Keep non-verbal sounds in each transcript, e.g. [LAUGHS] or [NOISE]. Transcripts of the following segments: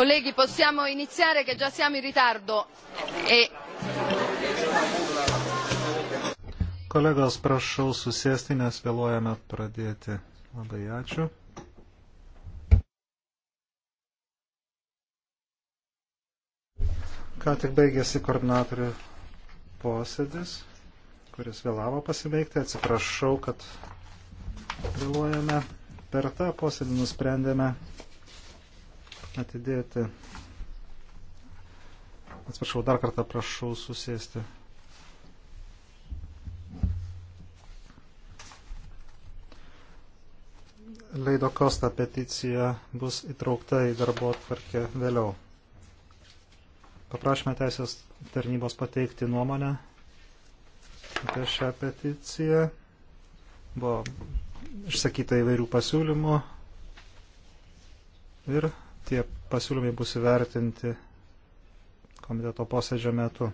Colleghi, possiamo iniziare che già siamo in ritardo. E... Kolegos, prašau susėsti, nes vėluojame pradėti. Labai ačiū. Ką tik baigėsi koordinatorių posėdis, kuris vėlavo pasibaigti. Atsiprašau, kad vėluojame. Per tą posėdį nusprendėme atidėti. Atsiprašau, dar kartą prašau susėsti. Leido Kosta peticija bus įtraukta į darbo atvarkę vėliau. Paprašome teisės tarnybos pateikti nuomonę apie šią peticiją. Buvo išsakyta įvairių pasiūlymų ir tie pasiūlymai bus įvertinti komiteto posėdžio metu.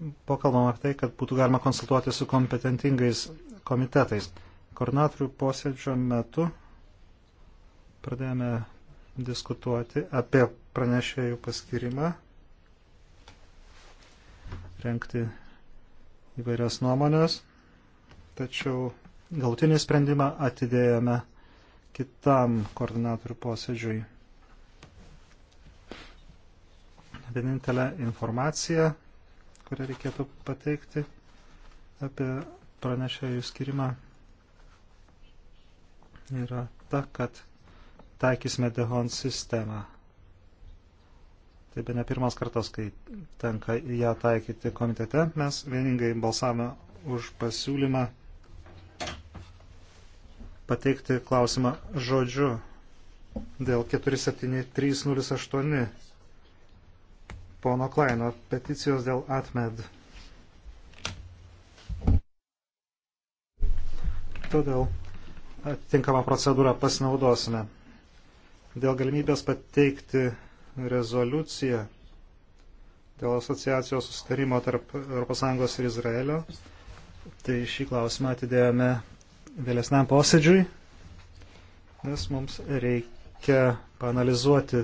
Buvo kalbama apie tai, kad būtų galima konsultuoti su kompetentingais komitetais. Koordinatorių posėdžio metu pradėjome diskutuoti apie pranešėjų paskirimą, renkti įvairias nuomonės, tačiau galutinį sprendimą atidėjome kitam koordinatorių posėdžiui. Vienintelė informacija, kurią reikėtų pateikti apie pranešėjų skirimą, yra ta, kad taikysime Dehon sistemą. Tai be ne pirmas kartas, kai tenka ją taikyti komitete, mes vieningai balsavome už pasiūlymą pateikti klausimą žodžiu dėl 47308 pono Klaino peticijos dėl atmed. Todėl atitinkamą procedūrą pasinaudosime. Dėl galimybės pateikti rezoliuciją dėl asociacijos sustarimo tarp ES ir Izraelio, tai šį klausimą atidėjome vėlesniam posėdžiui, nes mums reikia panalizuoti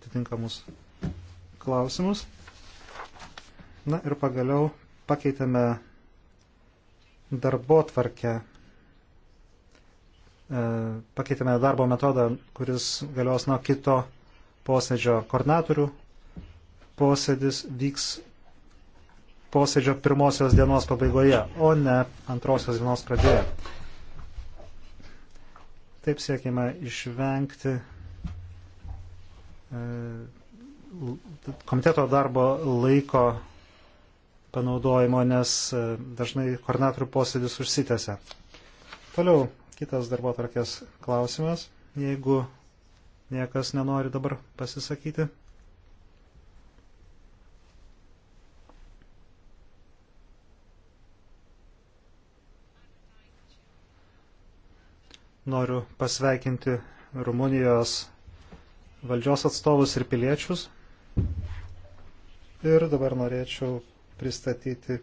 atitinkamus klausimus. Na ir pagaliau pakeitėme darbo tvarkę, e, pakeitėme darbo metodą, kuris galios nuo kito posėdžio koordinatorių. Posėdis vyks posėdžio pirmosios dienos pabaigoje, o ne antrosios dienos pradžioje. Taip siekime išvengti e, komiteto darbo laiko panaudojimo, nes e, dažnai koordinatorių posėdis užsitęsia. Toliau kitas darbo tarkės klausimas, jeigu niekas nenori dabar pasisakyti. noriu pasveikinti Rumunijos valdžios atstovus ir piliečius. Ir dabar norėčiau pristatyti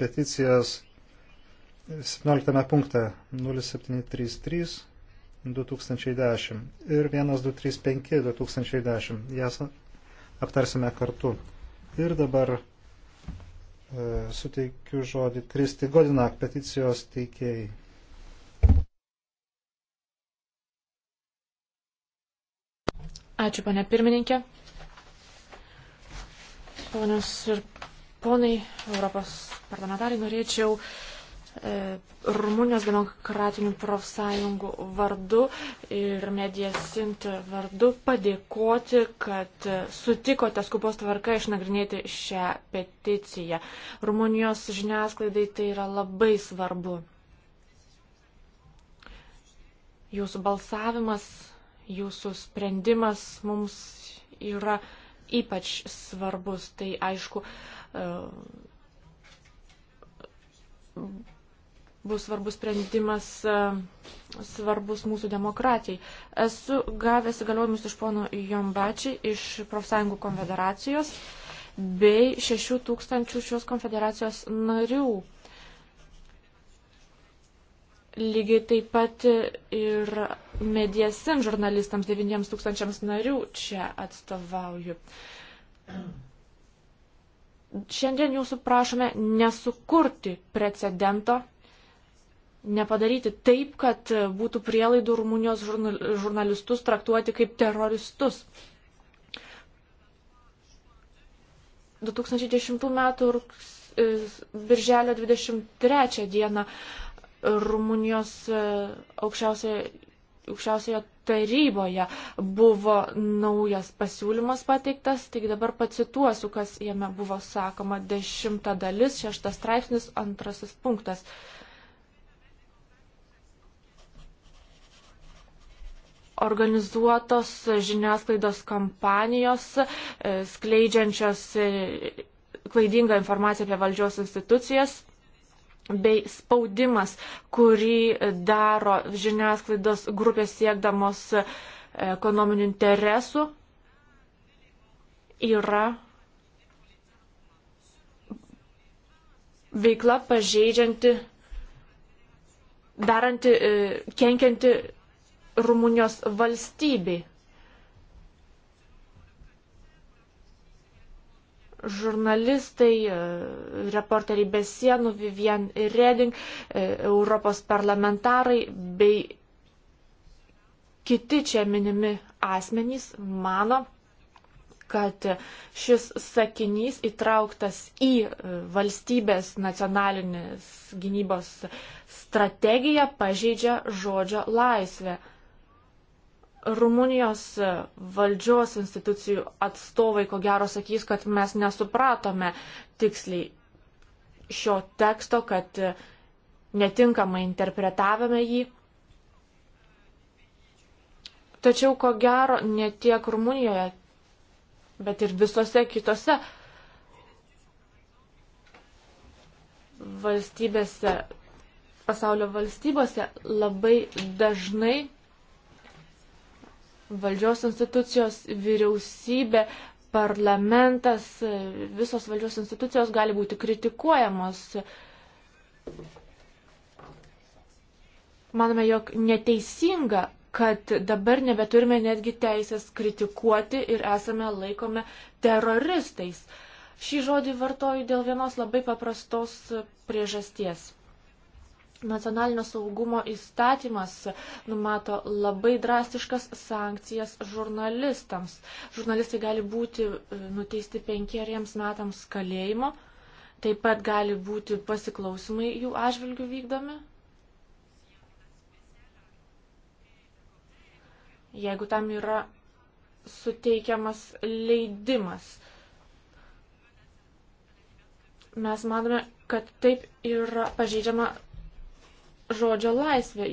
peticijas 17 punkte 0733 2010 ir 1235 2010. Jas aptarsime kartu. Ir dabar e, suteikiu žodį Kristi Godinak peticijos teikėjai. Ačiū, pane pirmininkė. Ponios ir ponai, Europos parlamentarai, norėčiau e, Rumunijos demokratinių profsąjungų vardu ir Mediasint vardu padėkoti, kad sutikote skubos tvarka išnagrinėti šią peticiją. Rumunijos žiniasklaidai tai yra labai svarbu. Jūsų balsavimas jūsų sprendimas mums yra ypač svarbus. Tai aišku, e, bus svarbus sprendimas, e, svarbus mūsų demokratijai. Esu gavęs įgaliojimus iš pono Jombačiai, iš profsąjungų konfederacijos bei 6 tūkstančių šios konfederacijos narių. Lygiai taip pat ir mediesim žurnalistams 9000 narių čia atstovauju. Šiandien jūsų prašome nesukurti precedento, nepadaryti taip, kad būtų prielaidų Rumunijos žurnalistus traktuoti kaip teroristus. 2010 m. Birželio 23 dieną Rumunijos e, aukščiausioje, aukščiausioje taryboje buvo naujas pasiūlymas pateiktas, tik dabar pacituosiu, kas jame buvo sakoma. Dešimta dalis, šeštas straipsnis, antrasis punktas. organizuotos žiniasklaidos kampanijos, e, skleidžiančios e, klaidingą informaciją apie valdžios institucijas, bei spaudimas, kurį daro žiniasklaidos grupės siekdamos e, ekonominių interesų, yra veikla pažeidžianti, daranti, e, kenkianti Rumunijos valstybei. žurnalistai, e, reporteriai be sienų, Vivian Reding, e, Europos parlamentarai bei kiti čia minimi asmenys mano, kad šis sakinys įtrauktas į e, valstybės nacionalinės gynybos strategiją pažeidžia žodžio laisvę. Rumunijos valdžios institucijų atstovai ko gero sakys, kad mes nesupratome tiksliai šio teksto, kad netinkamai interpretavome jį. Tačiau ko gero ne tiek Rumunijoje, bet ir visose kitose valstybėse, pasaulio valstybėse labai dažnai valdžios institucijos, vyriausybė, parlamentas, visos valdžios institucijos gali būti kritikuojamos. Manome, jog neteisinga, kad dabar nebeturime netgi teisės kritikuoti ir esame laikome teroristais. Šį žodį vartoju dėl vienos labai paprastos priežasties. Nacionalinio saugumo įstatymas numato labai drastiškas sankcijas žurnalistams. Žurnalistai gali būti e, nuteisti penkeriems metams kalėjimo, taip pat gali būti pasiklausimai jų atžvilgių vykdomi. Jeigu tam yra suteikiamas leidimas. Mes manome, kad taip yra pažeidžiama žodžio laisvę,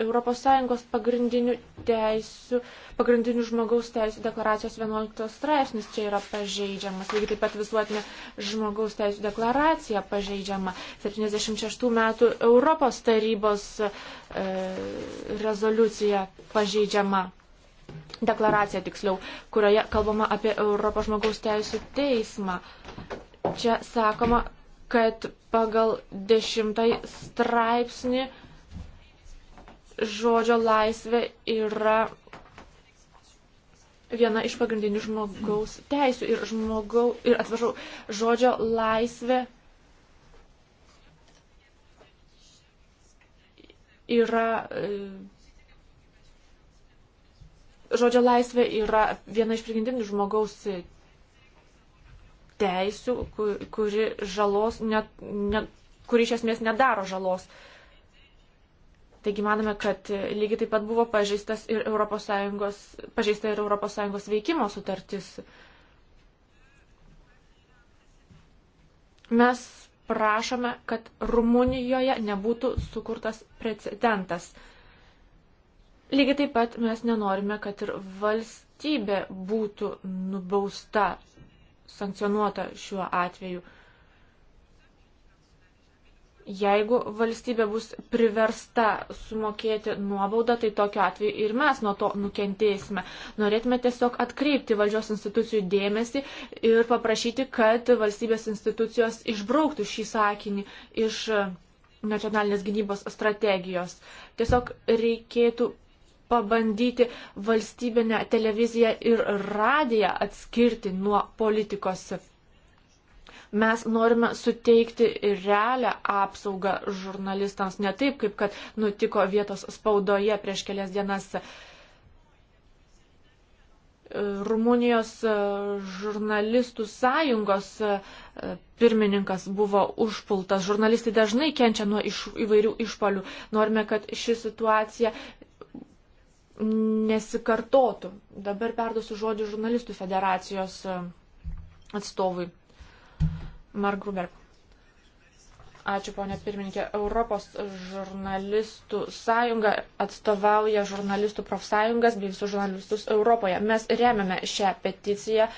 ES pagrindinių teisų, pagrindinių žmogaus teisų deklaracijos 11 straipsnis čia yra pažeidžiamas, lygiai taip pat visuotinė žmogaus teisų deklaracija pažeidžiama, 76 metų Europos tarybos e, rezoliucija pažeidžiama. Deklaracija tiksliau, kurioje kalbama apie Europos žmogaus teisų teismą. Čia sakoma, kad pagal dešimtai straipsnį žodžio laisvė yra viena iš pagrindinių žmogaus teisų ir žmogau, ir atsiprašau, žodžio laisvė yra. E, žodžio laisvė yra viena iš pagrindinių žmogaus teisių, kuri, žalos, ne, ne, kuri iš esmės nedaro žalos. Taigi manome, kad lygiai taip pat buvo pažeistas ir ES, pažeista ir ES veikimo sutartis. Mes prašome, kad Rumunijoje nebūtų sukurtas precedentas. Lygiai taip pat mes nenorime, kad ir valstybė būtų nubausta sankcionuota šiuo atveju. Jeigu valstybė bus priversta sumokėti nuobaudą, tai tokiu atveju ir mes nuo to nukentėsime. Norėtume tiesiog atkreipti valdžios institucijų dėmesį ir paprašyti, kad valstybės institucijos išbrauktų šį sakinį iš nacionalinės gynybos strategijos. Tiesiog reikėtų pabandyti valstybinę televiziją ir radiją atskirti nuo politikos. Mes norime suteikti realią apsaugą žurnalistams, ne taip, kaip kad nutiko vietos spaudoje prieš kelias dienas. Rumunijos e, žurnalistų sąjungos e, pirmininkas buvo užpultas. Žurnalistai dažnai kenčia nuo iš, įvairių išpolių. Norime, kad ši situacija nesikartotų. Dabar perduosiu žodį žurnalistų federacijos e, atstovui. Mark Gruber. Ačiū, ponė pirmininkė. Europos žurnalistų sąjunga atstovauja žurnalistų profsąjungas bei visus žurnalistus Europoje. Mes remiame šią peticiją.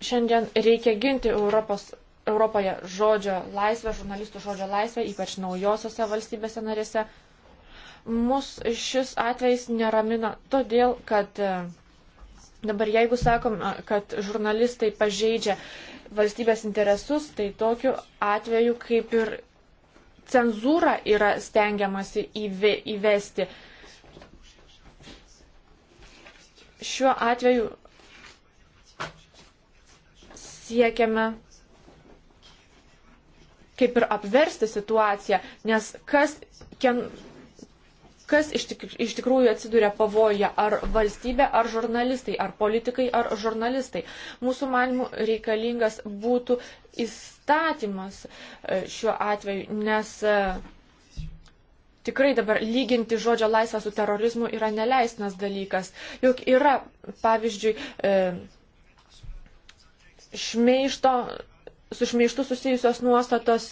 Šiandien reikia ginti Europos Europoje žodžio laisvę, žurnalistų žodžio laisvę, ypač naujosiose valstybėse narėse. Mus šis atvejs neramina todėl, kad e, dabar jeigu sakom, kad žurnalistai pažeidžia valstybės interesus, tai tokiu atveju kaip ir cenzūra yra stengiamasi įve, įvesti. Šiuo atveju siekiame kaip ir apversti situaciją, nes kas, kien, kas iš, tik, iš tikrųjų atsiduria pavoje, ar valstybė, ar žurnalistai, ar politikai, ar žurnalistai. Mūsų manimų reikalingas būtų įstatymas e, šiuo atveju, nes e, tikrai dabar lyginti žodžio laisvę su terorizmu yra neleistinas dalykas. Juk yra, pavyzdžiui, e, šmeišto su šmeištu susijusios nuostatos,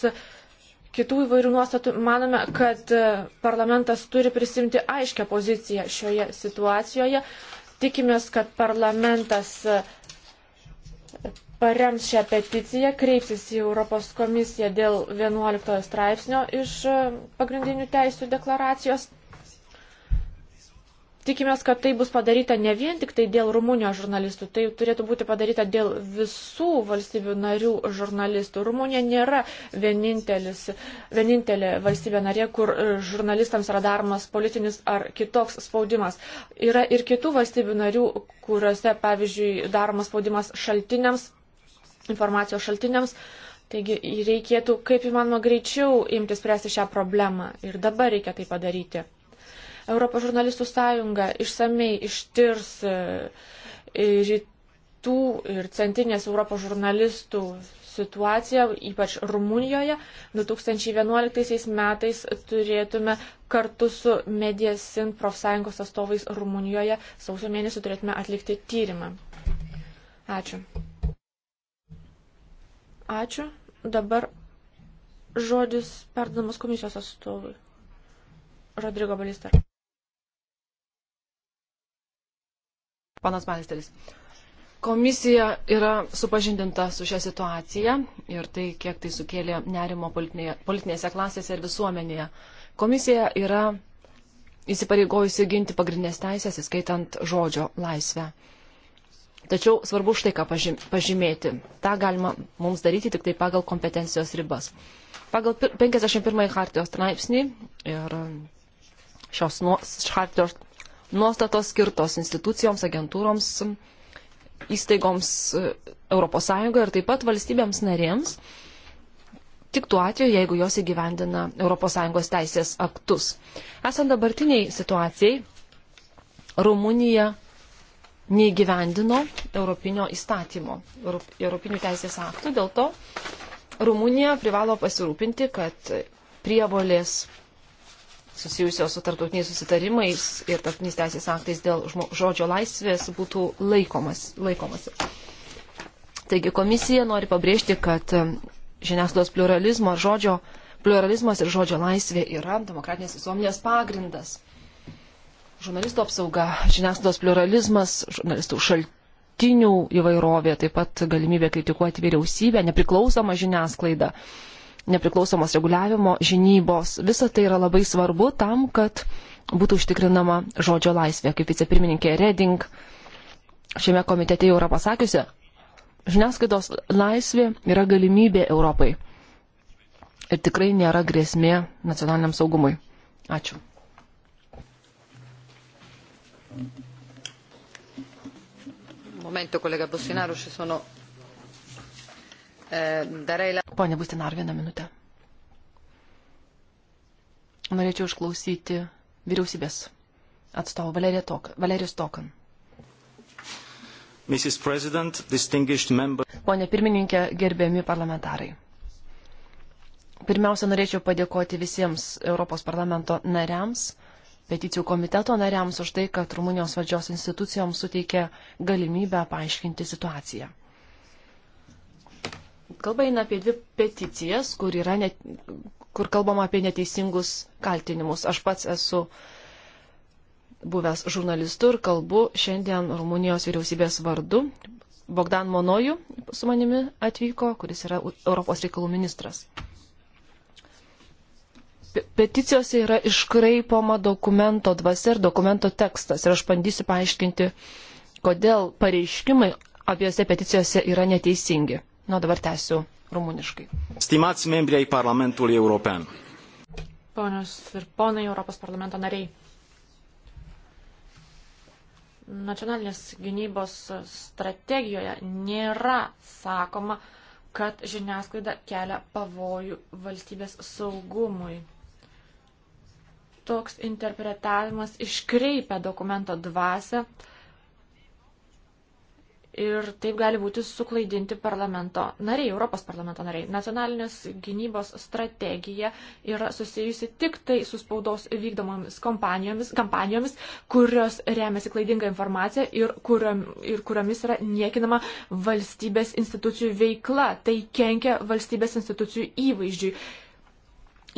kitų įvairių nuostatų, manome, kad e, parlamentas turi prisimti aiškę poziciją šioje situacijoje. Tikimės, kad parlamentas e, parems šią peticiją, kreipsis į Europos komisiją dėl 11 straipsnio iš e, pagrindinių teisų deklaracijos. Tikimės, kad tai bus padaryta ne vien tik tai dėl Rumunijos žurnalistų, tai turėtų būti padaryta dėl visų valstybių narių žurnalistų. Rumunija nėra vienintelė valstybė narė, kur žurnalistams yra daromas politinis ar kitoks spaudimas. Yra ir kitų valstybių narių, kuriuose, pavyzdžiui, daromas spaudimas šaltiniams, informacijos šaltiniams. Taigi reikėtų kaip įmanoma greičiau imtis spręsti šią problemą ir dabar reikia tai padaryti. Europos žurnalistų sąjunga išsamei ištirs e, e, rytų ir centrinės Europos žurnalistų situaciją, ypač Rumunijoje. 2011 metais turėtume kartu su Mediasin profsąjungos atstovais Rumunijoje sausio mėnesį turėtume atlikti tyrimą. Ačiū. Ačiū. Dabar žodis perdamas komisijos atstovui. Rodrigo Balister. Panas Balsteris. Komisija yra supažindinta su šią situaciją ir tai, kiek tai sukėlė nerimo politinėje, politinėse klasėse ir visuomenėje. Komisija yra įsipareigojusi ginti pagrindinės teisės, įskaitant žodžio laisvę. Tačiau svarbu štai ką pažymėti. Ta galima mums daryti tik tai pagal kompetencijos ribas. Pagal 51 hartijos straipsnį ir šios nu, hartijos nuostatos skirtos institucijoms, agentūroms, įstaigoms ES ir taip pat valstybėms narėms, tik tuo atveju, jeigu jos įgyvendina ES teisės aktus. Esant dabartiniai situacijai, Rumunija neįgyvendino Europinio įstatymo, Europinių teisės aktų, dėl to Rumunija privalo pasirūpinti, kad prievolės susijusios su tarptautiniais susitarimais ir tarptautiniais teisės aktais dėl žodžio laisvės būtų laikomas, laikomasi. Taigi komisija nori pabrėžti, kad um, žiniasklaidos pluralizmo, žodžio, pluralizmas ir žodžio laisvė yra demokratinės visuomenės pagrindas. Žurnalistų apsauga, žiniasklaidos pluralizmas, žurnalistų šaltinių įvairovė, taip pat galimybė kritikuoti vyriausybę, nepriklausomą žiniasklaidą nepriklausomos reguliavimo žinybos. Visa tai yra labai svarbu tam, kad būtų užtikrinama žodžio laisvė, kaip vicepirmininkė Reding šiame komitete jau yra pasakiusi. Žiniasklaidos laisvė yra galimybė Europai ir tikrai nėra grėsmė nacionaliniam saugumui. Ačiū. Momento, kolega Bosinaro, ci sono Pone Bustinar, vieną minutę. Norėčiau išklausyti vyriausybės atstovą Valerijos Tokan. Pone pirmininkė, gerbiami parlamentarai. Pirmiausia, norėčiau padėkoti visiems Europos parlamento nariams, peticijų komiteto nariams už tai, kad Rumunijos valdžios institucijoms suteikė galimybę paaiškinti situaciją. Kalba eina apie dvi peticijas, kur, net, kur kalbama apie neteisingus kaltinimus. Aš pats esu buvęs žurnalistu ir kalbu šiandien Rumunijos vyriausybės vardu. Bogdan Monoju su manimi atvyko, kuris yra Europos reikalų ministras. Peticijose yra iškraipoma dokumento dvasia ir dokumento tekstas. Ir aš bandysiu paaiškinti, kodėl pareiškimai abiejose peticijose yra neteisingi. Nu, dabar tęsiu rumuniškai. Stimați membri ai Parlamentului European. Ponios ir ponai Europos parlamento nariai. Nacionalinės gynybos strategijoje nėra sakoma, kad žiniasklaida kelia pavojų valstybės saugumui. Toks interpretavimas iškreipia dokumento dvasę, ir taip gali būti suklaidinti parlamento nariai, Europos parlamento nariai. Nacionalinės gynybos strategija yra susijusi tik tai su spaudos vykdomomis kompanijomis, kampanijomis, kurios remiasi klaidinga informacija ir, kuriom, ir kuriomis yra niekinama valstybės institucijų veikla. Tai kenkia valstybės institucijų įvaizdžiui.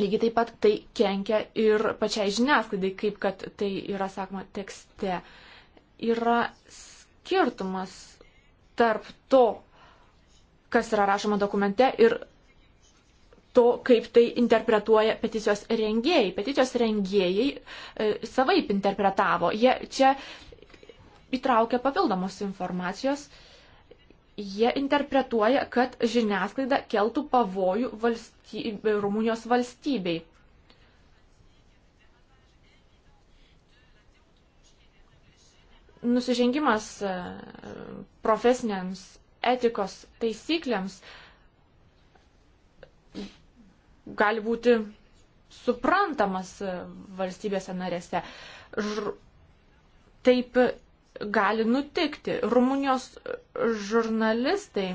Lygiai taip pat tai kenkia ir pačiai žiniasklaidai, kaip kad tai yra sakoma tekste. Yra skirtumas tarp to, kas yra rašoma dokumente ir to, kaip tai interpretuoja peticijos rengėjai. Peticijos rengėjai e, savaip interpretavo. Jie čia įtraukia papildomos informacijos. Jie interpretuoja, kad žiniasklaida keltų pavojų valstybė, Rumunijos valstybei. Nusižengimas e, profesiniams etikos taisyklėms gali būti suprantamas e, valstybėse narėse. Žur... Taip gali nutikti. Rumunijos žurnalistai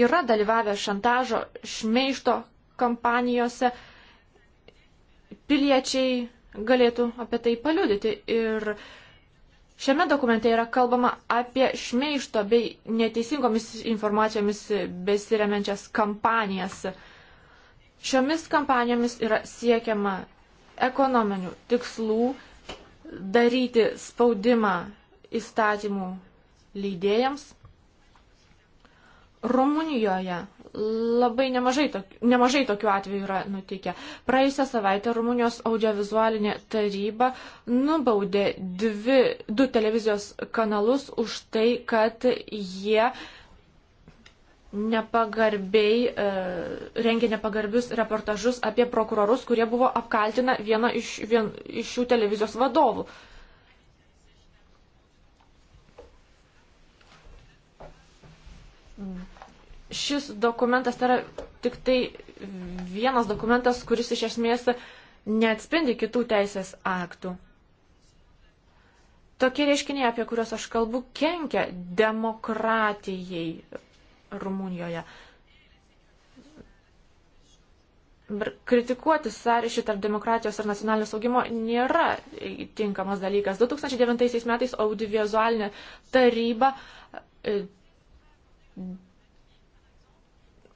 yra dalyvavę šantažo, šmeišto kampanijose piliečiai galėtų apie tai paliudyti. Ir šiame dokumente yra kalbama apie šmeišto bei neteisingomis informacijomis besiremenčias kampanijas. Šiomis kampanijomis yra siekiama ekonominių tikslų daryti spaudimą įstatymų leidėjams. Rumunijoje Labai nemažai, tok, nemažai tokių atvejų yra nutikę. Praėjusią savaitę Rumunijos audiovizualinė taryba nubaudė dvi, du televizijos kanalus už tai, kad jie nepagarbiai e, rengė nepagarbius reportažus apie prokurorus, kurie buvo apkaltina vieną iš, vien, iš šių televizijos vadovų šis dokumentas tai yra tik tai vienas dokumentas, kuris iš esmės neatspindi kitų teisės aktų. Tokie reiškiniai, apie kuriuos aš kalbu, kenkia demokratijai Rumunijoje. Kritikuoti sąryšį tarp demokratijos ir nacionalinio saugimo nėra tinkamas dalykas. 2009 metais audiovizualinė taryba e,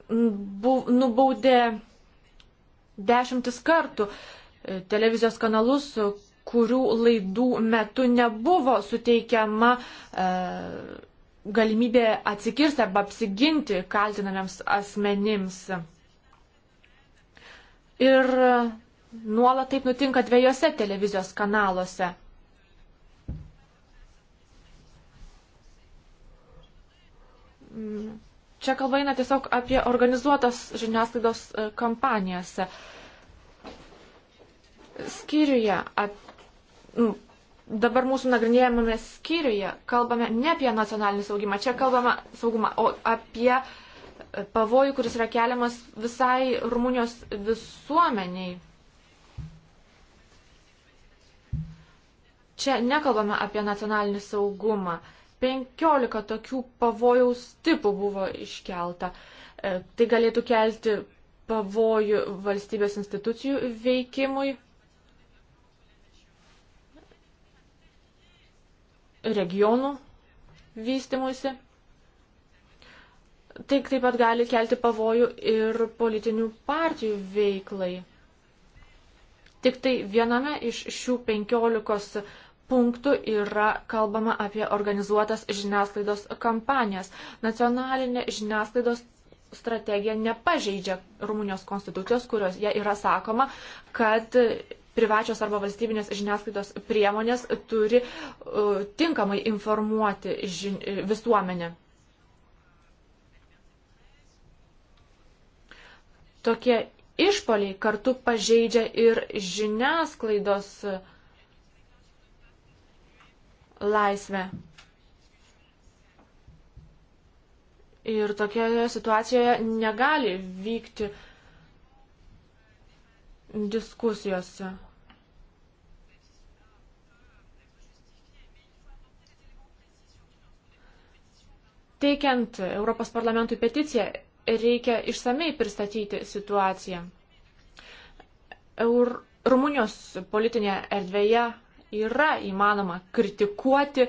nubaudė dešimtis kartų televizijos kanalus, kurių laidų metu nebuvo suteikiama e, galimybė atsikirsti arba apsiginti kaltinamiams asmenims. Ir nuolat taip nutinka dviejose televizijos kanaluose. Čia kalba eina tiesiog apie organizuotas žiniasklaidos e, kampanijas. Skyriuje ap... Nu, dabar mūsų nagrinėjamame skyriuje kalbame ne apie nacionalinį saugimą, čia kalbame saugumą, o apie e, pavojų, kuris yra keliamas visai Rumunijos visuomeniai. Čia nekalbame apie nacionalinį saugumą. 15 tokių pavojaus tipų buvo iškelta. E, tai galėtų kelti pavojų valstybės institucijų veikimui, regionų vystimuisi. Tai taip pat gali kelti pavojų ir politinių partijų veiklai. Tik tai viename iš šių penkiolikos 15 punktų yra kalbama apie organizuotas žiniasklaidos kampanijas. Nacionalinė žiniasklaidos strategija nepažeidžia Rumunijos konstitucijos, kurios jie yra sakoma, kad privačios arba valstybinės žiniasklaidos priemonės turi uh, tinkamai informuoti žin, e, visuomenę. Tokie išpoliai kartu pažeidžia ir žiniasklaidos uh, laisvę. Ir tokioje situacijoje negali vykti diskusijose. Teikiant Europos parlamentui peticiją, reikia išsamei pristatyti situaciją. Eur, Rumunijos politinėje erdvėje yra įmanoma kritikuoti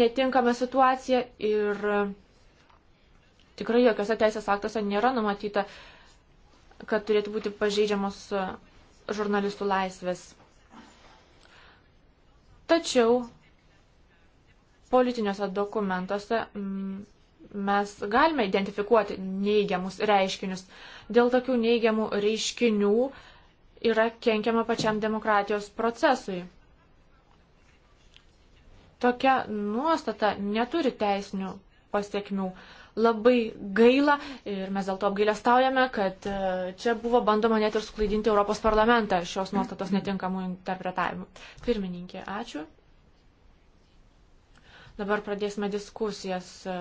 netinkamą situaciją ir tikrai jokiuose teisės aktuose nėra numatyta, kad turėtų būti pažeidžiamos žurnalistų laisvės. Tačiau politiniuose dokumentuose mm, mes galime identifikuoti neigiamus reiškinius. Dėl tokių neigiamų reiškinių uh, yra kenkiama pačiam demokratijos procesui. Tokia nuostata neturi teisinių pasiekmių. Labai gaila ir mes dėl to apgailestaujame, kad e, čia buvo bandoma net ir sklaidinti Europos parlamentą šios nuostatos netinkamų interpretavimų. Pirmininkė, ačiū. Dabar pradėsime diskusijas, e,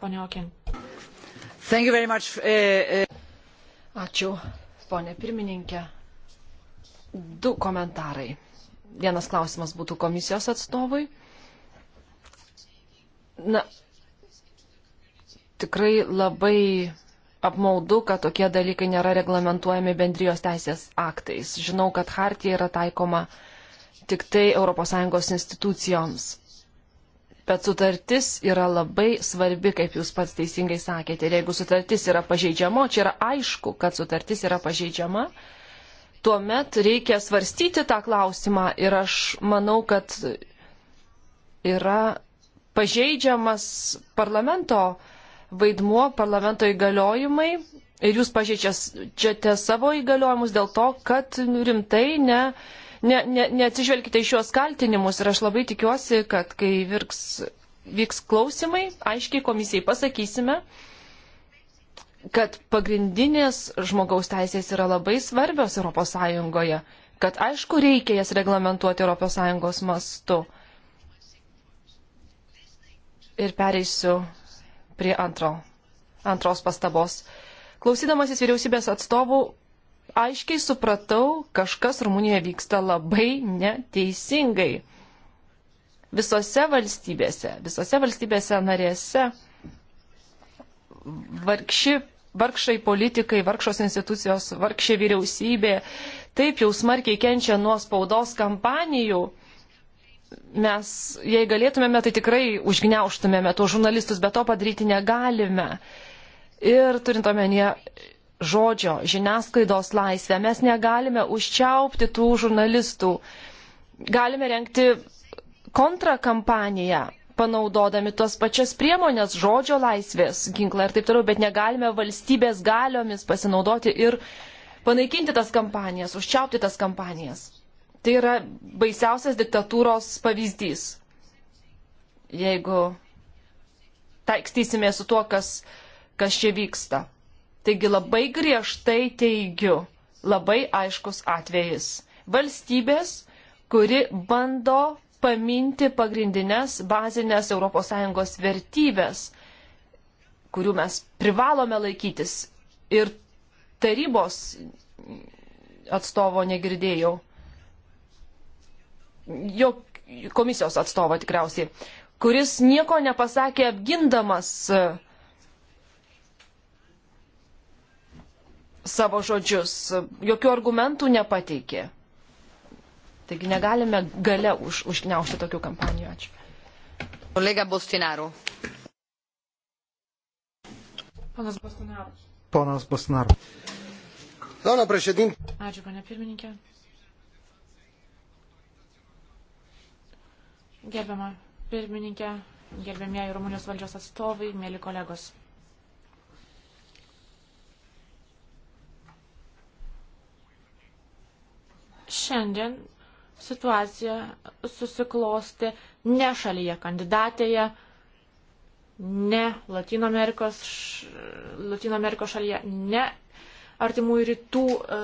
ponia Okin. E, ačiū, ponė pirmininkė. Du komentarai. Vienas klausimas būtų komisijos atstovui. Na, tikrai labai apmaudu, kad tokie dalykai nėra reglamentuojami bendrijos teisės aktais. Žinau, kad hartija yra taikoma tik tai ES institucijoms. Bet sutartis yra labai svarbi, kaip jūs pats teisingai sakėte. Ir jeigu sutartis yra pažeidžiama, čia yra aišku, kad sutartis yra pažeidžiama, tuomet reikia svarstyti tą klausimą ir aš manau, kad yra pažeidžiamas parlamento vaidmuo, parlamento įgaliojimai ir jūs pažeidžiate savo įgaliojimus dėl to, kad rimtai ne, ne, ne, neatsižvelgite į šios kaltinimus ir aš labai tikiuosi, kad kai virks, vyks klausimai, aiškiai komisijai pasakysime, kad pagrindinės žmogaus teisės yra labai svarbios ES, kad aišku reikia jas reglamentuoti ES mastu. Ir pereisiu prie antro, antros pastabos. Klausydamasis vyriausybės atstovų, aiškiai supratau, kažkas Rumunijoje vyksta labai neteisingai. Visose valstybėse, visose valstybėse narėse vargši vargšai politikai, vargšos institucijos, vargšė vyriausybė taip jau smarkiai kenčia nuo spaudos kampanijų. Mes, jei galėtumėme, tai tikrai užgneuštumėme tuos žurnalistus, bet to padaryti negalime. Ir turint omenyje žodžio, žiniasklaidos laisvę, mes negalime užčiaupti tų žurnalistų. Galime renkti kontrakampaniją, panaudodami tos pačias priemonės, žodžio laisvės, ginklą ir taip toliau, bet negalime valstybės galiomis pasinaudoti ir panaikinti tas kampanijas, užčiaupti tas kampanijas. Tai yra baisiausias diktatūros pavyzdys. Jeigu taikstysime su tuo, kas, kas čia vyksta. Taigi labai griežtai teigiu, labai aiškus atvejis. Valstybės, kuri bando paminti pagrindinės bazinės ES vertybės, kurių mes privalome laikytis. Ir tarybos atstovo negirdėjau. Jo komisijos atstovo tikriausiai, kuris nieko nepasakė apgindamas e, savo žodžius, jokių argumentų nepateikė. Taigi negalime gale už, užgniaušti tokių kampanijų. Ačiū. Kolega Bostinaru. Ponas Bostinaru. Ponas Bostinaru. Doamna președinte. Ačiū, pane pirmininkė. Gerbiama pirmininkė, gerbėmieji Rumunijos valdžios atstovai, mėly kolegos. Šiandien situacija susiklosti ne šalyje kandidatėje, ne Latino Amerikos, Latino Amerikos šalyje, ne artimųjų rytų e,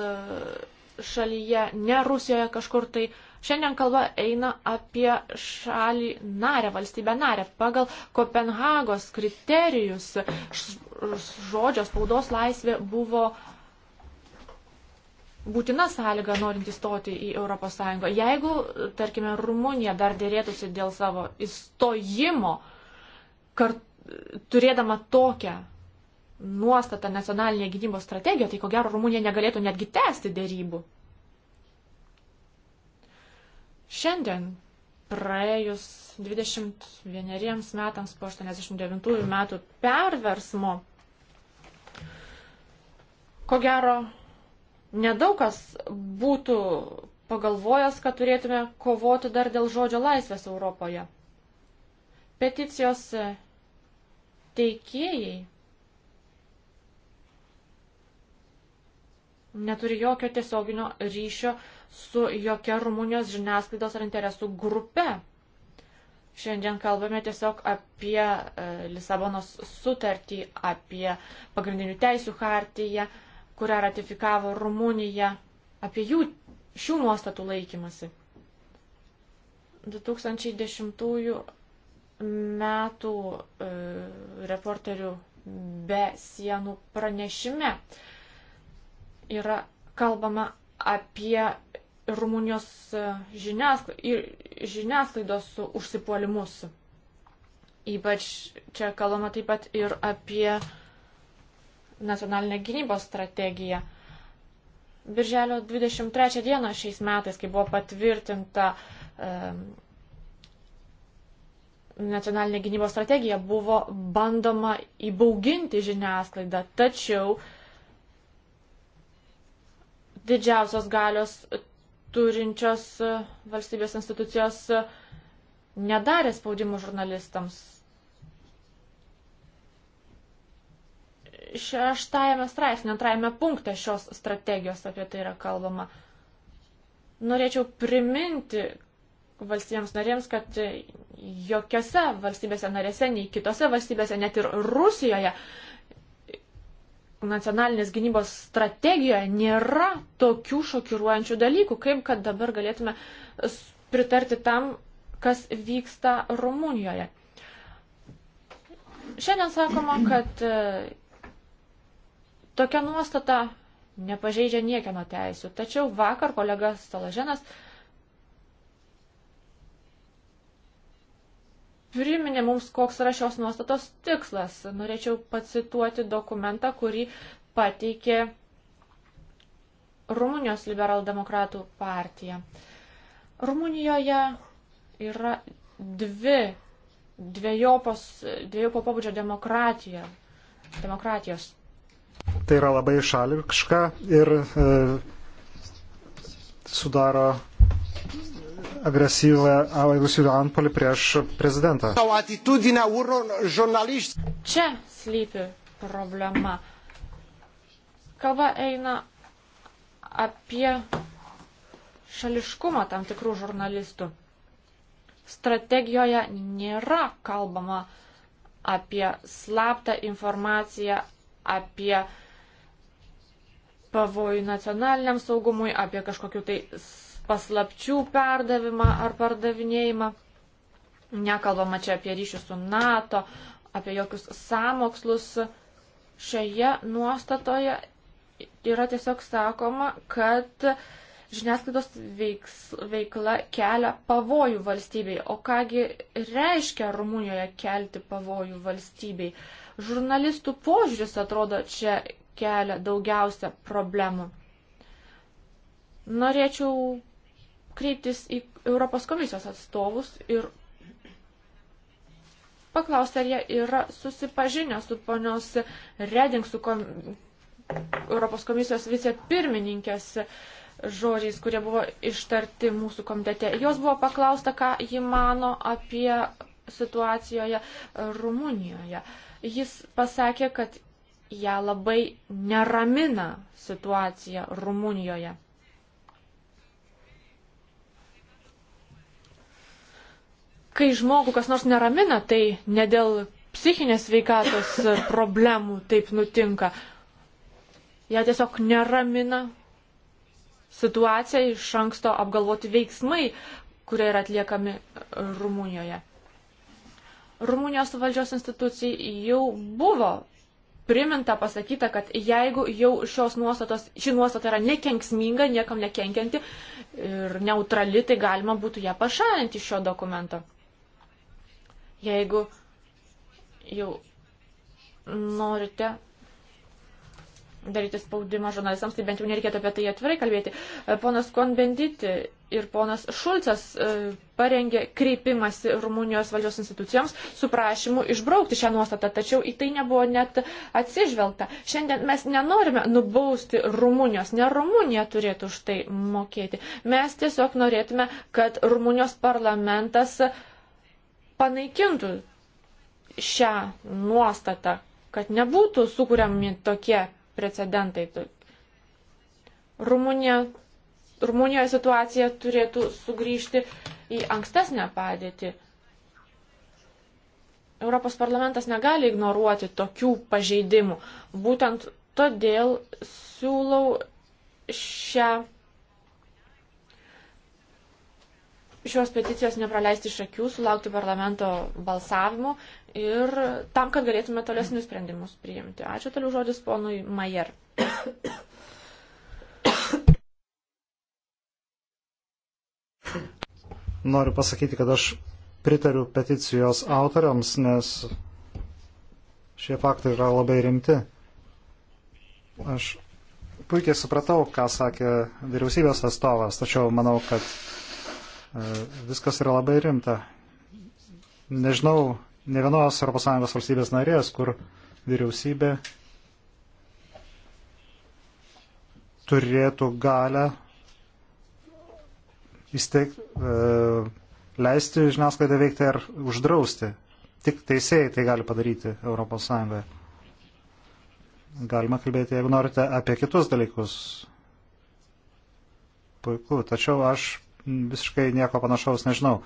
šalyje, ne Rusijoje kažkur tai. Šiandien kalba eina apie šalį narę, valstybę narę. Pagal Kopenhagos kriterijus žodžios spaudos laisvė buvo būtina sąlyga norint įstoti į ES. Jeigu, tarkime, Rumunija dar dėrėtųsi dėl savo įstojimo, kart, turėdama tokią nuostatą nacionalinėje gynybos strategijoje, tai ko gero Rumunija negalėtų netgi tęsti dėrybų. Šiandien, praėjus 21 metams po 89 metų perversmo, ko gero Nedaug kas būtų pagalvojęs, kad turėtume kovoti dar dėl žodžio laisvės Europoje. Peticijos e, teikėjai neturi jokio tiesioginio ryšio su jokia Rumunijos žiniasklaidos ar interesų grupe. Šiandien kalbame tiesiog apie e, Lisabonos sutartį, apie pagrindinių teisų hartiją, kurią ratifikavo Rumunija, apie jų šių nuostatų laikymasi. 2010 metų e, reporterių be sienų pranešime yra kalbama apie Rumunijos e, žiniasklaidos užsipuolimus. Ypač čia kalbama taip pat ir apie nacionalinę gynybos strategiją. Birželio 23 dieną šiais metais, kai buvo patvirtinta e, nacionalinė gynybos strategija, buvo bandoma įbauginti žiniasklaidą, tačiau didžiausios galios turinčios valstybės institucijos nedarė spaudimų žurnalistams. šeštajame straipsnio antrajame punkte šios strategijos apie tai yra kalbama. Norėčiau priminti valstybėms narėms, kad jokiose valstybėse narėse, nei kitose valstybėse, net ir Rusijoje nacionalinės gynybos strategijoje nėra tokių šokiruojančių dalykų, kaip kad dabar galėtume pritarti tam, kas vyksta Rumunijoje. Šiandien sakoma, kad Tokia nuostata nepažeidžia niekieno teisų. Tačiau vakar kolega Stalaženas priminė mums, koks yra šios nuostatos tikslas. Norėčiau pacituoti dokumentą, kurį pateikė Rumunijos liberaldemokratų partija. Rumunijoje yra dvi dviejopos, dviejopo pobūdžio demokratija, demokratijos Tai yra labai šališka ir e, sudaro agresyvę agresyvų antpolį prieš prezidentą. Čia slypi problema. Kalba eina apie šališkumą tam tikrų žurnalistų. Strategijoje nėra kalbama apie slaptą informaciją apie pavojų nacionaliniam saugumui, apie kažkokiu tai paslapčių perdavimą ar pardavinėjimą. Nekalbama čia apie ryšius su NATO, apie jokius sąmokslus. Šioje nuostatoje yra tiesiog sakoma, kad žiniasklaidos veiks, veikla kelia pavojų valstybei. O kągi reiškia Rumunijoje kelti pavojų valstybei? Uh, Žurnalistų požiūris atrodo čia kelia daugiausia problemų. Norėčiau kreiptis į Europos komisijos atstovus ir paklausti, ar jie yra susipažinę su ponios Reding, su kom... Europos komisijos vicepirmininkės žodžiais, kurie buvo ištarti mūsų komitete. Jos buvo paklausta, ką ji mano apie situacijoje Rumunijoje. Uh, Jis pasakė, kad ją labai neramina situacija Rumunijoje. Kai žmogų kas nors neramina, tai ne dėl psichinės veikatos [LAUGHS] problemų taip nutinka. Ja tiesiog neramina situacija iš anksto apgalvoti veiksmai, kurie yra atliekami Rumunijoje. Rumunijos valdžios institucijai jau buvo priminta, pasakyta, kad jeigu jau šios nuostatos, ši nuostata yra nekenksminga, niekam nekenkianti ir neutrali, tai galima būtų ją pašalinti šio dokumento. Jeigu jau norite daryti spaudimą žurnalistams, tai bent jau nereikėtų apie tai atvirai kalbėti. E, ponas Konbenditi ir ponas Šulcas e, parengė kreipimąsi Rumunijos valdžios institucijoms su prašymu išbraukti šią nuostatą, tačiau į tai nebuvo net atsižvelgta. Šiandien mes nenorime nubausti Rumunijos, ne Rumunija turėtų už tai mokėti. Mes tiesiog norėtume, kad Rumunijos parlamentas panaikintų šią nuostatą, kad nebūtų sukūriami tokie precedentai. Rumunija, Rumunijoje situacija turėtų sugrįžti į ankstesnę padėtį. Europos parlamentas negali ignoruoti tokių pažeidimų. Būtent todėl siūlau šią šios peticijos nepraleisti iš akių, sulaukti parlamento balsavimo ir tam, kad galėtume tolesnius sprendimus priimti. Ačiū toliau žodis ponui Majer. Noriu pasakyti, kad aš pritariu peticijos autoriams, nes šie faktai yra labai rimti. Aš puikiai supratau, ką sakė vyriausybės atstovas, tačiau manau, kad E, viskas yra labai rimta. Nežinau, ne vienos ES valstybės narės, kur vyriausybė turėtų galę įsteig, e, leisti žiniasklaidą veikti ar uždrausti. Tik teisėjai tai gali padaryti ES. Galima kalbėti, jeigu norite, apie kitus dalykus. Puiku, tačiau aš visiškai nieko panašaus nežinau.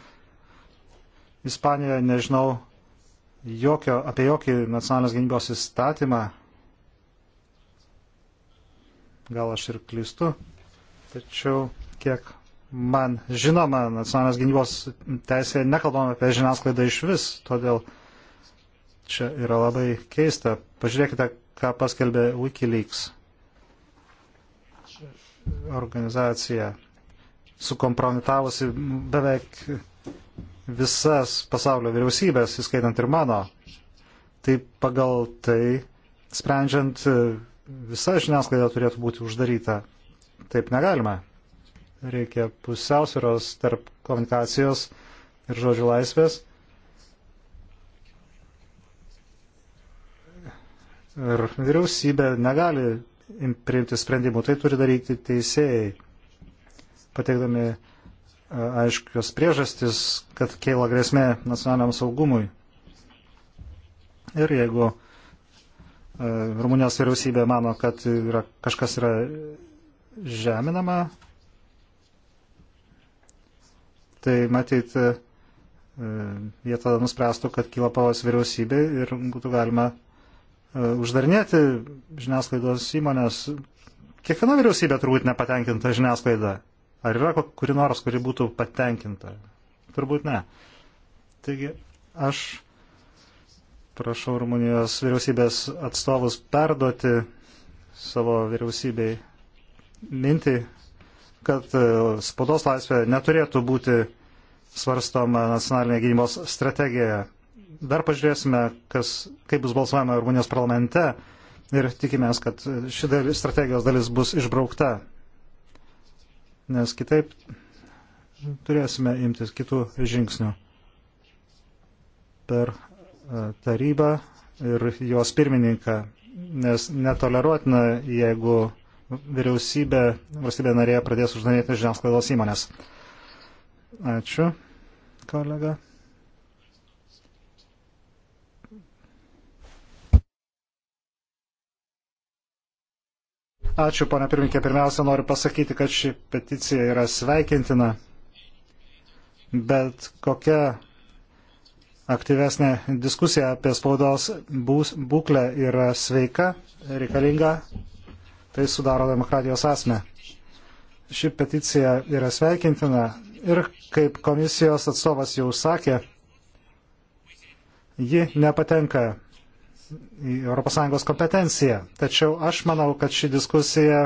Ispanijoje nežinau jokio, apie jokį nacionalinės gynybos įstatymą. Gal aš ir klystu, tačiau kiek man žinoma, nacionalinės gynybos teisėje nekalbame apie žiniasklaidą iš vis, todėl čia yra labai keista. Pažiūrėkite, ką paskelbė Wikileaks organizacija sukompromitavusi beveik visas pasaulio vyriausybės, įskaitant ir mano. Tai pagal tai, sprendžiant, visa žiniasklaida turėtų būti uždaryta. Taip negalima. Reikia pusiausvėros tarp komunikacijos ir žodžių laisvės. Ir vyriausybė negali priimti sprendimų, tai turi daryti teisėjai pateikdami e, aiškios priežastis, kad keila grėsmė nacionaliniam saugumui. Ir jeigu e, Rumunijos vyriausybė mano, kad yra, kažkas yra žeminama, tai matyt, e, jie tada nuspręstų, kad kyla pavojus vyriausybė ir būtų galima uždarinėti žiniasklaidos įmonės. Kiekviena vyriausybė turbūt nepatenkinta žiniasklaida. Ar yra kuri nors, kuri būtų patenkinta? Turbūt ne. Taigi aš prašau Rumunijos vyriausybės atstovus perduoti savo vyriausybei mintį, kad e, spaudos laisvė neturėtų būti svarstoma nacionalinė gynybos strategijoje. Dar pažiūrėsime, kas, kaip bus balsuojama Rumunijos parlamente ir tikimės, kad ši dalis, strategijos dalis bus išbraukta nes kitaip turėsime imtis kitų žingsnių per e, tarybą ir jos pirmininką, nes netoleruotina, jeigu vyriausybė, valstybė narėje pradės uždanėti žiniasklaidos įmonės. Ačiū, kolega. Ačiū, ponia pirminkė. Pirmiausia, noriu pasakyti, kad ši peticija yra sveikintina, bet kokia aktyvesnė diskusija apie spaudos būklę yra sveika, reikalinga, tai sudaro demokratijos asmę. Ši peticija yra sveikintina ir, kaip komisijos atstovas jau sakė, ji nepatenka į ES kompetenciją. Tačiau aš manau, kad ši diskusija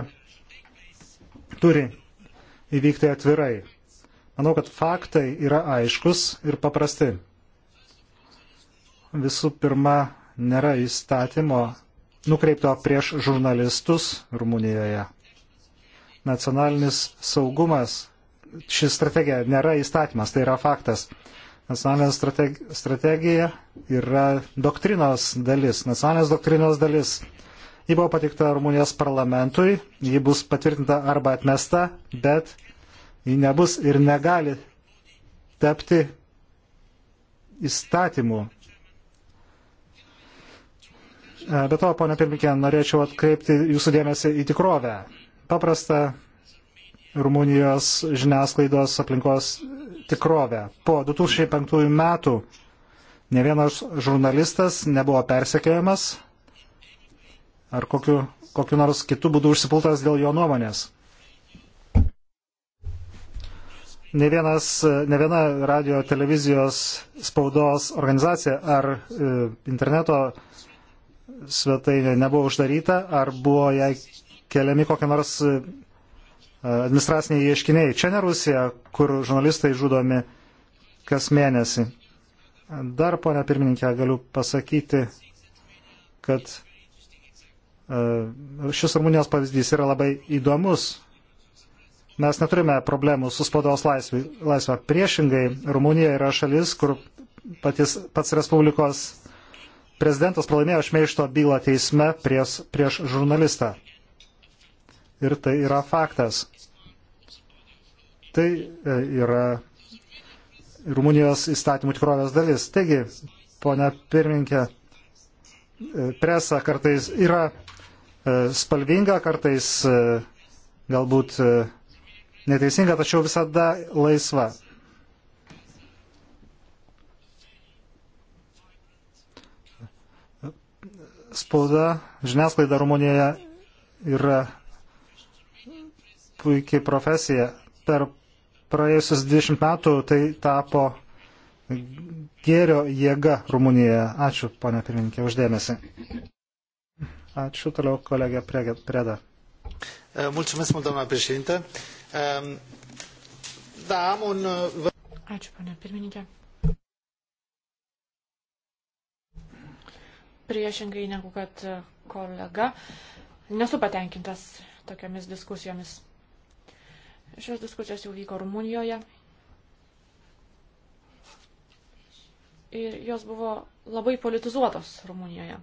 turi įvykti atvirai. Manau, kad faktai yra aiškus ir paprasti. Visų pirma, nėra įstatymo nukreipto prieš žurnalistus Rumunijoje. Nacionalinis saugumas, ši strategija nėra įstatymas, tai yra faktas. Nacionalinė strategi strategija yra doktrinos dalis, nacionalinės doktrinos dalis. Ji buvo patikta Rumunijos parlamentui, ji bus patvirtinta arba atmesta, bet ji nebus ir negali tapti įstatymu. E, be to, ponia pirmikė, norėčiau atkreipti jūsų dėmesį į tikrovę. Paprasta Rumunijos žiniasklaidos aplinkos tikrovę. Po 2005 metų ne vienas žurnalistas nebuvo persekiojamas ar kokiu, kokiu nors kitų būdų užsipultas dėl jo nuomonės. Ne, vienas, ne viena radio televizijos spaudos organizacija ar e, interneto svetainė nebuvo uždaryta, ar buvo jai keliami kokie nors E, administraciniai ieškiniai. Čia ne Rusija, kur žurnalistai žudomi kas mėnesį. Dar, ponia pirmininkė, galiu pasakyti, kad e, šis Rumunijos pavyzdys yra labai įdomus. Mes neturime problemų su spaudos laisvė. Priešingai, Rumunija yra šalis, kur patys, pats Respublikos prezidentas pralaimėjo šmeišto bylą teisme prieš, prieš žurnalistą ir tai yra faktas. Tai e, yra Rumunijos įstatymų tikrovės dalis. Taigi, ponia pirmininkė, e, presa kartais yra e, spalvinga, kartais galbūt neteisinga, tačiau visada laisva. Spauda, žiniasklaida Rumunijoje yra puikiai profesija. Per praėjusius 20 metų tai tapo gėrio jėga Rumunijoje. Ačiū, ponia pirmininkė, uždėmesi. Ačiū toliau, kolegė Preda. Eh, mulțumesc mult, doamna președintă. Ehm, da, am un... Eh, Ačiū, ponia pirmininkė. Priešingai negu kad eh, kolega, nesu patenkintas tokiamis diskusijomis. Šios diskusijos jau vyko Rumunijoje. Ir jos buvo labai politizuotos Rumunijoje.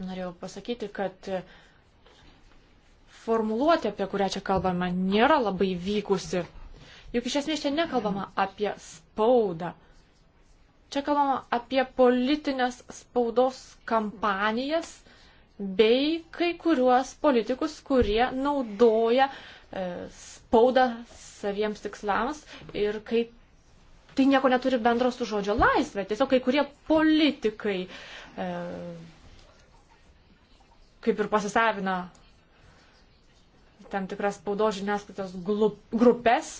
Norėjau pasakyti, kad formuluotė, apie kurią čia kalbama, nėra labai vykusi. Juk iš esmės čia nekalbama apie spaudą. Čia kalbama apie politinės spaudos kampanijas bei kai kuriuos politikus, kurie naudoja e, spaudą saviems tikslams ir kai tai nieko neturi bendro su žodžio laisvė. Tiesiog kai kurie politikai e, kaip ir pasisavina tam tikras spaudos žiniasklaidos grupės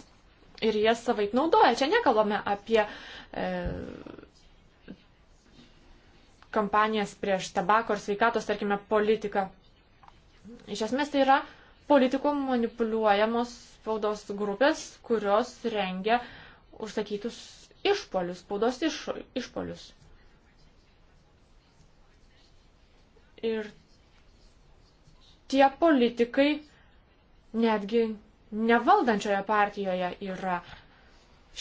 ir jas savaip naudoja. Čia nekalbame apie e, kampanijas prieš tabako ir sveikatos, tarkime, politiką. Iš esmės tai yra politikų manipuliuojamos spaudos grupės, kurios rengia užsakytus išpolius, spaudos iš, išpolius. Ir tie politikai netgi nevaldančioje partijoje yra.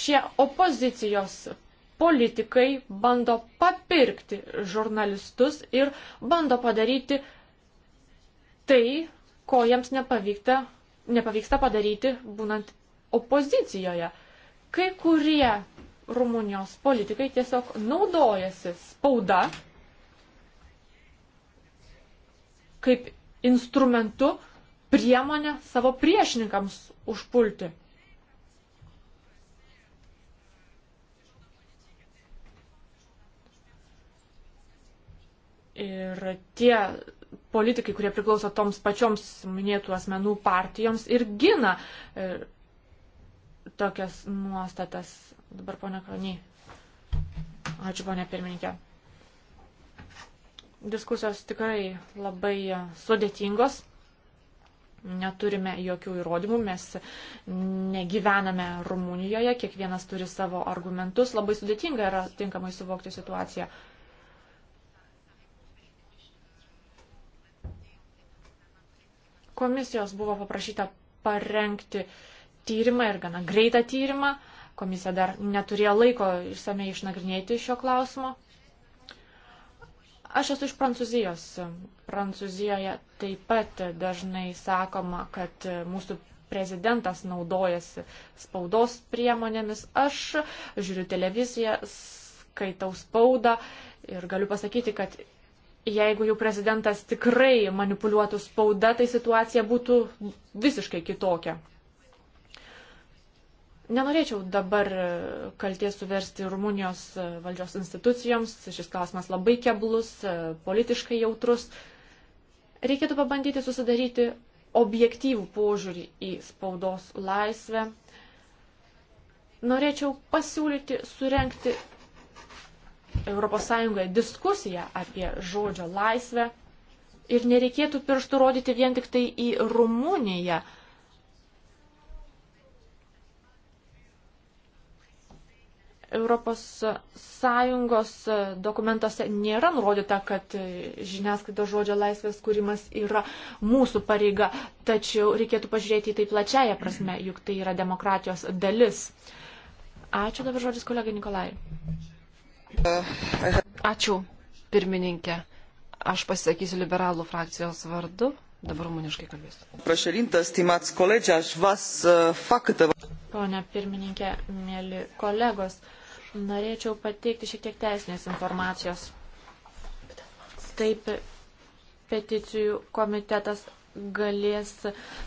Šie opozicijos politikai bando papirkti žurnalistus ir bando padaryti tai, ko jiems nepavyksta, nepavyksta padaryti būnant opozicijoje. Kai kurie Rumunijos politikai tiesiog naudojasi spauda kaip instrumentu priemonę savo priešininkams užpulti. Ir tie politikai, kurie priklauso toms pačioms minėtų asmenų partijoms ir gina ir e, tokias nuostatas. Dabar ponia Krony. Ačiū ponia pirmininkė. Diskusijos tikrai labai sudėtingos. Neturime jokių įrodymų, mes negyvename Rumunijoje, kiekvienas turi savo argumentus, labai sudėtinga yra tinkamai suvokti situaciją. Uh, Komisijos buvo paprašyta parengti tyrimą ir gana greitą tyrimą. Komisija dar neturėjo laiko išsamei išnagrinėti šio klausimo. Aš esu iš Prancūzijos. Prancūzijoje taip pat dažnai sakoma, kad mūsų prezidentas naudojasi spaudos priemonėmis. Aš žiūriu televiziją, skaitau spaudą ir galiu pasakyti, kad jeigu jau prezidentas tikrai manipuliuotų spauda, tai situacija būtų visiškai kitokia. Nenorėčiau dabar kalties suversti Rumunijos valdžios institucijoms, šis klausimas labai keblus, politiškai jautrus. Reikėtų pabandyti susidaryti objektyvų požiūrį į spaudos laisvę. Norėčiau pasiūlyti surenkti ES diskusiją apie žodžio laisvę ir nereikėtų pirštų rodyti vien tik tai į Rumuniją. Europos Sąjungos dokumentuose nėra nurodyta, kad žiniasklaidos žodžio laisvės kūrimas yra mūsų pareiga, tačiau reikėtų pažiūrėti į tai plačiają prasme, juk tai yra demokratijos dalis. Ačiū dabar žodis kolega Nikolai. Ačiū, pirmininkė. Aš pasisakysiu liberalų frakcijos vardu. Dabar rumuniškai kalbėsiu. Prašarintas, stimats koledžia, aš vas faktą. Pone pirmininkė, mėly kolegos, norėčiau pateikti šiek tiek teisinės informacijos. Taip, peticijų komitetas galės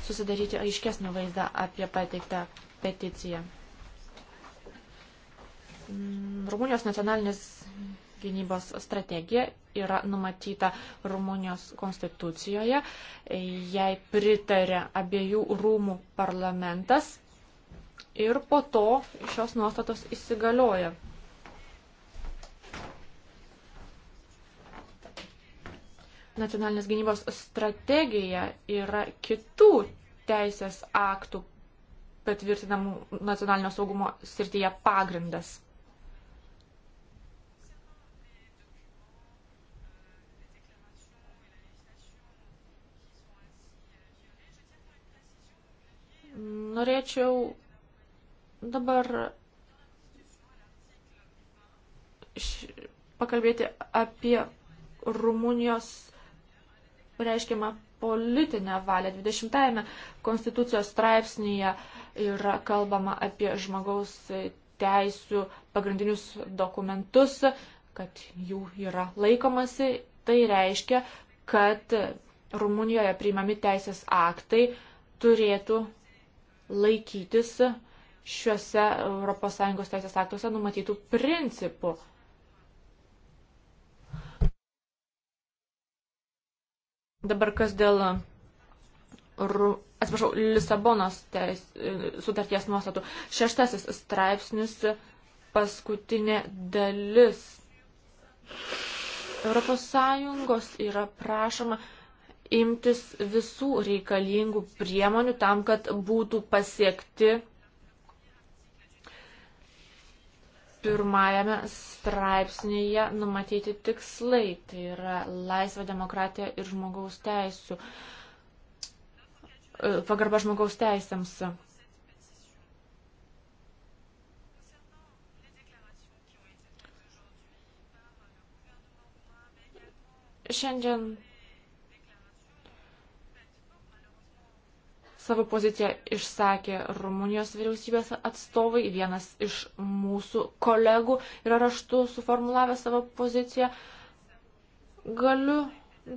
susidaryti aiškesnį vaizdą apie pateiktą peticiją. Mm, Rumunijos nacionalinės gynybos strategija yra numatyta Rumunijos konstitucijoje. Jai pritarė abiejų rūmų parlamentas ir po to šios nuostatos įsigalioja. nacionalinės gynybos strategija yra kitų teisės aktų patvirtinamų nacionalinio saugumo srityje pagrindas. Norėčiau dabar pakalbėti apie Rumunijos reiškiamą politinę valią. 20-ame konstitucijos straipsnėje yra kalbama apie žmogaus teisų pagrindinius dokumentus, kad jų yra laikomasi. Tai reiškia, kad Rumunijoje priimami teisės aktai turėtų laikytis šiuose ES teisės aktuose numatytų principų. Dabar kas dėl atsiprašau, Lisabonos teis, sutarties nuostatų. Šeštasis straipsnis, paskutinė dalis. Europos Sąjungos yra prašoma imtis visų reikalingų priemonių tam, kad būtų pasiekti pirmajame straipsnėje numatyti tikslai. Tai yra laisvė, demokratija ir žmogaus teisų. E, pagarba žmogaus teisėms. Šiandien Savo poziciją išsakė Rumunijos vyriausybės atstovai, vienas iš mūsų kolegų yra raštu suformulavę savo poziciją. Galiu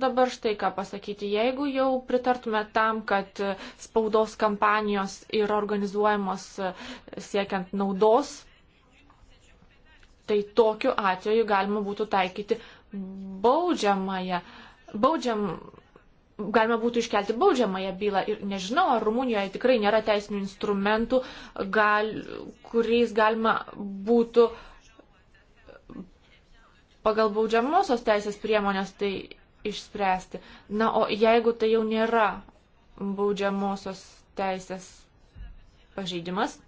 dabar štai ką pasakyti. Jeigu jau pritartume tam, kad spaudos kampanijos yra organizuojamos siekiant naudos, tai tokiu atveju galima būtų taikyti baudžiamąją, baudžiam, galima būtų iškelti baudžiamąją bylą ir nežinau, ar Rumunijoje tikrai nėra teisinių instrumentų, gal, kuriais galima būtų pagal baudžiamosios teisės priemonės tai išspręsti. Na, o jeigu tai jau nėra baudžiamosios teisės pažeidimas,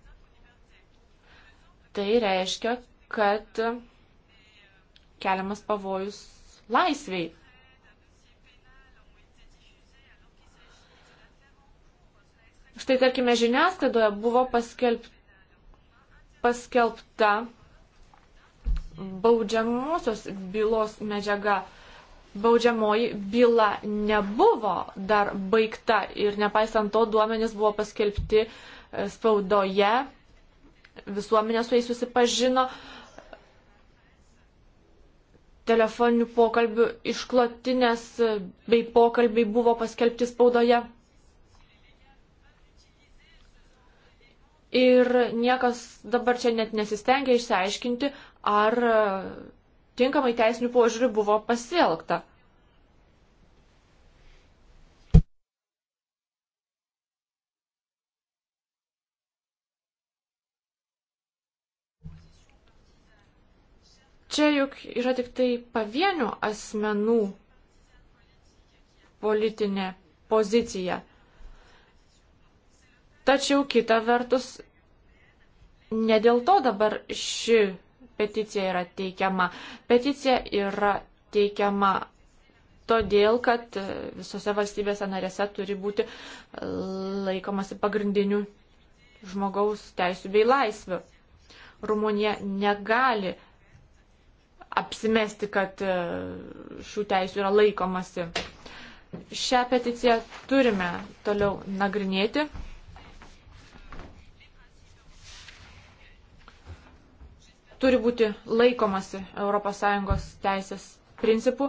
tai reiškia, kad keliamas pavojus laisviai Štai tarkime žiniasklaidoje buvo paskelb... paskelbta baudžiamosios bylos medžiaga. Baudžiamoji byla nebuvo dar baigta ir nepaisant to duomenys buvo paskelbti e, spaudoje, visuomenė su jais susipažino, telefoninių pokalbių išklotinės e, bei pokalbiai buvo paskelbti spaudoje. Ir niekas dabar čia net nesistengia išsiaiškinti, ar tinkamai teisinių požiūrių buvo pasielgta. Čia juk yra tik tai pavienių asmenų politinė pozicija. Tačiau kita vertus, ne dėl to dabar ši peticija yra teikiama. Peticija yra teikiama todėl, kad visose valstybėse narėse turi būti laikomasi pagrindinių žmogaus teisų bei laisvių. Rumunija negali apsimesti, kad šių teisų yra laikomasi. Šią peticiją turime toliau nagrinėti. turi būti laikomasi ES teisės principų.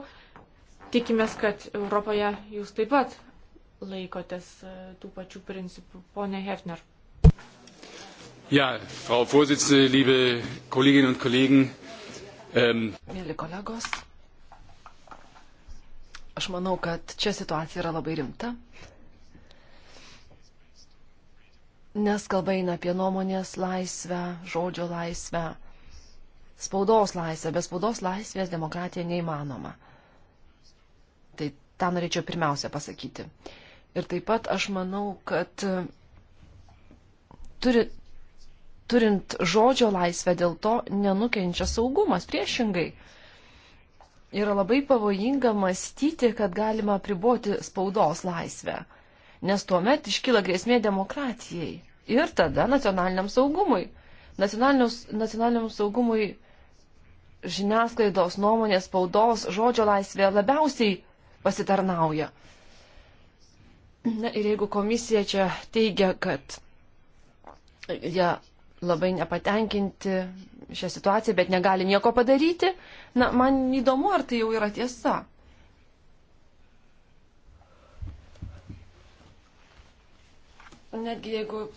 Tikimės, kad Europoje jūs taip pat laikotės e, tų pačių principų. Pone Hefner. Ja, Frau Vorsitzende, liebe Kolleginnen und Kollegen. Ähm, Mėly kolegos, aš manau, kad čia situacija yra labai rimta. Nes kalba eina apie nuomonės laisvę, žodžio laisvę spaudos laisvę. Be spaudos laisvės demokratija neįmanoma. Tai tą norėčiau pirmiausia pasakyti. Ir taip pat aš manau, kad turi, turint žodžio laisvę dėl to nenukenčia saugumas, priešingai. Yra labai pavojinga mąstyti, kad galima priboti spaudos laisvę, nes tuomet iškyla grėsmė demokratijai ir tada nacionaliniam saugumui. Nacionaliniam saugumui žiniasklaidos, nuomonės, spaudos, žodžio laisvė labiausiai pasitarnauja. Na ir jeigu komisija čia teigia, kad jie labai nepatenkinti šią situaciją, bet negali nieko padaryti, na, man įdomu, ar tai jau yra tiesa. Netgi jeigu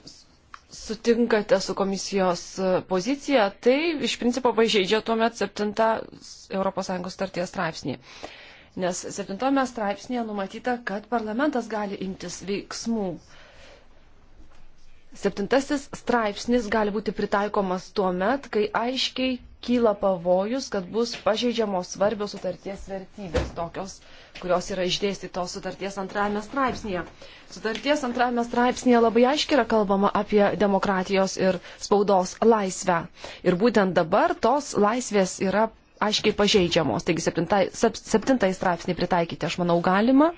sutinkate su komisijos e, pozicija, tai iš principo pažeidžia tuomet 7 ES starties straipsnį. Nes 7 straipsnėje numatyta, kad parlamentas gali imtis veiksmų. 7 straipsnis gali būti pritaikomas tuo met, kai aiškiai kyla pavojus, kad bus pažeidžiamos svarbios sutarties vertybės, tokios, kurios yra išdėstytos sutarties antrajame straipsnėje. Sutarties antrajame straipsnėje labai aiškiai yra kalbama apie demokratijos ir spaudos laisvę. Ir būtent dabar tos laisvės yra aiškiai pažeidžiamos. Taigi septintai, septintai straipsnį pritaikyti, aš manau, galima.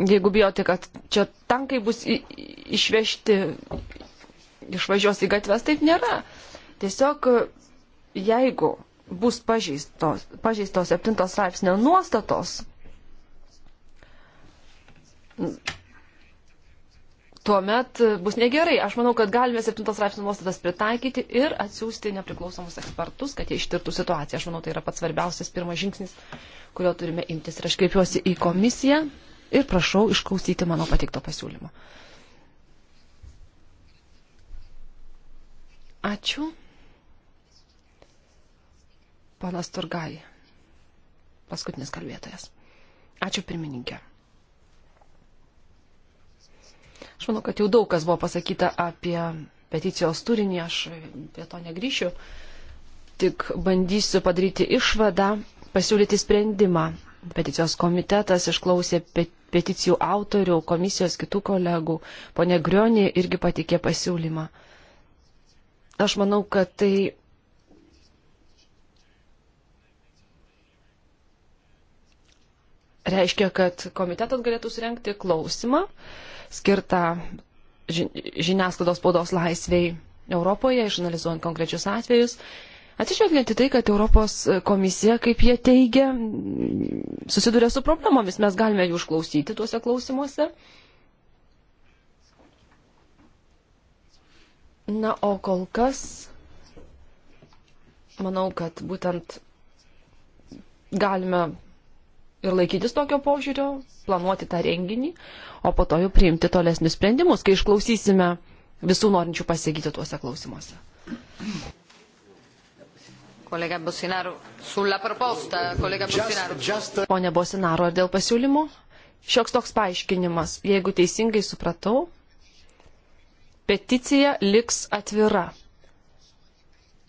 Jeigu bijote, kad čia tankai bus išvežti išvažiuos į gatves, taip nėra. Tiesiog jeigu bus pažeistos, pažeistos 7 straipsnio nuostatos, tuomet bus negerai. Aš manau, kad galime 7 straipsnio nuostatas pritaikyti ir atsiųsti nepriklausomus ekspertus, kad jie ištirtų situaciją. Aš manau, tai yra pats svarbiausias pirmas žingsnis, kurio turime imtis. Ir aš kreipiuosi į komisiją ir prašau išklausyti mano pateikto pasiūlymo. Ačiū. Panas Turgai, paskutinis kalbėtojas. Ačiū pirmininkė. Aš manau, kad jau daug kas buvo pasakyta apie peticijos turinį, aš prie to negryšiu, tik bandysiu padaryti išvadą, pasiūlyti sprendimą. Peticijos komitetas išklausė peticijų autorių, komisijos kitų kolegų, ponė Grionė irgi patikė pasiūlymą. Aš manau, kad tai reiškia, kad komitetas galėtų surenkti klausimą skirtą žiniasklaidos spaudos laisviai Europoje, išanalizuojant konkrečius atvejus. Atsižvelgiant į tai, kad Europos komisija, kaip jie teigia, susiduria su problemomis, mes galime jų užklausyti tuose klausimuose. Uh, Na, o kol kas manau, kad būtent galime ir laikytis tokio požiūrio, planuoti tą renginį, o po to jau priimti tolesnius sprendimus, kai išklausysime visų norinčių pasakyti tuose klausimuose. Kolega Bosinaru, sulla proposta, kolega Bosinaru. Just, just... Pone Bosinaru, ar dėl pasiūlymų? Šioks toks paaiškinimas. Jeigu teisingai supratau, peticija liks atvira.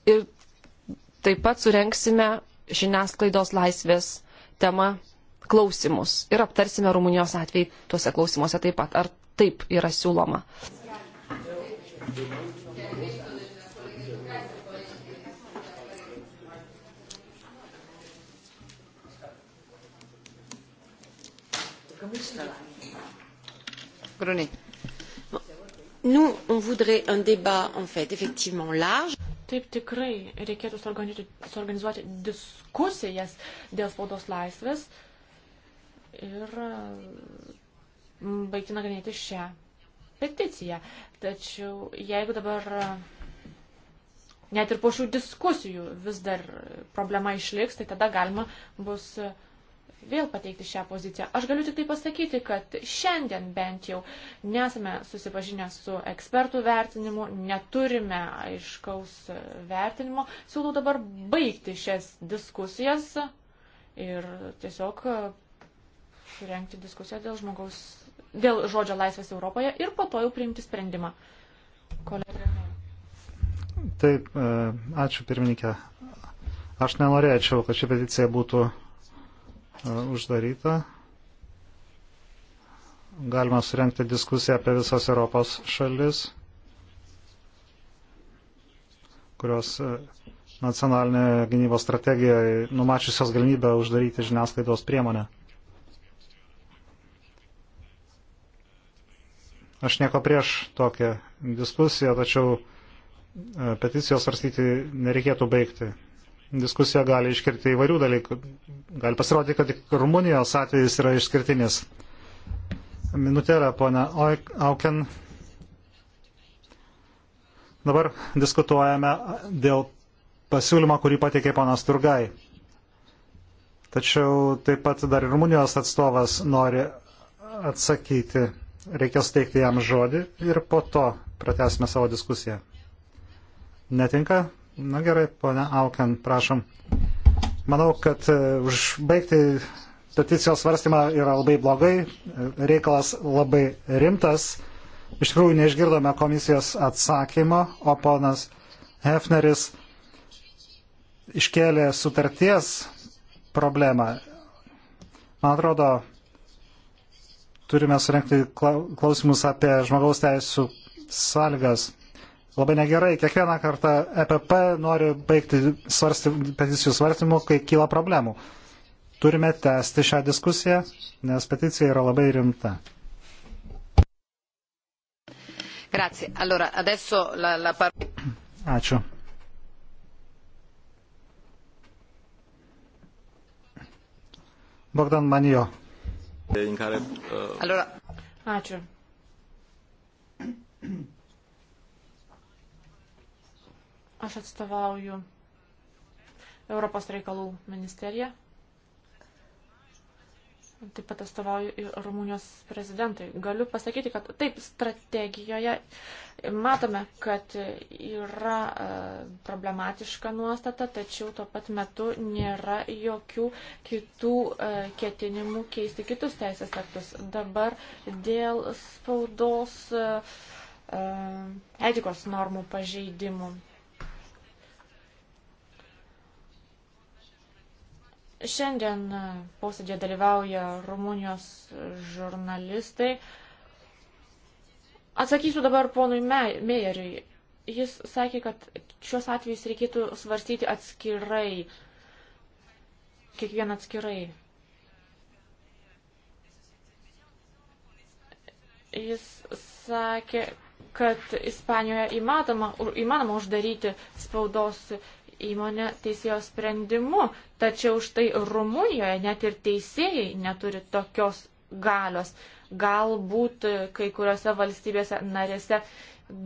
Ir taip pat surenksime žiniasklaidos laisvės tema klausimus ir aptarsime Rumunijos atvejį tuose klausimuose taip pat. Ar taip yra siūloma? Gruni. Nous, on voudrait un débat, en fait, effectivement large. Taip tikrai reikėtų suorganizuoti, suorganizuoti diskusijas dėl spaudos laisvės ir mm, baigti nagrinėti šią peticiją. Tačiau jeigu dabar net ir po šių diskusijų vis dar problema išliks, tai tada galima bus vėl pateikti šią poziciją. Aš galiu tik tai pasakyti, kad šiandien bent jau nesame susipažinę su ekspertų vertinimu, neturime aiškaus vertinimo. Siūlau dabar baigti šias diskusijas ir tiesiog surenkti diskusiją dėl žmogaus, dėl žodžio laisvės Europoje ir po to jau priimti sprendimą. Kolega. Taip, e, ačiū pirmininkė. Aš nenorėčiau, kad ši peticija būtų uždaryta. Galima surenkti diskusiją apie visas Europos šalis, kurios e, nacionalinė gynybos strategija numačiusios galimybę uždaryti žiniasklaidos priemonę. Aš nieko prieš tokią diskusiją, tačiau e, peticijos svarstyti nereikėtų baigti diskusija gali iškirti įvairių dalykų. Gali pasirodyti, kad tik Rumunijos atvejis yra išskirtinis. Minutėlę, ponia Auken. Dabar diskutuojame dėl pasiūlymo, kurį pateikė ponas Turgai. Tačiau taip pat dar ir Rumunijos atstovas nori atsakyti. Reikia steigti jam žodį ir po to pratesime savo diskusiją. Netinka? Na gerai, ponia Auken, prašom. Manau, kad e, užbaigti peticijos svarstymą yra labai blogai, e, reikalas labai rimtas. Iš tikrųjų, neišgirdome komisijos atsakymo, o ponas Hefneris iškėlė sutarties problemą. Man atrodo, turime surinkti klausimus apie žmogaus teisų sąlygas labai negerai. Kiekvieną kartą EPP nori baigti svarsty, peticijų svarstymų, kai kyla problemų. Turime tęsti šią diskusiją, nes peticija yra labai rimta. Grazie. Allora, adesso la, la par- Ačiū. Bogdan Manijo. Uh, allora. Ačiū. Aš atstovauju Europos reikalų ministeriją. Taip pat atstovauju ir Rumunijos prezidentui. Galiu pasakyti, kad taip, strategijoje matome, kad yra e, problematiška nuostata, tačiau tuo pat metu nėra jokių kitų e, ketinimų keisti kitus teisės aktus. Dabar dėl spaudos e, etikos normų pažeidimų. Šiandien e, posėdė dalyvauja Rumunijos žurnalistai. Atsakysiu dabar ponui Meijeriui. Jis sakė, kad šios atvejus reikėtų svarstyti atskirai, kiekvieną atskirai. Jis sakė, kad Ispanijoje įmanoma, įmanoma uždaryti spaudos įmonę teisėjo sprendimu, tačiau štai Rumunijoje net ir teisėjai neturi tokios galios. Galbūt kai kuriuose valstybėse narėse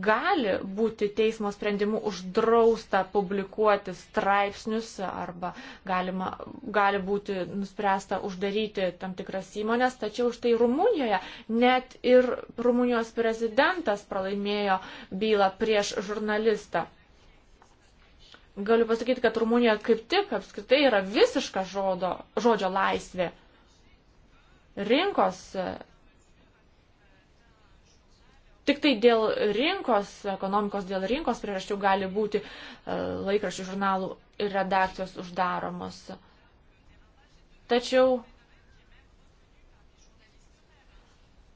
gali būti teismo sprendimu uždrausta publikuoti straipsnius arba galima, gali būti nuspręsta uždaryti tam tikras įmonės, tačiau štai Rumunijoje net ir Rumunijos prezidentas pralaimėjo bylą prieš žurnalistą. Galiu pasakyti, kad Rumunija kaip tik apskritai yra visiška žodo, žodžio laisvė. Rinkos tik tai dėl rinkos, ekonomikos dėl rinkos priežasčių gali būti e, laikraščių žurnalų redakcijos uždaromos. Tačiau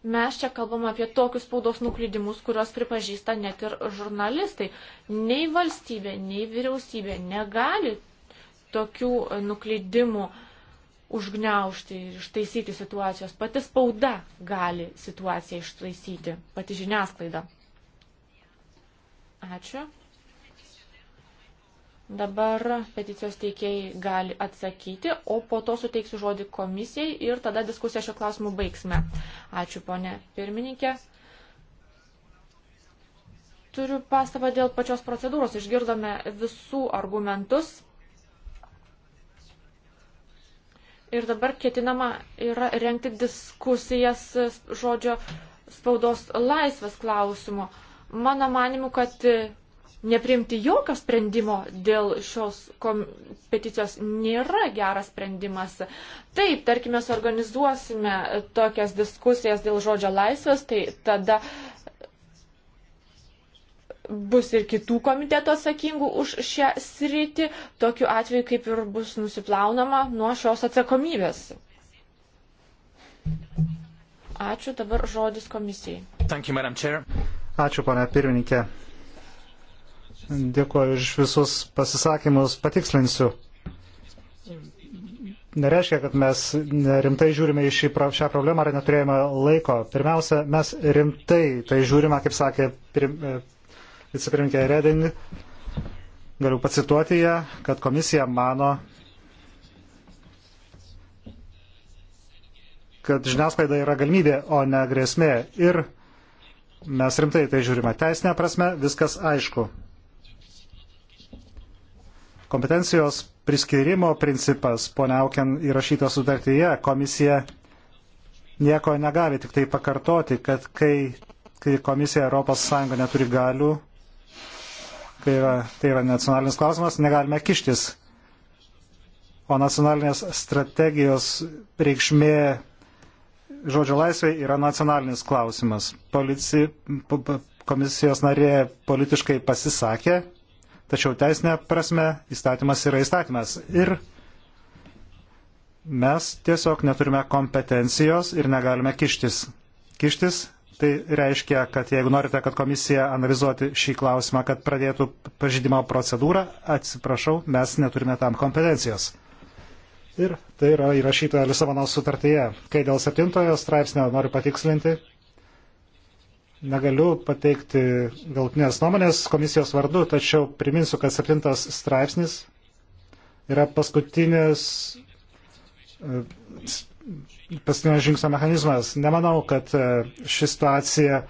Mes čia kalbam apie tokius spaudos nuklydimus, kuriuos pripažįsta net ir žurnalistai. Nei valstybė, nei vyriausybė negali tokių nuklydimų užgneušti ir ištaisyti situacijos. Pati spauda gali situaciją ištaisyti, pati žiniasklaida. Ačiū. Dabar peticijos teikėjai gali atsakyti, o po to suteiksiu žodį komisijai ir tada diskusiją šio klausimu baigsime. Ačiū, ponė pirmininkė. Turiu pastabą dėl pačios procedūros. Išgirdome visų argumentus. Ir dabar ketinama yra renkti diskusijas žodžio spaudos laisvės klausimu. Mano manimu, kad Neprimti jokio sprendimo dėl šios peticijos nėra geras sprendimas. Taip, tarkime, suorganizuosime tokias diskusijas dėl žodžio laisvės, tai tada bus ir kitų komiteto atsakingų už šią sritį, tokiu atveju kaip ir bus nusiplaunama nuo šios atsakomybės. Ačiū dabar žodis komisijai. You, Ačiū, ponia pirmininkė. Dėkuoju iš visus pasisakymus, patikslinsiu. Nereiškia, kad mes rimtai žiūrime į šį, šią problemą ar neturėjome laiko. Pirmiausia, mes rimtai tai žiūrime, kaip sakė e, vicepirinkė Redin, galiu pacituoti ją, kad komisija mano, kad žiniasklaida yra galimybė, o ne grėsmė. Ir mes rimtai tai žiūrime. Teisinė prasme viskas aišku. Kompetencijos priskirimo principas, ponia Auken, įrašytas sutartyje, komisija nieko negali tik tai pakartoti, kad kai, kai komisija ES neturi galių, kai yra, tai yra nacionalinis klausimas, negalime kištis. O nacionalinės strategijos reikšmė žodžio laisvė yra nacionalinis klausimas. Polici, komisijos narė politiškai pasisakė Tačiau teisinė prasme įstatymas yra įstatymas. Ir mes tiesiog neturime kompetencijos ir negalime kištis. Kištis tai reiškia, kad jeigu norite, kad komisija analizuoti šį klausimą, kad pradėtų pažydimo procedūrą, atsiprašau, mes neturime tam kompetencijos. Ir tai yra įrašyta Lisabono sutartyje. Kai dėl septintojo straipsnio noriu patikslinti, negaliu pateikti galtinės nuomonės komisijos vardu, tačiau priminsiu, kad septintas straipsnis yra paskutinis e, paskutinio žingsnio mechanizmas. Nemanau, kad e, ši situacija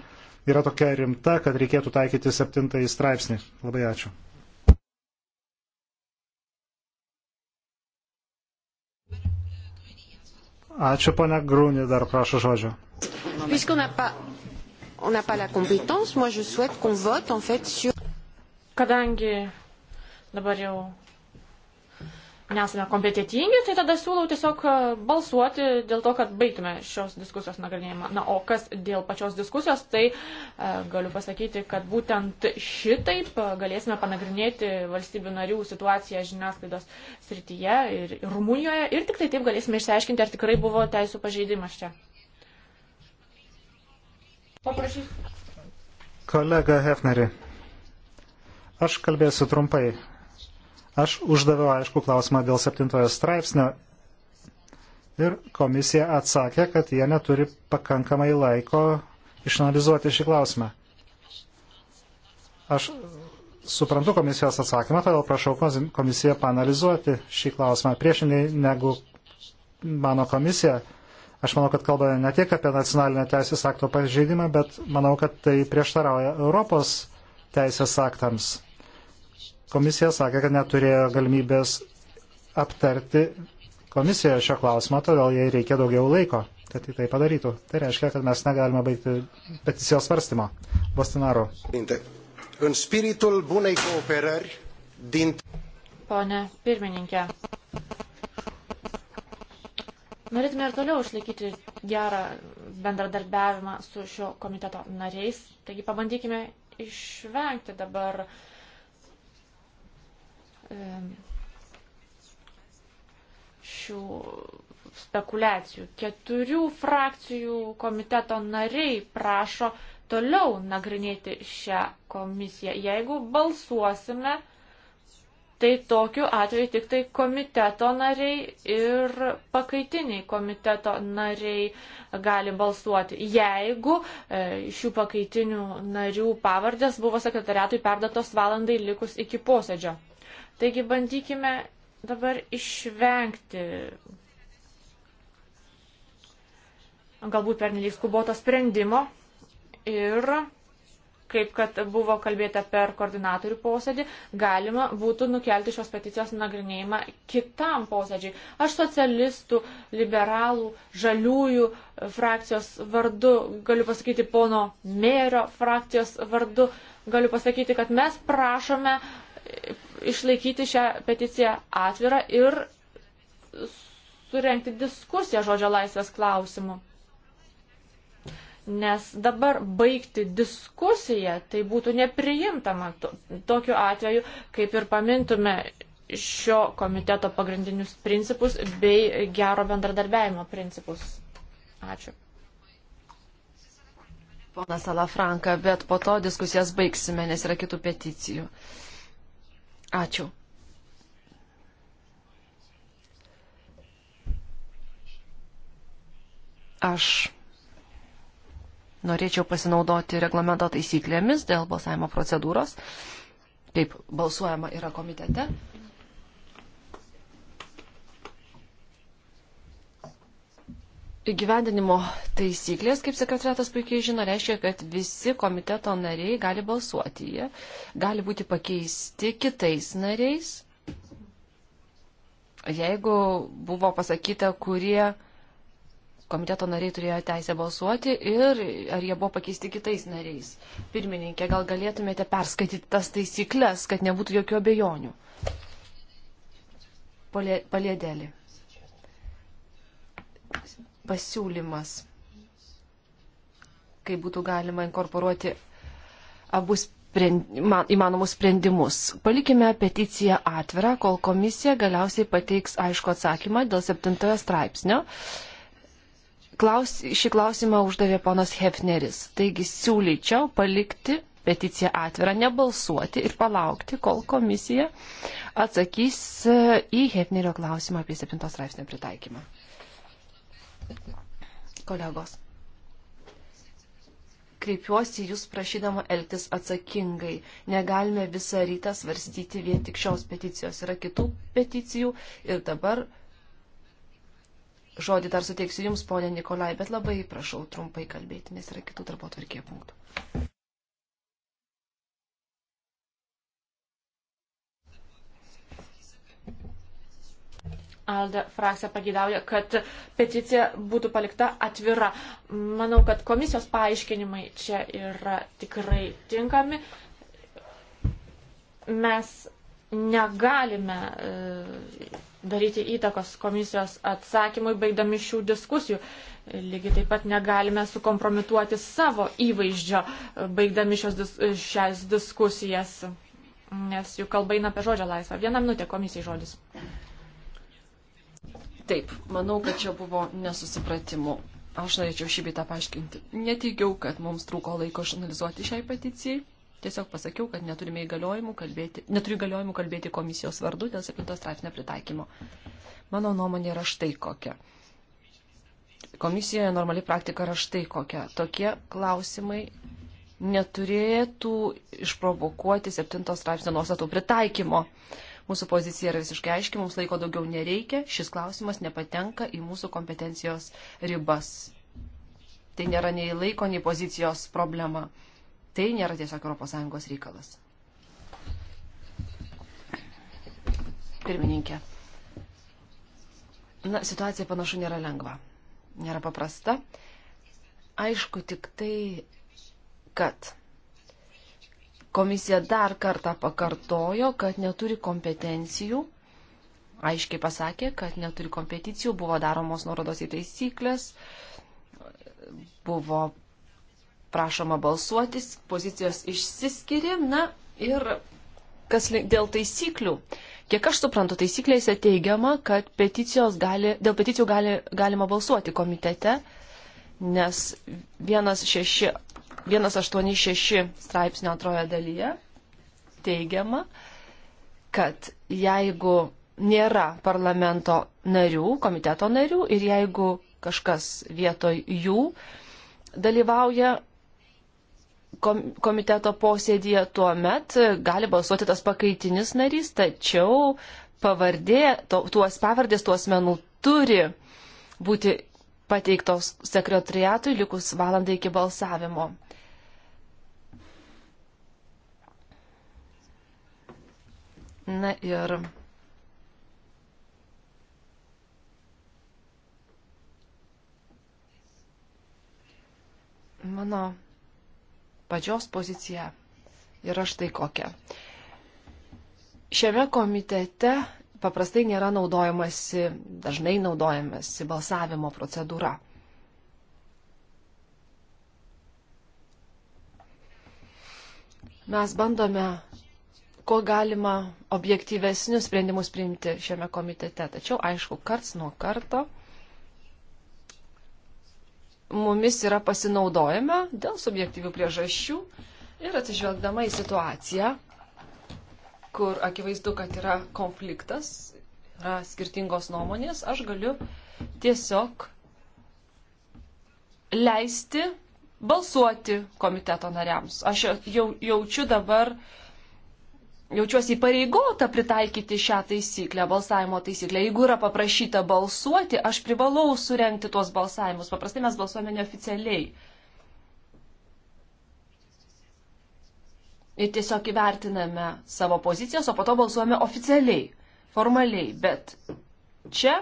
yra tokia rimta, kad reikėtų taikyti septintąjį straipsnį. Labai ačiū. Ačiū, ponia Grūni, dar prašo žodžio on n'a pas la compétence, moi je souhaite qu'on vote en fait sur. Kadangi dabar jau nesame kompetitingi, tai tada siūlau tiesiog e, balsuoti dėl to, kad baigtume šios diskusijos nagrinėjimą. Na, o kas dėl pačios diskusijos, tai e, galiu pasakyti, kad būtent šitaip galėsime panagrinėti valstybių narių situaciją žiniasklaidos srityje ir Rumunijoje ir tik tai taip galėsime išsiaiškinti, ar tikrai buvo teisų pažeidimas čia. Paprašysiu. Kolega Hefneri, aš kalbėsiu trumpai. Aš uždaviau aišku klausimą dėl septintojo straipsnio ir komisija atsakė, kad jie neturi pakankamai laiko išanalizuoti šį klausimą. Aš suprantu komisijos atsakymą, todėl prašau komisiją panalizuoti šį klausimą priešingai negu mano komisija Aš manau, kad kalba ne tiek apie nacionalinio teisės akto pažeidimą, bet manau, kad tai prieštarauja Europos teisės aktams. Komisija sakė, kad neturėjo galimybės aptarti komisijoje šio klausimo, todėl jai reikia daugiau laiko, kad tai padarytų. Tai reiškia, kad mes negalime baigti peticijos svarstymo. Bostinaro. Pone pirmininkė, Norėtume ir toliau išlaikyti gerą bendradarbiavimą su šio komiteto nariais, taigi pabandykime išvengti dabar šių spekulacijų. Keturių frakcijų komiteto nariai prašo toliau nagrinėti šią komisiją. Jeigu balsuosime, tai tokiu atveju tik tai komiteto nariai ir pakaitiniai komiteto nariai gali balsuoti, jeigu e, šių pakaitinių narių pavardės buvo sekretariatui perdatos valandai likus iki posėdžio. Taigi bandykime dabar išvengti galbūt pernelyg skuboto sprendimo ir kaip kad buvo kalbėta per koordinatorių posėdį, galima būtų nukelti šios peticijos nagrinėjimą kitam posėdžiui. Aš socialistų, liberalų, žaliųjų frakcijos vardu, galiu pasakyti pono mėrio frakcijos vardu, galiu pasakyti, kad mes prašome išlaikyti šią peticiją atvirą ir surenkti diskusiją žodžio laisvės klausimu. Nes dabar baigti diskusiją tai būtų nepriimtama tokiu atveju, kaip ir pamintume šio komiteto pagrindinius principus bei gero bendradarbiavimo principus. Ačiū. Ponas Alafranka, bet po to diskusijas baigsime, nes yra kitų peticijų. Ačiū. Aš norėčiau pasinaudoti reglamento taisyklėmis dėl balsavimo procedūros, kaip balsuojama yra komitete. Įgyvendinimo taisyklės, kaip sekretariatas puikiai žino, reiškia, kad visi komiteto nariai gali balsuoti. Jie gali būti pakeisti kitais nariais, jeigu buvo pasakyta, kurie komiteto nariai turėjo teisę balsuoti ir ar jie buvo pakeisti kitais nariais. Pirmininkė, gal galėtumėte perskaityti tas taisyklės, kad nebūtų jokių abejonių. Palėdėlį. Pasiūlymas, kaip būtų galima inkorporuoti abus įmanomus sprendimus. Palikime peticiją atvirą, kol komisija galiausiai pateiks aišku atsakymą dėl septintojo straipsnio. Uh, klaus, šį klausimą uždavė ponas Hefneris. Taigi siūlyčiau palikti peticiją atvirą, nebalsuoti ir palaukti, kol komisija atsakys e, į Hefnerio klausimą apie 7 straipsnio pritaikymą. Kolegos, kreipiuosi jūs prašydama elgtis atsakingai. Negalime visą rytą svarstyti vien tik šios peticijos. Yra kitų peticijų ir dabar Žodį dar suteiksiu Jums, ponė Nikolai, bet labai prašau trumpai kalbėti, nes yra kitų darbo tvarkė punktų. ALDE frakcija pagidauja, kad peticija būtų palikta atvira. Manau, kad komisijos paaiškinimai čia yra tikrai tinkami. Mes negalime e, daryti įtakos komisijos atsakymui, baigdami šių diskusijų. Lygiai taip pat negalime sukompromituoti savo įvaizdžio, e, baigdami šios, dis, šias diskusijas, nes jų kalba eina apie žodžio laisvą. Vieną minutę komisijai žodis. Taip, manau, kad čia buvo nesusipratimų. Aš norėčiau šį bitą paaiškinti. Neteigiau, kad mums trūko laiko išanalizuoti šiai peticijai tiesiog pasakiau, kad neturime įgaliojimų kalbėti, neturiu įgaliojimų kalbėti komisijos vardu dėl 7 straipsnio pritaikymo. Mano nuomonė yra štai kokia. Komisijoje normali praktika yra štai kokia. Tokie klausimai neturėtų išprovokuoti 7 straipsnio nuostatų pritaikymo. Mūsų pozicija yra visiškai aiški, mums laiko daugiau nereikia, šis klausimas nepatenka į mūsų kompetencijos ribas. Tai nėra nei laiko, nei pozicijos problema. Tai nėra tiesiog ES reikalas. Pirmininkė. Na, situacija panašu nėra lengva. Nėra paprasta. Aišku, tik tai, kad komisija dar kartą pakartojo, kad neturi kompetencijų. Aiškiai pasakė, kad neturi kompeticijų, buvo daromos nuorodos į taisyklės, buvo prašoma balsuotis, pozicijos išsiskiria, na ir kas dėl taisyklių. Kiek aš suprantu, taisyklėse teigiama, kad gali, dėl peticijų gali, galima balsuoti komitete, nes 186 straipsnio antrojo dalyje teigiama, kad jeigu nėra parlamento narių, komiteto narių ir jeigu kažkas vietoj jų dalyvauja komiteto posėdėje, tuo met gali balsuoti tas pakaitinis narys, tačiau pavardė, to, tuos pavardės, tuos menų turi būti pateiktos sekretariatui likus valandai iki balsavimo. Na ir. Mano pačios pozicija yra štai kokia. Šiame komitete paprastai nėra naudojamasi, dažnai naudojamasi balsavimo procedūra. Mes bandome, kuo galima objektyvesnius sprendimus priimti šiame komitete. Tačiau, aišku, karts nuo karto mumis yra pasinaudojama dėl subjektyvių priežasčių ir atsižvelgdama į situaciją, kur akivaizdu, kad yra konfliktas, yra skirtingos nuomonės, aš galiu tiesiog leisti balsuoti komiteto nariams. Aš jau jaučiu dabar uh, jaučiuosi įpareigota pritaikyti šią taisyklę, balsavimo taisyklę. Jeigu yra paprašyta balsuoti, aš privalau surenkti tuos balsavimus. Paprastai mes balsuojame neoficialiai. Ir tiesiog įvertiname savo pozicijas, o po to balsuojame oficialiai, formaliai. Bet čia.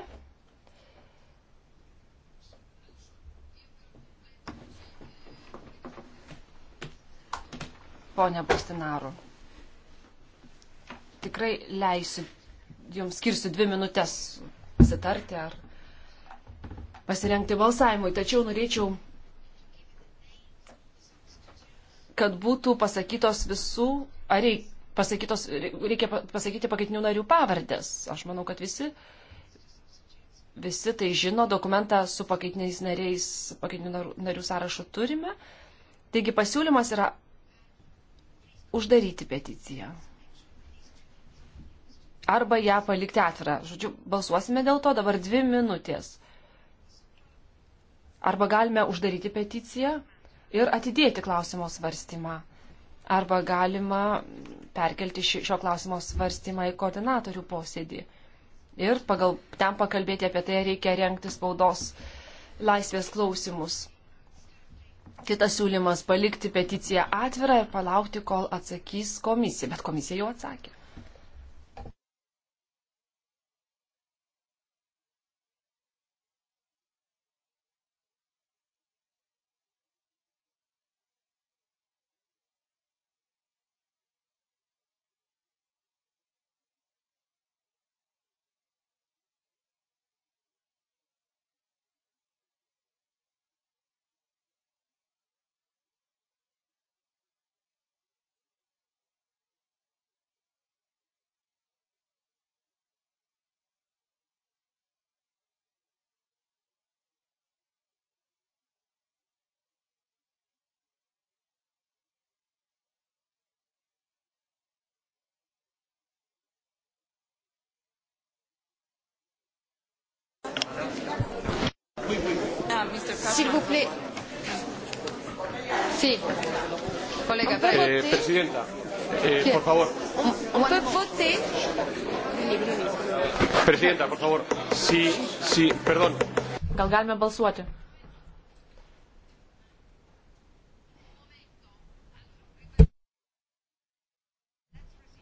Pone Bustinaru tikrai leisiu, jums skirsiu dvi minutės pasitarti ar pasirengti balsavimui, tačiau norėčiau, kad būtų pasakytos visų, ar reikia, pasakytos, reikia pasakyti pakaitinių narių pavardės. Aš manau, kad visi, visi tai žino, dokumentą su pakaitiniais nariais, pakaitinių narių sąrašu turime. Taigi pasiūlymas yra uždaryti peticiją arba ją palikti atvirą. Žodžiu, balsuosime dėl to dabar dvi minutės. Arba galime uždaryti peticiją ir atidėti klausimo svarstymą. Arba galima perkelti šio klausimo svarstymą į koordinatorių posėdį. Ir pagal, ten pakalbėti apie tai reikia renkti spaudos laisvės klausimus. Kitas siūlymas - palikti peticiją atvirą ir palaukti, kol atsakys komisija. Bet komisija jau atsakė. S'il vous plaît. Sí. Colega, eh, Presidenta, eh, ¿Qué? por favor. On peut voter. Presidenta, por favor. Sí, sí, perdón. Gal galime balsuoti.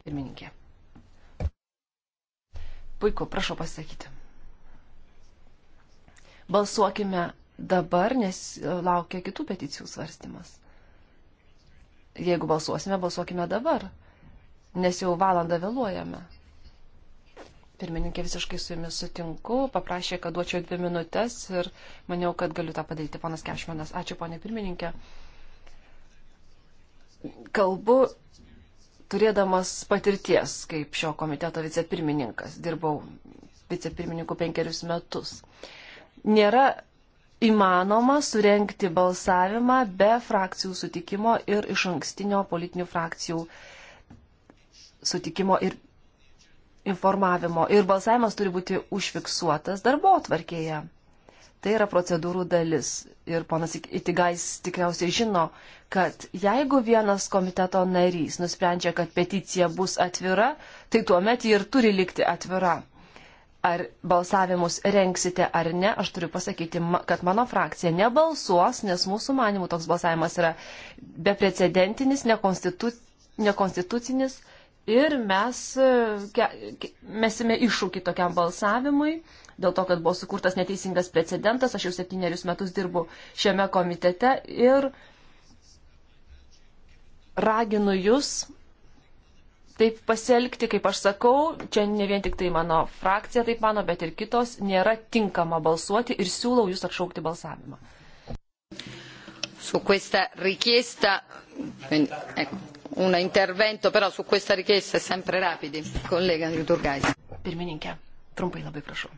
Pirmininkė. Puiku, prašau pasakyti balsuokime dabar, nes laukia kitų peticijų svarstymas. Jeigu balsuosime, balsuokime dabar, nes jau valandą vėluojame. Pirmininkė visiškai su jumis sutinku, paprašė, kad duočiau dvi minutės ir maniau, kad galiu tą padaryti, panas Kešmanas. Ačiū, ponė pirmininkė. Kalbu turėdamas patirties kaip šio komiteto vicepirmininkas. Dirbau vicepirmininku penkerius metus. Uh, nėra įmanoma surenkti balsavimą be frakcijų sutikimo ir iš ankstinio politinių frakcijų sutikimo ir informavimo. Ir balsavimas turi būti užfiksuotas darbo atvarkėje. Tai yra procedūrų dalis. Ir ponas Itigais tikriausiai žino, kad jeigu vienas komiteto narys nusprendžia, kad peticija bus atvira, tai tuomet ji ir turi likti atvira ar balsavimus renksite ar ne, aš turiu pasakyti, kad mano frakcija nebalsuos, nes mūsų manimų toks balsavimas yra beprecedentinis, nekonstitu, nekonstitucinis ir mes e, mesime iššūkį tokiam balsavimui. Dėl to, kad buvo sukurtas neteisingas precedentas, aš jau septynerius metus dirbu šiame komitete ir raginu jūs taip pasielgti, kaip aš sakau, čia ne vien tik tai mano frakcija taip mano, bet ir kitos, nėra tinkama balsuoti ir siūlau jūs atšaukti balsavimą. Su questa richiesta, ecco, un intervento però su questa richiesta è sempre rapidi, collega Liuturgais. Pirmininkė, trumpai labai prašau.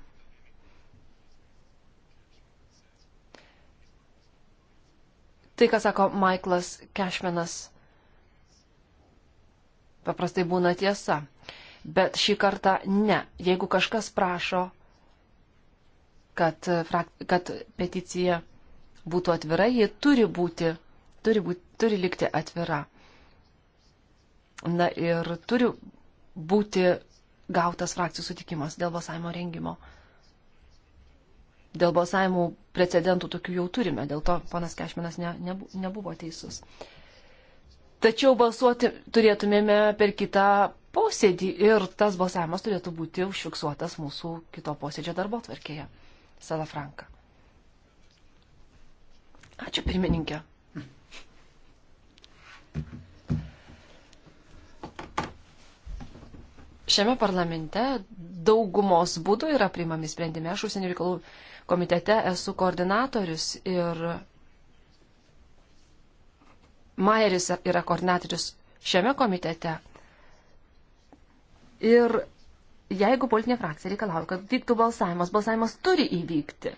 Tai, ką sako Michaelas Cashmanas paprastai būna tiesa. Bet šį kartą ne. Jeigu kažkas prašo, kad, kad peticija būtų atvira, ji turi būti, turi, būti, turi likti atvira. Na ir turi būti gautas frakcijų sutikimas dėl balsavimo rengimo. Dėl balsavimų precedentų tokių jau turime, dėl to ponas Kešminas ne, ne, nebuvo teisus. Uh, Tačiau balsuoti turėtumėme per kitą posėdį ir tas balsavimas turėtų būti užfiksuotas mūsų kito posėdžio darbo tvarkėje. Salafranka. Ačiū pirmininkė. Šiame parlamente daugumos būdų yra priimami sprendimai. Aš užsienio reikalų komitete esu koordinatorius ir Maieris yra koordinatorius šiame komitete. Ir jeigu politinė frakcija reikalauja, kad vyktų balsavimas, balsavimas turi įvykti.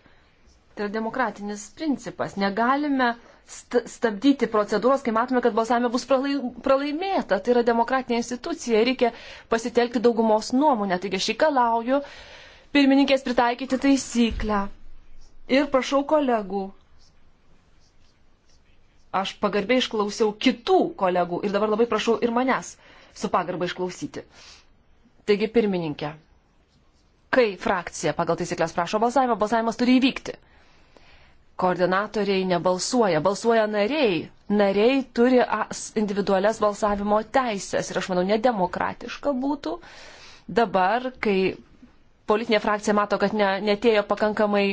Tai yra demokratinis principas. Negalime st stabdyti procedūros, kai matome, kad balsavime bus pralai pralaimėta. Tai yra demokratinė institucija. Reikia pasitelkti daugumos nuomonę. Taigi aš reikalauju pirmininkės pritaikyti taisyklę. Ir prašau kolegų aš pagarbiai išklausiau kitų kolegų ir dabar labai prašau ir manęs su pagarba išklausyti. Taigi, pirmininkė, kai frakcija pagal taisyklės prašo balsavimo, balsavimas turi įvykti. Koordinatoriai nebalsuoja, balsuoja nariai. Nariai turi individualias balsavimo teisės ir aš manau, nedemokratiška būtų dabar, kai politinė frakcija mato, kad ne, netėjo pakankamai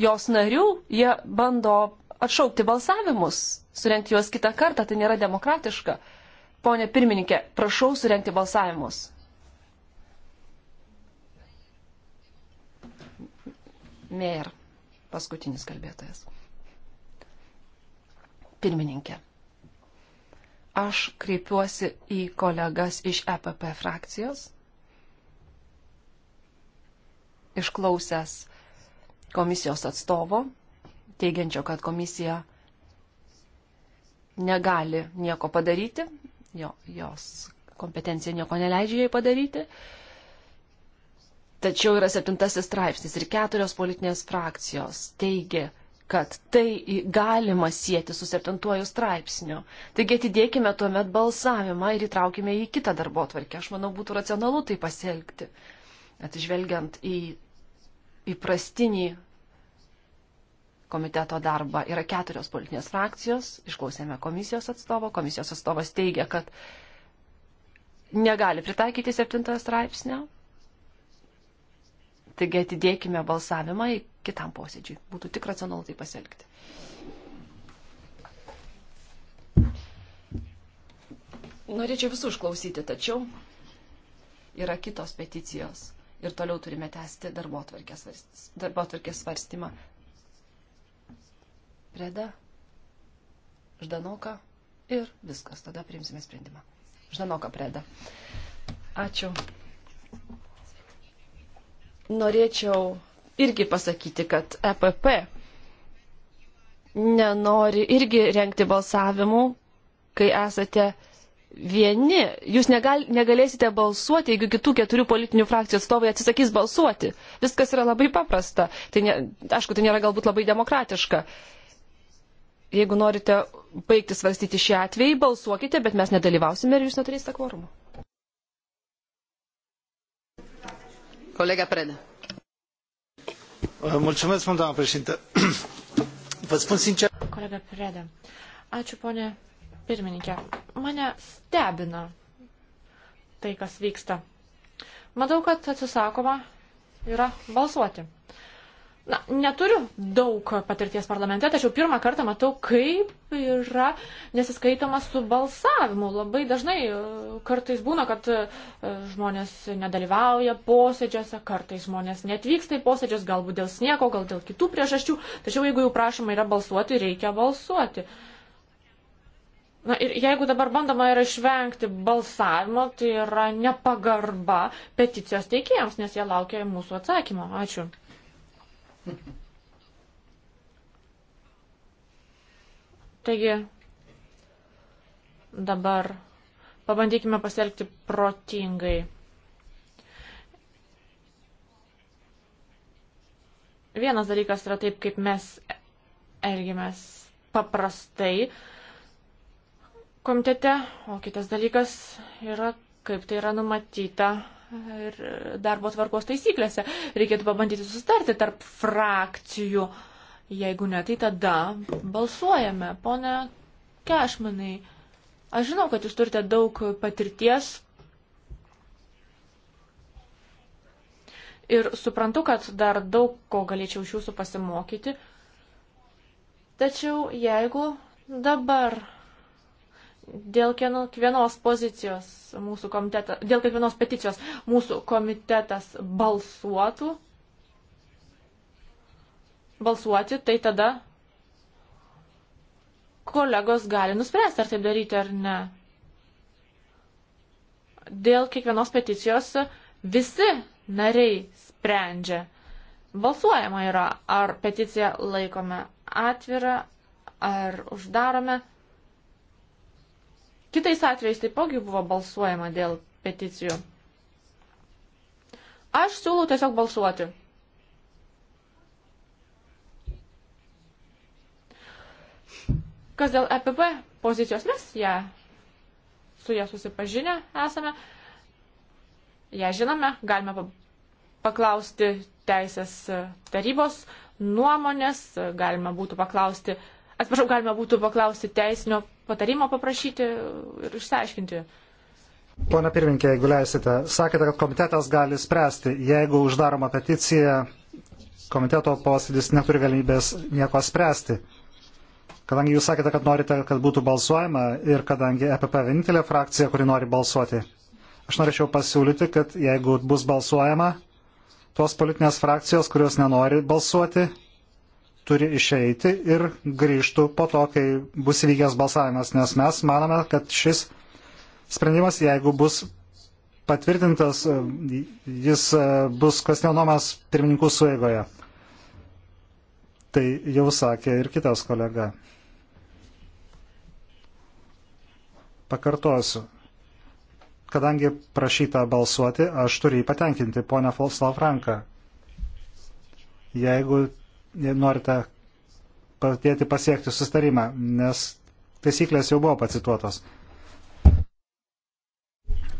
jos narių, jie bando atšaukti balsavimus, surenkti juos kitą kartą, tai nėra demokratiška. Pone pirmininkė, prašau surenkti balsavimus. Mėr, paskutinis kalbėtojas. Pirmininkė, aš kreipiuosi į kolegas iš EPP frakcijos, išklausęs komisijos atstovo teigiančio, kad komisija negali nieko padaryti, jo, jos kompetencija nieko neleidžia jai padaryti. Tačiau yra septintasis straipsnis ir keturios politinės frakcijos teigia, kad tai galima sieti su septintuoju straipsniu. Taigi atidėkime tuomet balsavimą ir įtraukime į kitą darbo atvarkę. Aš manau, būtų racionalu tai pasielgti, atsižvelgiant į įprastinį komiteto darbą. Yra keturios politinės frakcijos, išklausėme komisijos atstovo, komisijos atstovas teigia, kad negali pritaikyti septintojo straipsnio. Taigi atidėkime balsavimą į kitam posėdžiui. Būtų tik racionalu tai pasielgti. Norėčiau visų išklausyti, tačiau yra kitos peticijos ir toliau turime tęsti darbo atvarkės svarstymą. Preda, Ždanoka ir viskas. Tada priimsime sprendimą. Ždanoka Preda. Ačiū. Norėčiau irgi pasakyti, kad EPP nenori irgi renkti balsavimų, kai esate vieni. Jūs negal, negalėsite balsuoti, jeigu kitų keturių politinių frakcijų atstovai atsisakys balsuoti. Viskas yra labai paprasta. Tai ne, aišku, tai nėra galbūt labai demokratiška. Uh, Jeigu norite baigti svarstyti šį atvejį, balsuokite, bet mes nedalyvausime ir jūs neturėsite kvorumo. Kolega Preda. Mulțumesc, doamna președintă. [CLEARS THROAT] Vă spun sincer. Kolega Preda. Ačiū, ponė pirmininkė. Mane stebina tai, kas vyksta. Matau, kad atsisakoma yra balsuoti. Uh, Na, neturiu daug patirties parlamente, tačiau pirmą kartą matau, kaip yra nesiskaitoma su balsavimu. Labai dažnai e, kartais būna, kad e, žmonės nedalyvauja posėdžiuose, kartais žmonės netvyksta į posėdžius, galbūt dėl sniego, gal dėl kitų priežasčių. Tačiau jeigu jau prašoma yra balsuoti, reikia balsuoti. Na ir jeigu dabar bandoma yra išvengti balsavimo, tai yra nepagarba peticijos teikėjams, nes jie laukia mūsų atsakymo. Ačiū. Taigi dabar pabandykime pasielgti protingai. Vienas dalykas yra taip, kaip mes elgiamės paprastai komitete, o kitas dalykas yra, kaip tai yra numatyta ir darbo tvarkos taisyklėse. Reikėtų pabandyti susitarti tarp frakcijų. Jeigu ne, tai tada balsuojame. Pone Kešmanai, aš žinau, kad jūs turite daug patirties. Ir suprantu, kad dar daug ko galėčiau iš jūsų pasimokyti. Tačiau jeigu dabar dėl kiekvienos pozicijos mūsų komitetas, dėl kiekvienos peticijos mūsų komitetas balsuotų, balsuoti, tai tada kolegos gali nuspręsti, ar taip daryti ar ne. Dėl kiekvienos peticijos visi nariai sprendžia. Balsuojama yra, ar peticiją laikome atvirą, ar uždarome Kitais atvejais taipogi buvo balsuojama dėl peticijų. Aš siūlau tiesiog balsuoti. Kas dėl EPP pozicijos mes ją su ją susipažinę esame, ją žinome, galime paklausti teisės tarybos nuomonės, galima būtų paklausti, atsiprašau, galima būtų paklausti teisinio patarimo paprašyti ir išsiaiškinti. Pone pirmininkė, jeigu leisite, sakėte, kad komitetas gali spręsti. Jeigu uždaroma peticija, komiteto posėdis neturi galimybės nieko spręsti. Kadangi jūs sakėte, kad norite, kad būtų balsuojama ir kadangi EPP vienintelė frakcija, kuri nori balsuoti, aš norėčiau pasiūlyti, kad jeigu bus balsuojama, tos politinės frakcijos, kurios nenori balsuoti, turi išeiti ir grįžtų po to, kai bus įvykęs balsavimas, nes mes manome, kad šis sprendimas, jeigu bus patvirtintas, jis e, bus kvestionuomas pirmininkų suėgoje. Tai jau sakė ir kitas kolega. Pakartosiu. Kadangi prašyta balsuoti, aš turiu jį patenkinti, ponia Falslavranka. Jeigu norite padėti pasiekti sustarimą, nes taisyklės jau buvo pacituotos.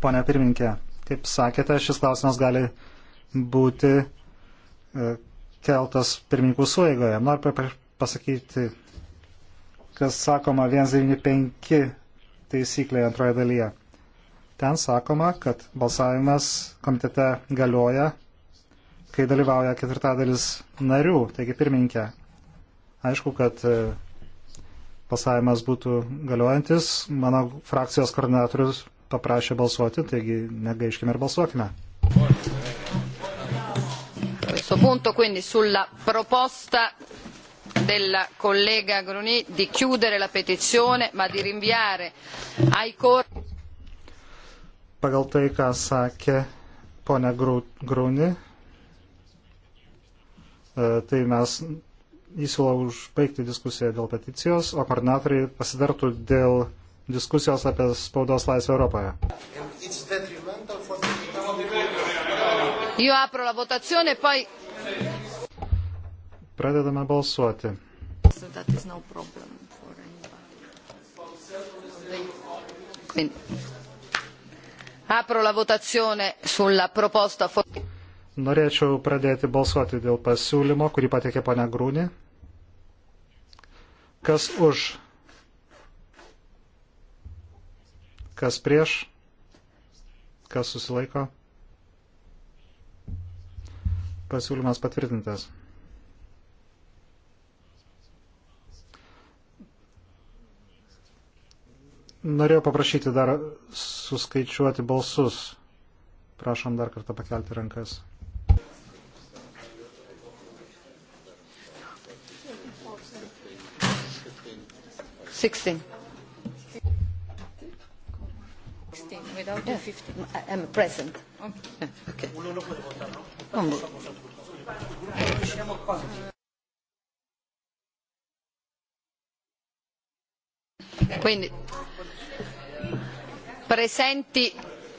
Pone pirmininkė, kaip sakėte, šis klausimas gali būti e, keltas pirmininkų suėgoje. Noriu pasakyti, kas sakoma 195 taisyklėje antroje dalyje. Ten sakoma, kad balsavimas komitete galioja kai dalyvauja ketvirtadalis narių. Taigi pirmininkė, aišku, kad pasavimas e, būtų galiojantis. Mano frakcijos koordinatorius paprašė balsuoti, taigi negaiškime ir balsuokime. Questo punto quindi sulla proposta della collega Gruni di chiudere la petizione ma di rinviare ai corpi. Pagal tai, ką sakė ponia Gruni, E, tai mes įsiūlau užbaigti diskusiją dėl peticijos, o koordinatoriai pasidartų dėl diskusijos apie spaudos laisvę Europoje. E poi... Pradedame balsuoti. So no Apro la votazione sulla proposta. For... Norėčiau pradėti balsuoti dėl pasiūlymo, kurį patikė pane Grūni. Kas už? Kas prieš? Kas susilaiko? Pasiūlymas patvirtintas. Norėjau paprašyti dar suskaičiuoti balsus. Prašom dar kartą pakelti rankas. 16. 16 without yeah. 15. I am present. Okay. okay. Non riusciamo quasi. Quindi presenti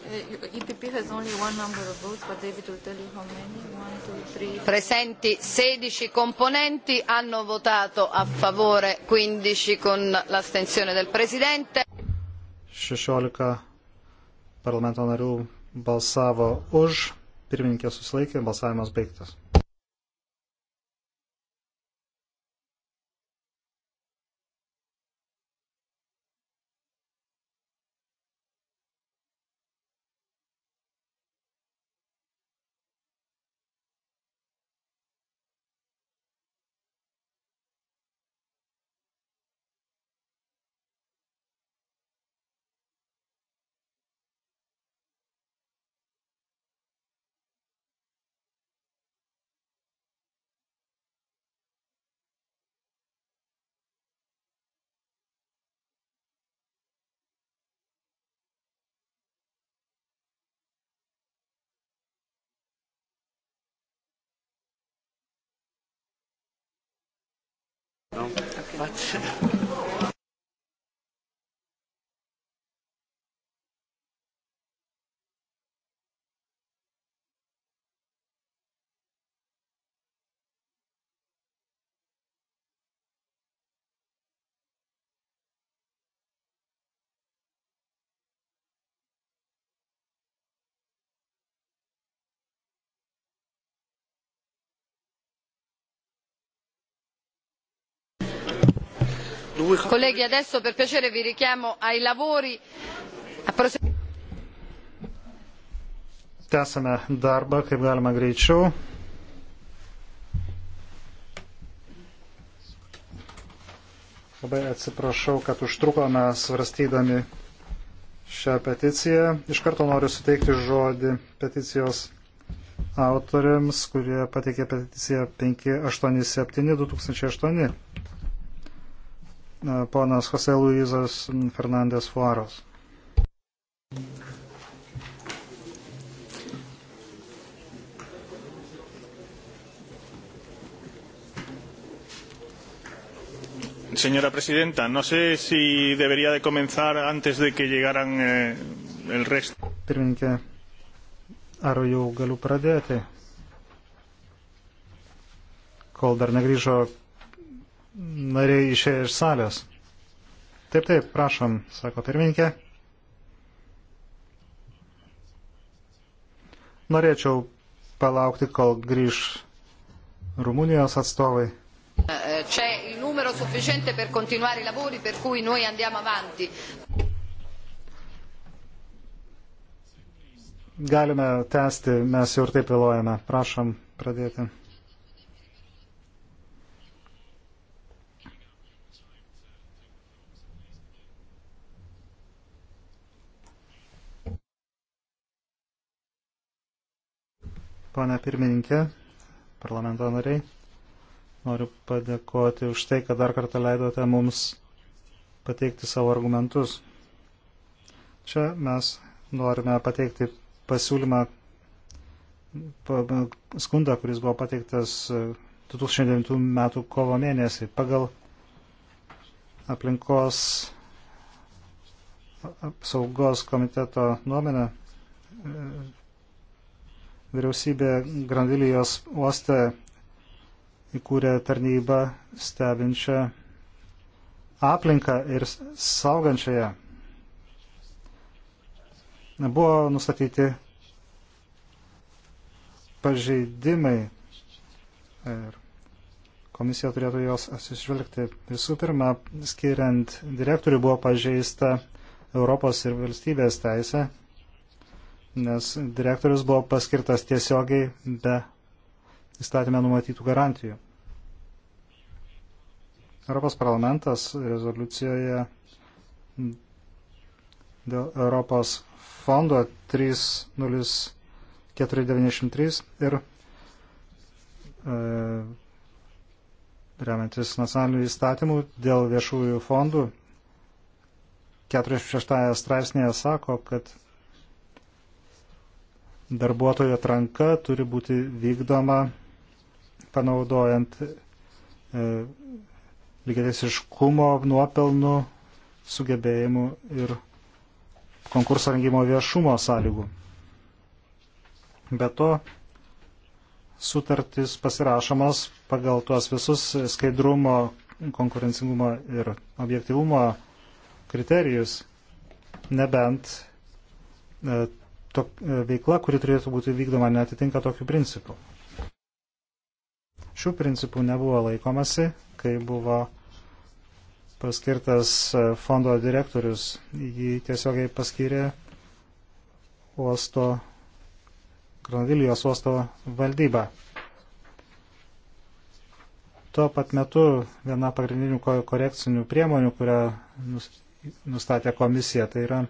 Uh, EPP has only one number of votes, but David will tell you how many. One, two, three. Presenti 16 componenti, hanno votato a favore 15 con l'astensione del Presidente. 16 parlamento narių balsavo už, pirmininkė susilaikė, balsavimas baigtas. No. Okay. [LAUGHS] Colleghi, adesso per piacere vi richiamo ai lavori. Tęsame darbą kaip galima greičiau. Labai atsiprašau, kad užtrukome svarstydami šią peticiją. Iš karto noriu suteikti žodį peticijos autoriams, kurie pateikė peticiją 587-2008 ponas Jose Luizas Fernandės Fuaros. Señora presidenta, no sé si debería de comenzar antes de que llegaran eh, el resto. Pirmininkė, ar jau galiu pradėti, kol dar negrįžo nariai išėjo iš salės. Taip, taip, prašom, sako pirmininkė. Norėčiau palaukti, kol grįž Rumunijos atstovai. C'è il numero sufficiente per continuare i lavori, per cui noi andiamo avanti. Galime tęsti, mes jau ir taip vėluojame. Prašom pradėti. Pane pirmininkė, parlamento nariai, noriu padėkoti už tai, kad dar kartą leidote mums pateikti savo argumentus. Čia mes norime pateikti pasiūlymą, skundą, kuris buvo pateiktas 2009 m. kovo mėnesį pagal aplinkos apsaugos komiteto nuomenę Vyriausybė Granvilijos uoste įkūrė tarnybą stebinčią aplinką ir saugančiąją. Buvo nustatyti pažeidimai ir komisija turėtų jos atsižvelgti. Visų pirma, skiriant direktorių buvo pažeista Europos ir valstybės teisė nes direktorius buvo paskirtas tiesiogiai be įstatymę numatytų garantijų. Europos parlamentas rezoliucijoje dėl Europos fondo 30493 ir e, remiantis nacionalinių įstatymų dėl viešųjų fondų 46 straipsnėje sako, kad darbuotojo atranka turi būti vykdoma panaudojant e, lygiateisiškumo nuopelnų sugebėjimų ir konkurso rengimo viešumo sąlygų. Be to, sutartys pasirašomas pagal tuos visus skaidrumo, konkurencingumo ir objektivumo kriterijus, nebent e, tok, e, veikla, kuri turėtų būti vykdoma, netitinka tokių principų. Šių principų nebuvo laikomasi, kai buvo paskirtas e, fondo direktorius. Jį tiesiogiai paskyrė uosto, Granadilijos uosto valdyba. Tuo pat metu viena pagrindinių korekcinių priemonių, kurią nustatė komisija, tai yra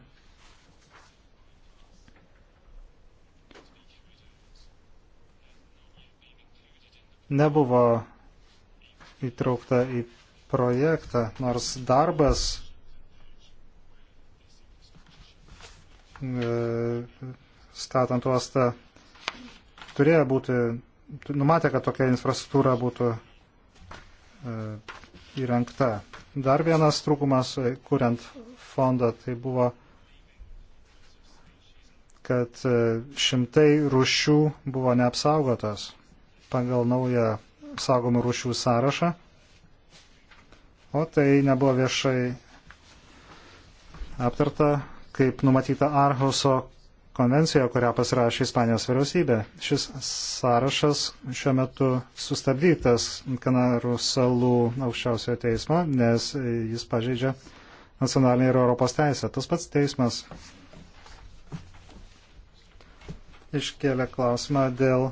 nebuvo įtraukta į projektą, nors darbas e, statant uostą turėjo būti, numatė, kad tokia infrastruktūra būtų e, įrengta. Dar vienas trūkumas, e, kuriant fondą, tai buvo, kad šimtai rušių buvo neapsaugotas pagal naują saugomų rūšių sąrašą, o tai nebuvo viešai aptarta, kaip numatyta Arhuso konvencijoje, kurią pasirašė Ispanijos vyriausybė. Šis sąrašas šiuo metu sustabdytas Kanarų salų aukščiausiojo teismo, nes jis pažeidžia nacionalinį ir Europos teisę. Tas pats teismas iškėlė klausimą dėl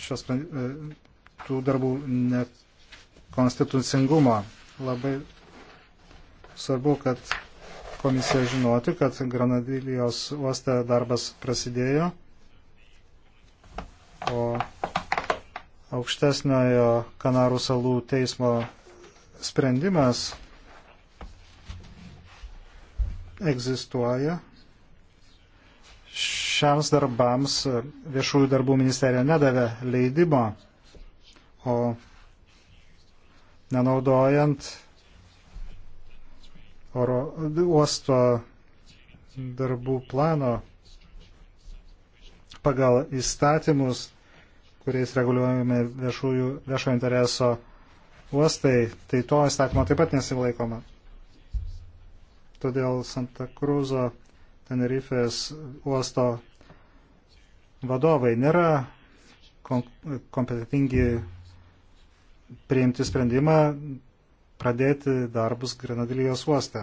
šios, e, tų darbų nekonstitucingumo. Labai svarbu, kad komisija žinoti, kad Granadilijos uoste darbas prasidėjo, o aukštesniojo Kanarų salų teismo sprendimas egzistuoja šiams darbams viešųjų darbų ministerija nedavė leidimo, o nenaudojant oro uosto darbų plano pagal įstatymus, kuriais reguliuojami viešųjų, viešo intereso uostai, tai to įstatymo taip pat nesilaikoma. Todėl Santa Cruzo Tenerifės uosto vadovai nėra kompetitingi priimti sprendimą pradėti darbus Grenadilijos uoste.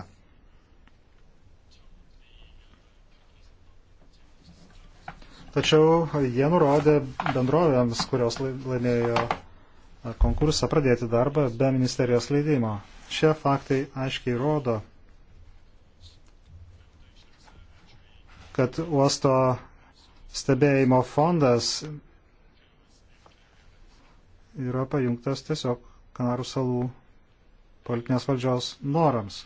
Tačiau jie nurodė bendrovėms, kurios laimėjo konkursą, pradėti darbą be ministerijos leidimo. Šie faktai aiškiai rodo, kad uosto stebėjimo fondas yra pajungtas tiesiog Kanarų salų politinės valdžios norams.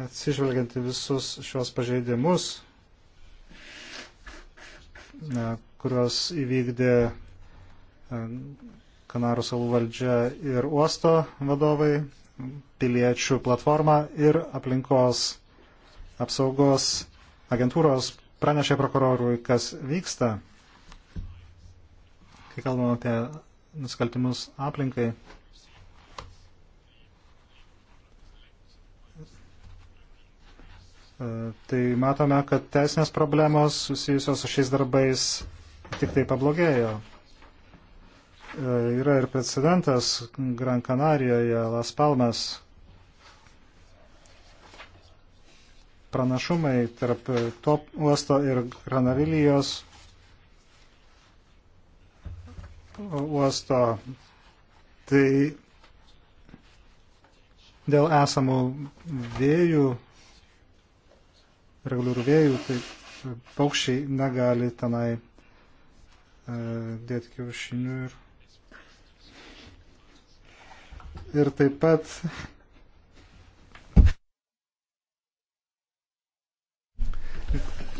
Atsižvelgiant į visus šios pažeidimus, kuriuos įvykdė e, Kanarų salų valdžia ir uosto vadovai, piliečių platforma ir aplinkos apsaugos agentūros pranešė prokurorui, kas vyksta, kai kalbam apie nusikaltimus aplinkai. E, tai matome, kad teisinės problemos susijusios su šiais darbais tik tai pablogėjo. E, yra ir precedentas Gran Kanarijoje, Las Palmas, pranašumai tarp to uosto ir Granavilijos uosto. Tai dėl esamų vėjų, reguliarių vėjų, tai paukščiai negali tenai e, dėti kiaušinių ir. Ir taip pat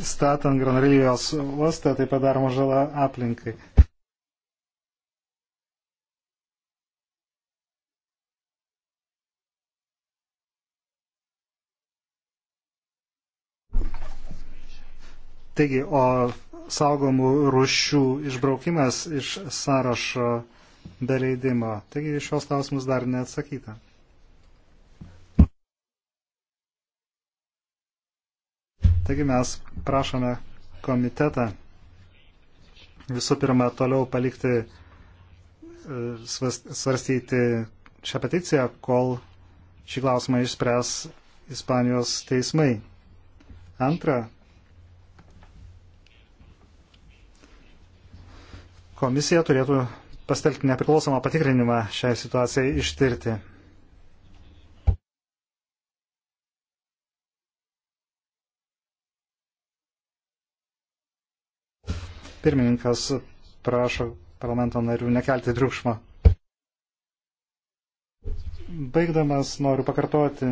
statant Granalijos uostą, tai padaroma žala aplinkai. Taigi, o saugomų rušių išbraukimas iš sąrašo be leidimo. Taigi, šios klausimus dar neatsakyta. Taigi mes prašome komitetą visų pirma toliau palikti e, svarstyti šią peticiją, kol šį klausimą išspręs Ispanijos teismai. Antra, komisija turėtų pastelti nepriklausomą patikrinimą šiai situacijai ištirti. Pirmininkas prašo parlamento narių nekelti triukšmą. Baigdamas noriu pakartoti,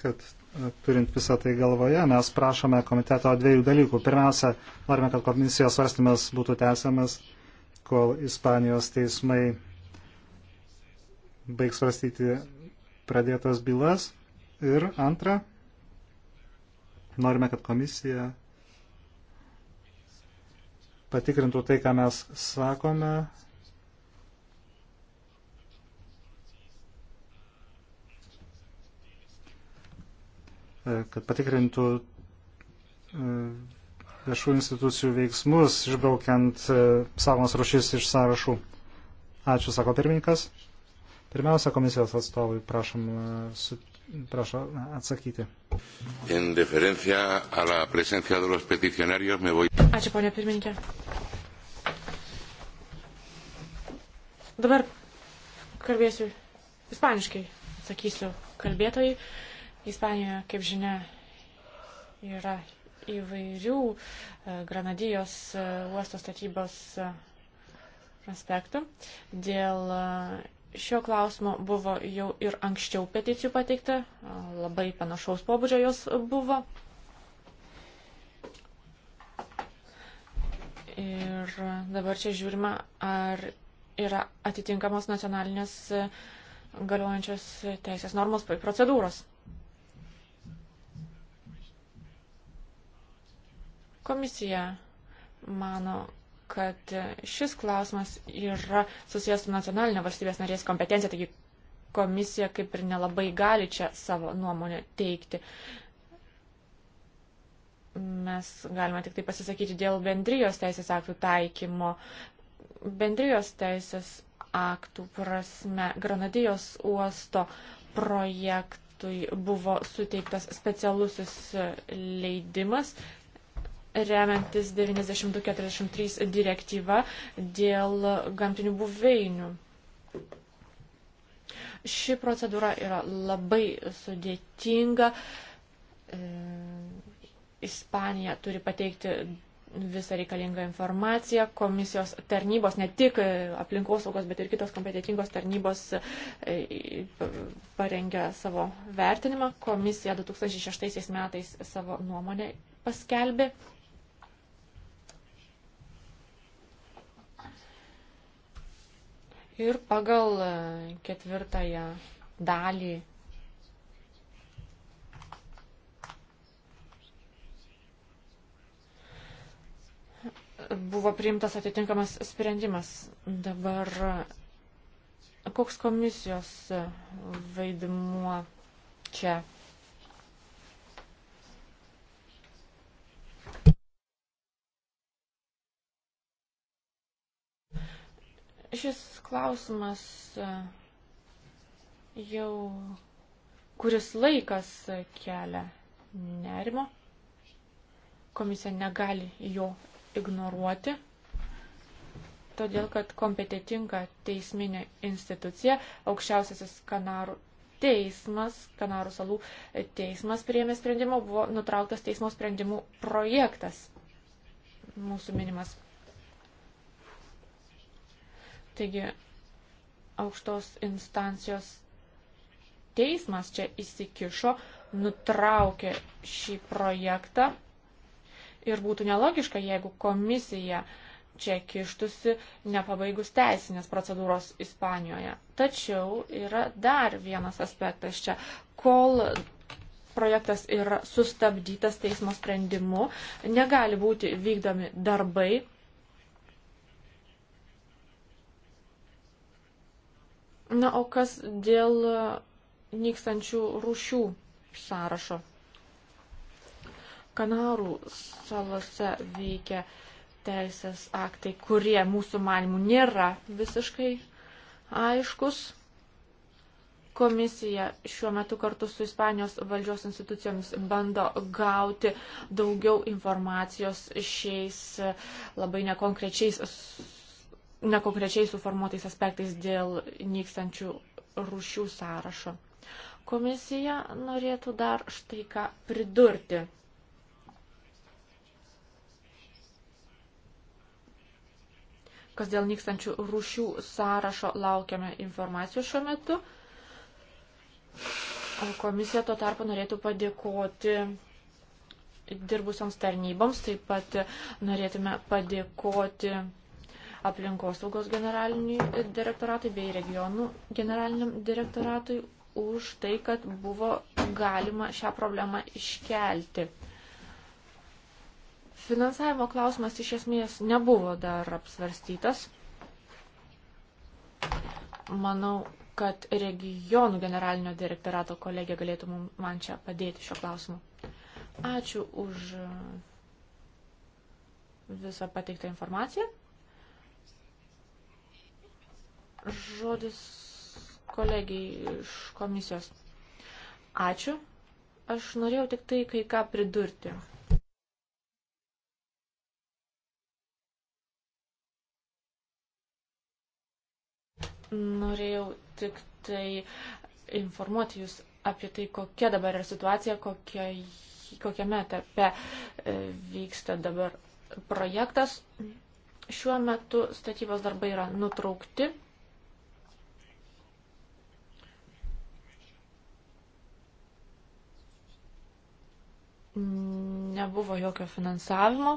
kad e, turint visą tai galvoje, mes prašome komiteto dviejų dalykų. Pirmiausia, norime, kad komisijos svarstymas būtų tęsiamas, kol Ispanijos teismai baigs svarstyti pradėtas bylas. Ir antra, norime, kad komisija patikrintų tai, ką mes sakome. E, kad patikrintų e, viešų institucijų veiksmus, išbraukiant e, savos rušys iš sąrašų. Ačiū, sako pirmininkas. Pirmiausia, komisijos atstovui prašom su, Prašau atsakyti. Ačiū, ponė pirmininkė. Dabar kalbėsiu ispaniškai, atsakysiu kalbėtojai. Ispanijoje, kaip žinia, yra įvairių e, Granadijos e, uosto statybos e, aspektų. Dėl šio klausimo buvo jau ir anksčiau peticijų pateikta, labai panašaus pobūdžio jos buvo. Ir dabar čia žiūrima, ar yra atitinkamos nacionalinės galiojančios teisės normos procedūros. Komisija mano, kad šis klausimas yra susijęs su nacionalinė valstybės narės kompetencija, taigi komisija kaip ir nelabai gali čia savo nuomonę teikti. Mes galime tik tai pasisakyti dėl bendrijos teisės aktų taikymo. Bendrijos teisės aktų prasme Granadijos uosto projektui buvo suteiktas specialusis leidimas remiantis 9243 direktyva dėl gamtinių buveinių. Ši procedūra yra labai sudėtinga. E, Ispanija turi pateikti visą reikalingą informaciją. Komisijos tarnybos, ne tik aplinkosaugos, bet ir kitos kompetitingos tarnybos e, parengia savo vertinimą. Komisija 2006 metais savo nuomonę paskelbė. Ir pagal e, ketvirtąją dalį buvo priimtas atitinkamas sprendimas. Dabar e, koks komisijos e, vaidmuo čia Šis klausimas e, jau kuris laikas kelia nerimo. Komisija negali jo ignoruoti, todėl kad kompetitinga teisminė institucija, aukščiausiasis Kanarų teismas, Kanarų salų teismas priėmė sprendimą, buvo nutrauktas teismo sprendimų projektas mūsų minimas Taigi aukštos instancijos teismas čia įsikišo, nutraukė šį projektą ir būtų nelogiška, jeigu komisija čia kištusi nepabaigus teisinės procedūros Ispanijoje. Tačiau yra dar vienas aspektas čia. Kol projektas yra sustabdytas teismo sprendimu, negali būti vykdomi darbai Na, o kas dėl e, nykstančių rūšių sąrašo? Kanarų salose veikia teisės aktai, kurie mūsų manimų nėra visiškai aiškus. Komisija šiuo metu kartu su Ispanijos valdžios institucijomis bando gauti daugiau informacijos šiais e, labai nekonkrečiais nekonkrečiai suformuotais aspektais dėl nykstančių rūšių sąrašo. Komisija norėtų dar štai ką pridurti. Kas dėl nykstančių rūšių sąrašo laukiame informacijos šiuo metu. O komisija tuo tarpu norėtų padėkoti dirbusioms tarnyboms, taip pat norėtume padėkoti aplinkosaugos generaliniui direktoratui bei regionų generaliniam direktoratui už tai, kad buvo galima šią problemą iškelti. Finansavimo klausimas iš esmės nebuvo dar apsvarstytas. Manau, kad regionų generalinio direktorato kolegė galėtų man čia padėti šio klausimu. Ačiū už visą pateiktą informaciją. Žodis kolegijai iš komisijos. Ačiū. Aš norėjau tik tai kai ką pridurti. Norėjau tik tai informuoti Jūs apie tai, kokia dabar yra situacija, kokia, kokiame etape e, vyksta dabar projektas. Šiuo metu statybos darbai yra nutraukti Mm, nebuvo jokio finansavimo.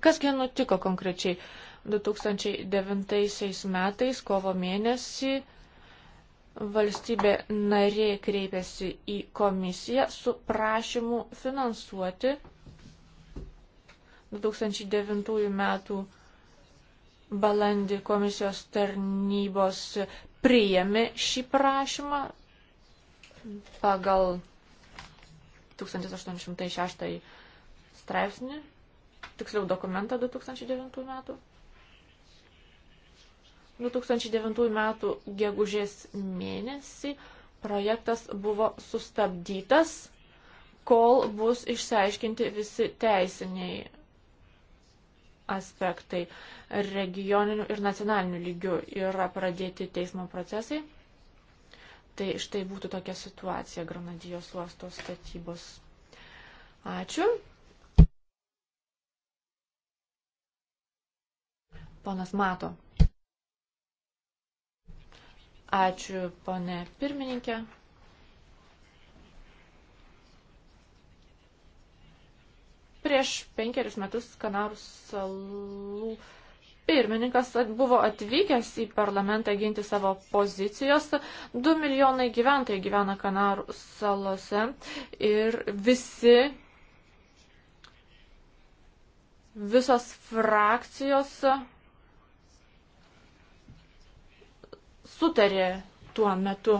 Kasgi nutiko konkrečiai? 2009 metais, kovo mėnesį, valstybė narė kreipėsi į komisiją su prašymu finansuoti 2009 metų balandį komisijos tarnybos priėmė šį prašymą pagal 1806 straipsnį, tiksliau dokumentą 2009 metų. 2009 metų gegužės mėnesį projektas buvo sustabdytas, kol bus išsiaiškinti visi teisiniai aspektai regioninių ir nacionalinių lygių yra pradėti teismo procesai. Tai štai būtų tokia situacija Granadijos uosto statybos. Ačiū. Ponas Mato. Ačiū, ponė pirmininkė. Prieš penkerius metus Kanarų salų pirmininkas buvo atvykęs į parlamentą ginti savo pozicijos. 2 milijonai gyventojai gyvena Kanarų salose ir visi, visos frakcijos sutarė tuo metu.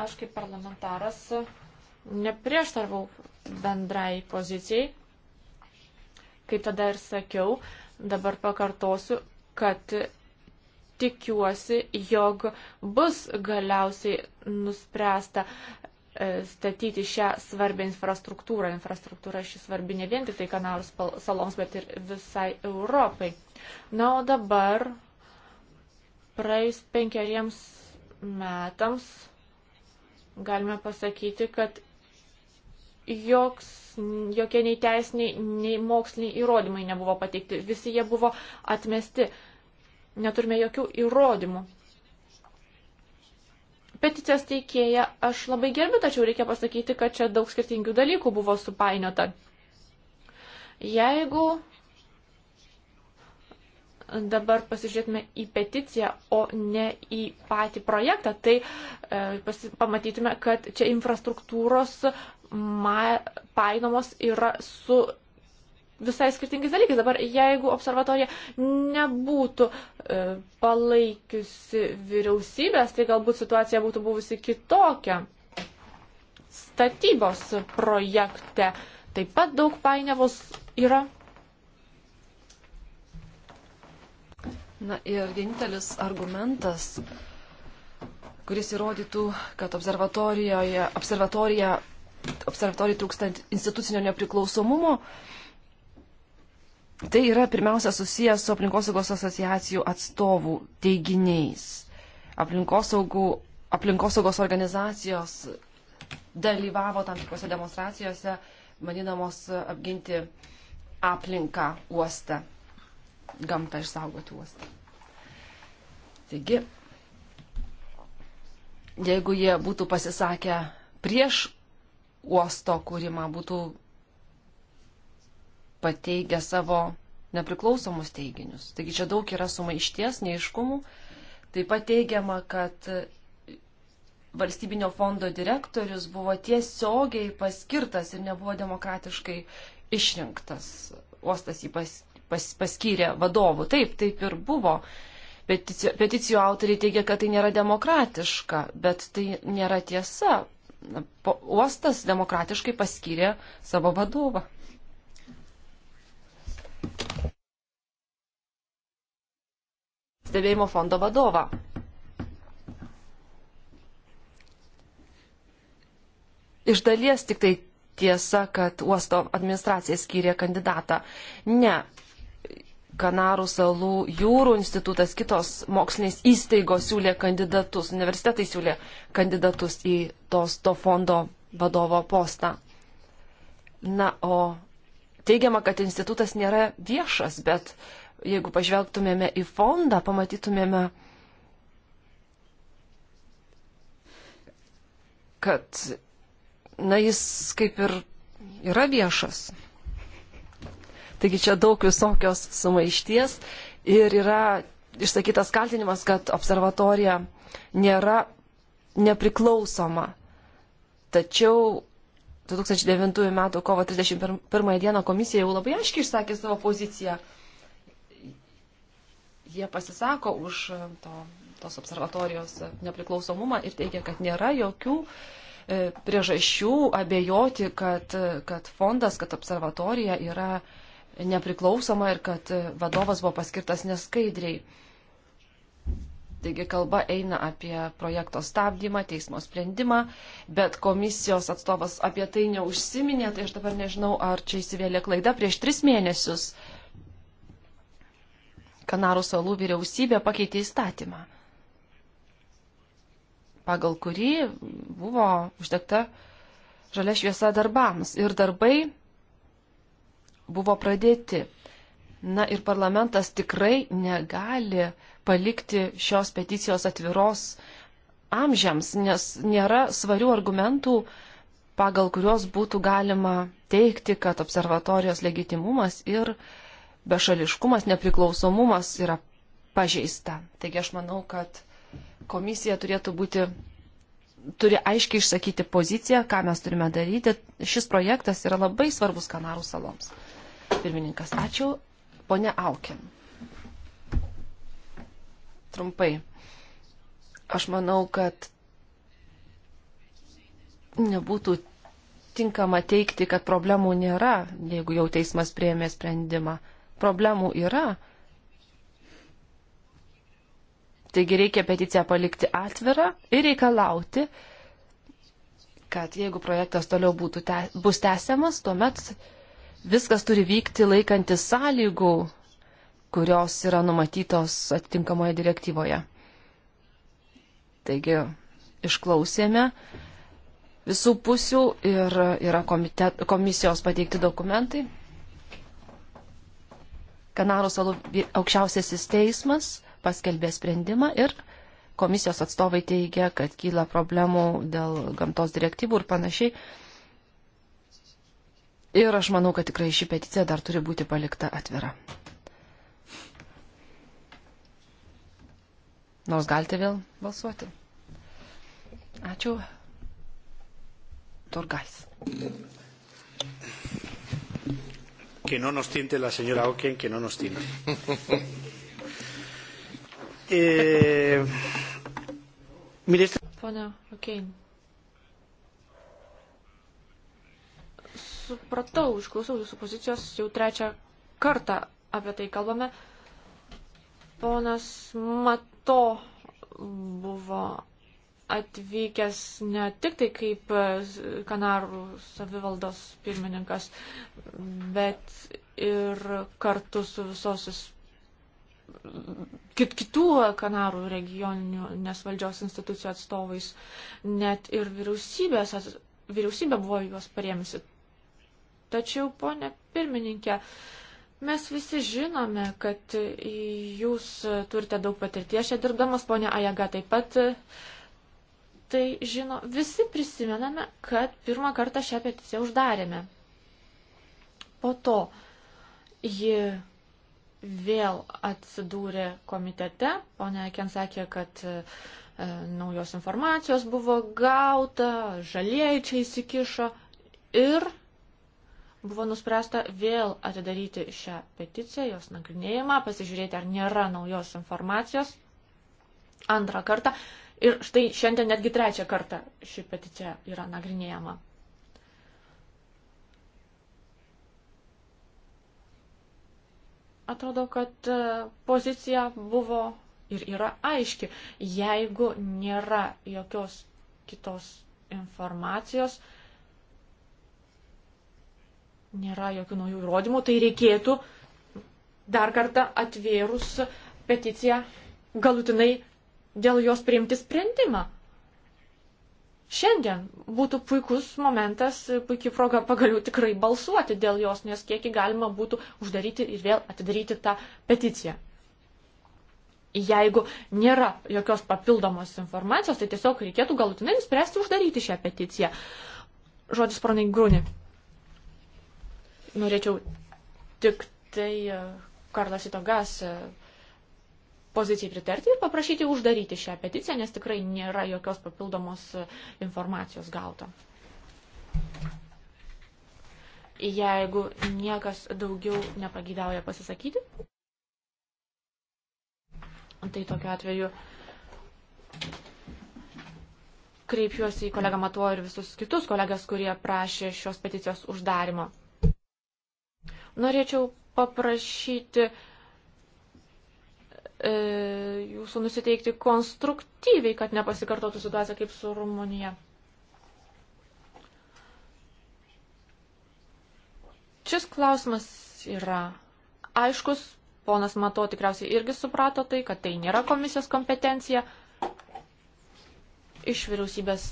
Aš kaip parlamentaras neprieštarvau bendrai pozicijai. Kaip tada ir sakiau, dabar pakartosiu, kad tikiuosi, jog bus galiausiai nuspręsta e, statyti šią svarbę infrastruktūrą. Infrastruktūra šį svarbi ne vien tik tai kanalų saloms, bet ir visai Europai. Na, o dabar praėjus penkeriems metams galime pasakyti, kad joks, jokie nei teisiniai, nei moksliniai įrodymai nebuvo pateikti. Visi jie buvo atmesti. Neturime jokių įrodymų. Peticijos teikėja aš labai gerbiu, tačiau reikia pasakyti, kad čia daug skirtingų dalykų buvo supainiota. Jeigu dabar pasižiūrėtume į peticiją, o ne į patį projektą, tai e, pasi, pamatytume, kad čia infrastruktūros painamos yra su visai skirtingais dalykais. Dabar jeigu observatorija nebūtų e, palaikiusi vyriausybės, tai galbūt situacija būtų buvusi kitokia. Statybos projekte taip pat daug painiavos yra. Na ir vienintelis argumentas, kuris įrodytų, kad observatorija observatorijai trūkstant institucinio nepriklausomumo, tai yra pirmiausia susijęs su aplinkosaugos asociacijų atstovų teiginiais. Aplinkosaugos organizacijos dalyvavo tam tikrose demonstracijose, manydamos e, apginti aplinką uostą, gamtą išsaugoti uostą. Taigi, jeigu jie būtų pasisakę prieš uosto kūrimą, būtų pateikę savo nepriklausomus teiginius. Taigi čia daug yra sumaišties, neiškumų. Taip pat teigiama, kad valstybinio fondo direktorius buvo tiesiogiai paskirtas ir nebuvo demokratiškai išrinktas. Uostas jį pas, pas, paskyrė vadovų. Taip, taip ir buvo. Peticijų, peticijų autoriai teigia, kad tai nėra demokratiška, bet tai nėra tiesa uostas demokratiškai paskyrė savo vadovą. Stebėjimo fondo vadovą. Iš dalies tik tai tiesa, kad uosto administracija skyrė kandidatą. Ne, Kanarų salų jūrų institutas, kitos mokslinės įstaigos siūlė kandidatus, universitetai siūlė kandidatus į tos, to fondo vadovo postą. Na, o teigiama, kad institutas nėra viešas, bet jeigu pažvelgtumėme į fondą, pamatytumėme, kad, na, jis kaip ir yra viešas. Taigi čia daug visokios sumaišties ir yra išsakytas kaltinimas, kad observatorija nėra nepriklausoma. Tačiau 2009 m. kovo 31 d. komisija jau labai aiškiai išsakė savo poziciją. Jie pasisako už to, tos observatorijos nepriklausomumą ir teigia, kad nėra jokių e, priežasčių abejoti, kad, kad fondas, kad observatorija yra nepriklausoma ir kad vadovas buvo paskirtas neskaidriai. Taigi kalba eina apie projekto stabdymą, teismo sprendimą, bet komisijos atstovas apie tai neužsiminė, tai aš dabar nežinau, ar čia įsivėlė klaida. Prieš tris mėnesius Kanarų salų vyriausybė pakeitė įstatymą, pagal kurį buvo uždegta žalia šviesa darbams. Ir darbai buvo pradėti. Na ir parlamentas tikrai negali palikti šios peticijos atviros amžiams, nes nėra svarių argumentų, pagal kurios būtų galima teikti, kad observatorijos legitimumas ir bešališkumas, nepriklausomumas yra pažeista. Taigi aš manau, kad komisija turėtų būti, turi aiškiai išsakyti poziciją, ką mes turime daryti. Šis projektas yra labai svarbus Kanarų saloms. Pirmininkas, ačiū. Pone Aukin. Trumpai. Aš manau, kad nebūtų tinkama teikti, kad problemų nėra, jeigu jau teismas prieėmė sprendimą. Problemų yra. Taigi reikia peticiją palikti atvirą ir reikalauti, kad jeigu projektas toliau būtų te, bus tęsiamas, tuomet viskas turi vykti laikantis sąlygų, kurios yra numatytos atitinkamoje direktyvoje. Taigi, išklausėme visų pusių ir yra komitet, komisijos pateikti dokumentai. Kanarų salų aukščiausiasis teismas paskelbė sprendimą ir komisijos atstovai teigia, kad kyla problemų dėl gamtos direktyvų ir panašiai. Ir aš manau, kad tikrai ši peticija dar turi būti palikta atvira. Nors galite vėl balsuoti. Ačiū. Turgais. Que no nos tinte la señora Oken, que no nos tinte. [LAUGHS] eh, mire, esta... Pone Oken. Okay. supratau, išklausau jūsų pozicijos, jau trečią kartą apie tai kalbame. Ponas Mato buvo atvykęs ne tik tai kaip e, Kanarų savivaldos pirmininkas, bet ir kartu su visosis kit, kitų Kanarų regioninių nesvaldžios institucijų atstovais, net ir vyriausybės, vyriausybė buvo juos parėmusi. Tačiau, ponė pirmininkė, mes visi žinome, kad jūs turite daug patirties čia dirbdamas, ponė Ajaga taip pat. E, tai žino, visi prisimename, kad pirmą kartą šią peticiją uždarėme. Po to ji vėl atsidūrė komitete. Pone Ken sakė, kad e, naujos informacijos buvo gauta, žalieji čia įsikišo ir buvo nuspręsta vėl atidaryti šią peticiją, jos nagrinėjimą, pasižiūrėti, ar nėra naujos informacijos. Antrą kartą. Ir štai šiandien netgi trečią kartą ši peticija yra nagrinėjama. Atrodo, kad e, pozicija buvo ir yra aiški. Jeigu nėra jokios kitos informacijos, uh, nėra jokių naujų įrodymų, tai reikėtų dar kartą atvėrus peticiją galutinai dėl jos priimti sprendimą. Šiandien būtų puikus momentas, puikia proga pagaliau tikrai balsuoti dėl jos, nes kiek galima būtų uždaryti ir vėl atidaryti tą peticiją. Jeigu nėra jokios papildomos informacijos, tai tiesiog reikėtų galutinai nuspręsti uždaryti šią peticiją. Žodis pranai grūni. Norėčiau tik tai e, Karlas Itogas e, pozicijai pritarti ir paprašyti uždaryti šią peticiją, nes tikrai nėra jokios papildomos e, informacijos gauta. Jeigu niekas daugiau nepagydauja pasisakyti, tai tokiu atveju kreipiuosi į kolegą Matuo ir visus kitus kolegas, kurie prašė šios peticijos uždarimo. Norėčiau paprašyti e, jūsų nusiteikti konstruktyviai, kad nepasikartotų situacija kaip su Rumunija. Šis klausimas yra aiškus, ponas Mato tikriausiai irgi suprato tai, kad tai nėra komisijos kompetencija. Iš vyriausybės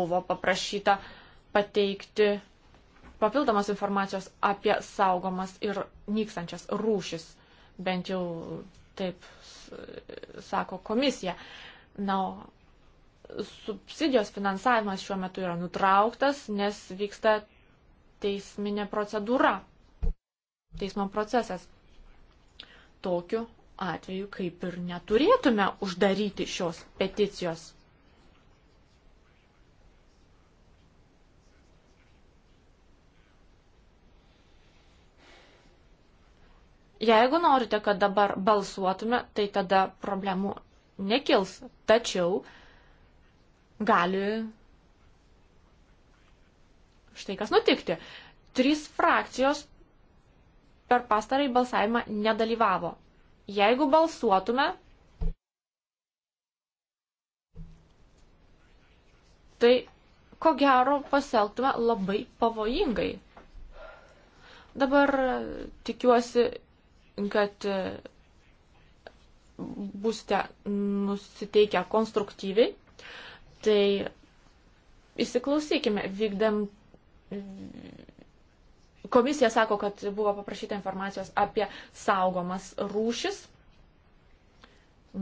buvo paprašyta pateikti papildomos informacijos apie saugomas ir nykstančias rūšis, bent jau taip sako komisija. Na, subsidijos finansavimas šiuo metu yra nutrauktas, nes vyksta teisminė procedūra, teismo procesas. Tokiu atveju kaip ir neturėtume uždaryti šios peticijos. Jeigu norite, kad dabar balsuotume, tai tada problemų nekils. Tačiau gali štai kas nutikti. Trys frakcijos per pastarąjį balsavimą nedalyvavo. Jeigu balsuotume, tai ko gero pasielgtume labai pavojingai. Dabar tikiuosi kad e, būsite nusiteikę konstruktyviai, tai įsiklausykime, vykdam. Komisija sako, kad buvo paprašyta informacijos apie saugomas rūšis.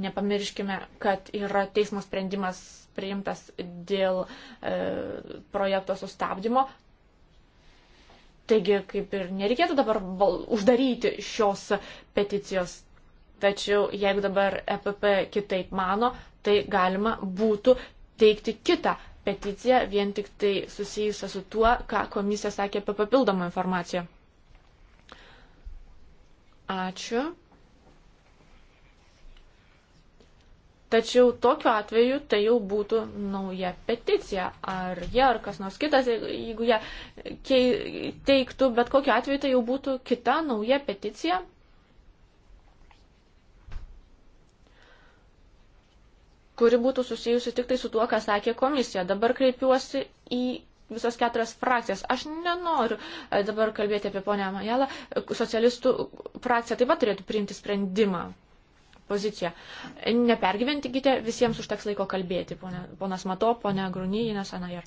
Nepamirškime, kad yra teismo sprendimas priimtas dėl e, projekto sustabdymo. Taigi, kaip ir nereikėtų dabar uždaryti šios peticijos. Tačiau, jeigu dabar EPP kitaip mano, tai galima būtų teikti kitą peticiją, vien tik tai susijusią su tuo, ką komisija sakė apie papildomą informaciją. Ačiū. Tačiau tokiu atveju tai jau būtų nauja peticija. Ar jie, ar kas nors kitas, jeigu jie teiktų, bet kokiu atveju tai jau būtų kita nauja peticija. kuri būtų susijusi tik tai su tuo, ką sakė komisija. Dabar kreipiuosi į visas keturias frakcijas. Aš nenoriu e, dabar kalbėti apie ponę Majalą. Socialistų frakcija taip pat turėtų priimti sprendimą poziciją. Nepergyventikite, visiems užteks laiko kalbėti, ponas Mato, ponė Grunyjinė, Sanajer.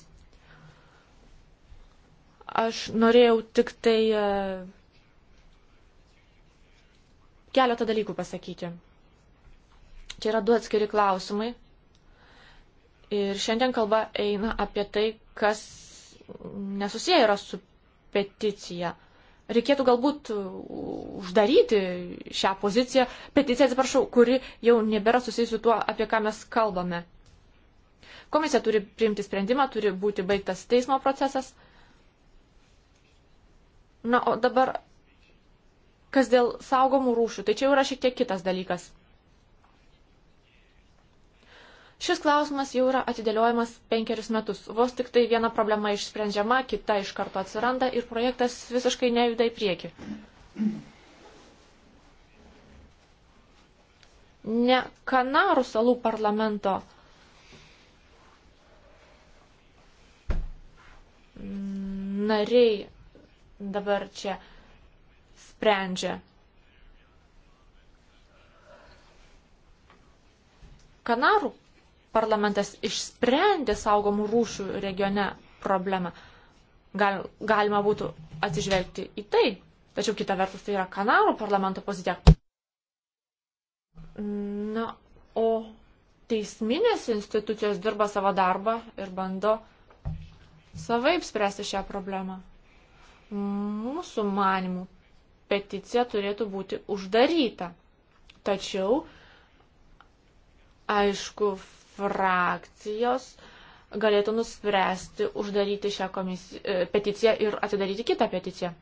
Aš norėjau tik tai e, keletą dalykų pasakyti. Čia yra du atskiri klausimai. Ir šiandien kalba eina apie tai, kas nesusiję yra su peticija reikėtų galbūt e, uždaryti šią poziciją, peticiją, atsiprašau, kuri jau nebėra susijusi tuo, apie ką mes kalbame. Komisija turi priimti sprendimą, turi būti baigtas teismo procesas. Na, o dabar, kas dėl saugomų rūšių, tai čia jau yra šiek tiek kitas dalykas. Šis klausimas jau yra atidėliojamas penkerius metus. Vos tik tai viena problema išsprendžiama, kita iš karto atsiranda ir projektas visiškai nejuda į priekį. Ne Kanarų salų parlamento nariai dabar čia sprendžia Kanarų parlamentas išsprendė saugomų rūšių regione problemą. Gal, galima būtų atsižvelgti į tai. Tačiau kita vertus tai yra Kanarų parlamento pozicija. Na, o teisminės institucijos dirba savo darbą ir bando savaip spręsti šią problemą. Mūsų manimų peticija turėtų būti uždaryta. Tačiau, aišku, frakcijos galėtų nuspręsti uždaryti šią komisiją, e, peticiją ir atidaryti kitą peticiją.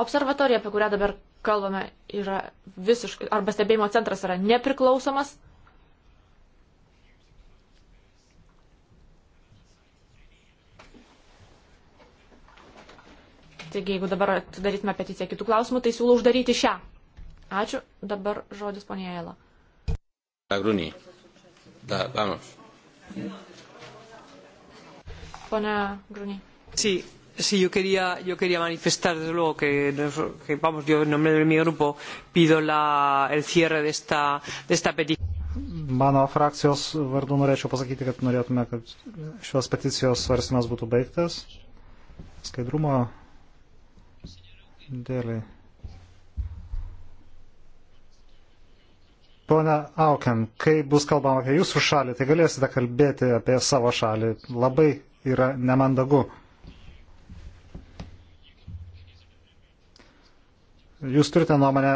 Observatorija, apie kurią dabar kalbame, yra visiškai, arba stebėjimo centras yra nepriklausomas. Taigi, jeigu dabar atidarytume peticiją kitų klausimų, tai siūlau uždaryti šią. Ačiū. Dabar žodis ponė Ela. Agrūnį. Da, vamos. Pone Gruni. Sí, Sí, yo quería, yo quería manifestar, desde luego, que, que vamos, yo en nombre de mi grupo pido la, el cierre de esta, de esta petición. Mano frakcijos vardu norėčiau pasakyti, kad norėtume, kad šios peticijos svarstymas būtų baigtas skaidrumo dėliai. Pone Auken, kai bus kalbama apie jūsų šalį, tai galėsite kalbėti apie savo šalį. Labai yra nemandagu. Jūs turite nuomonę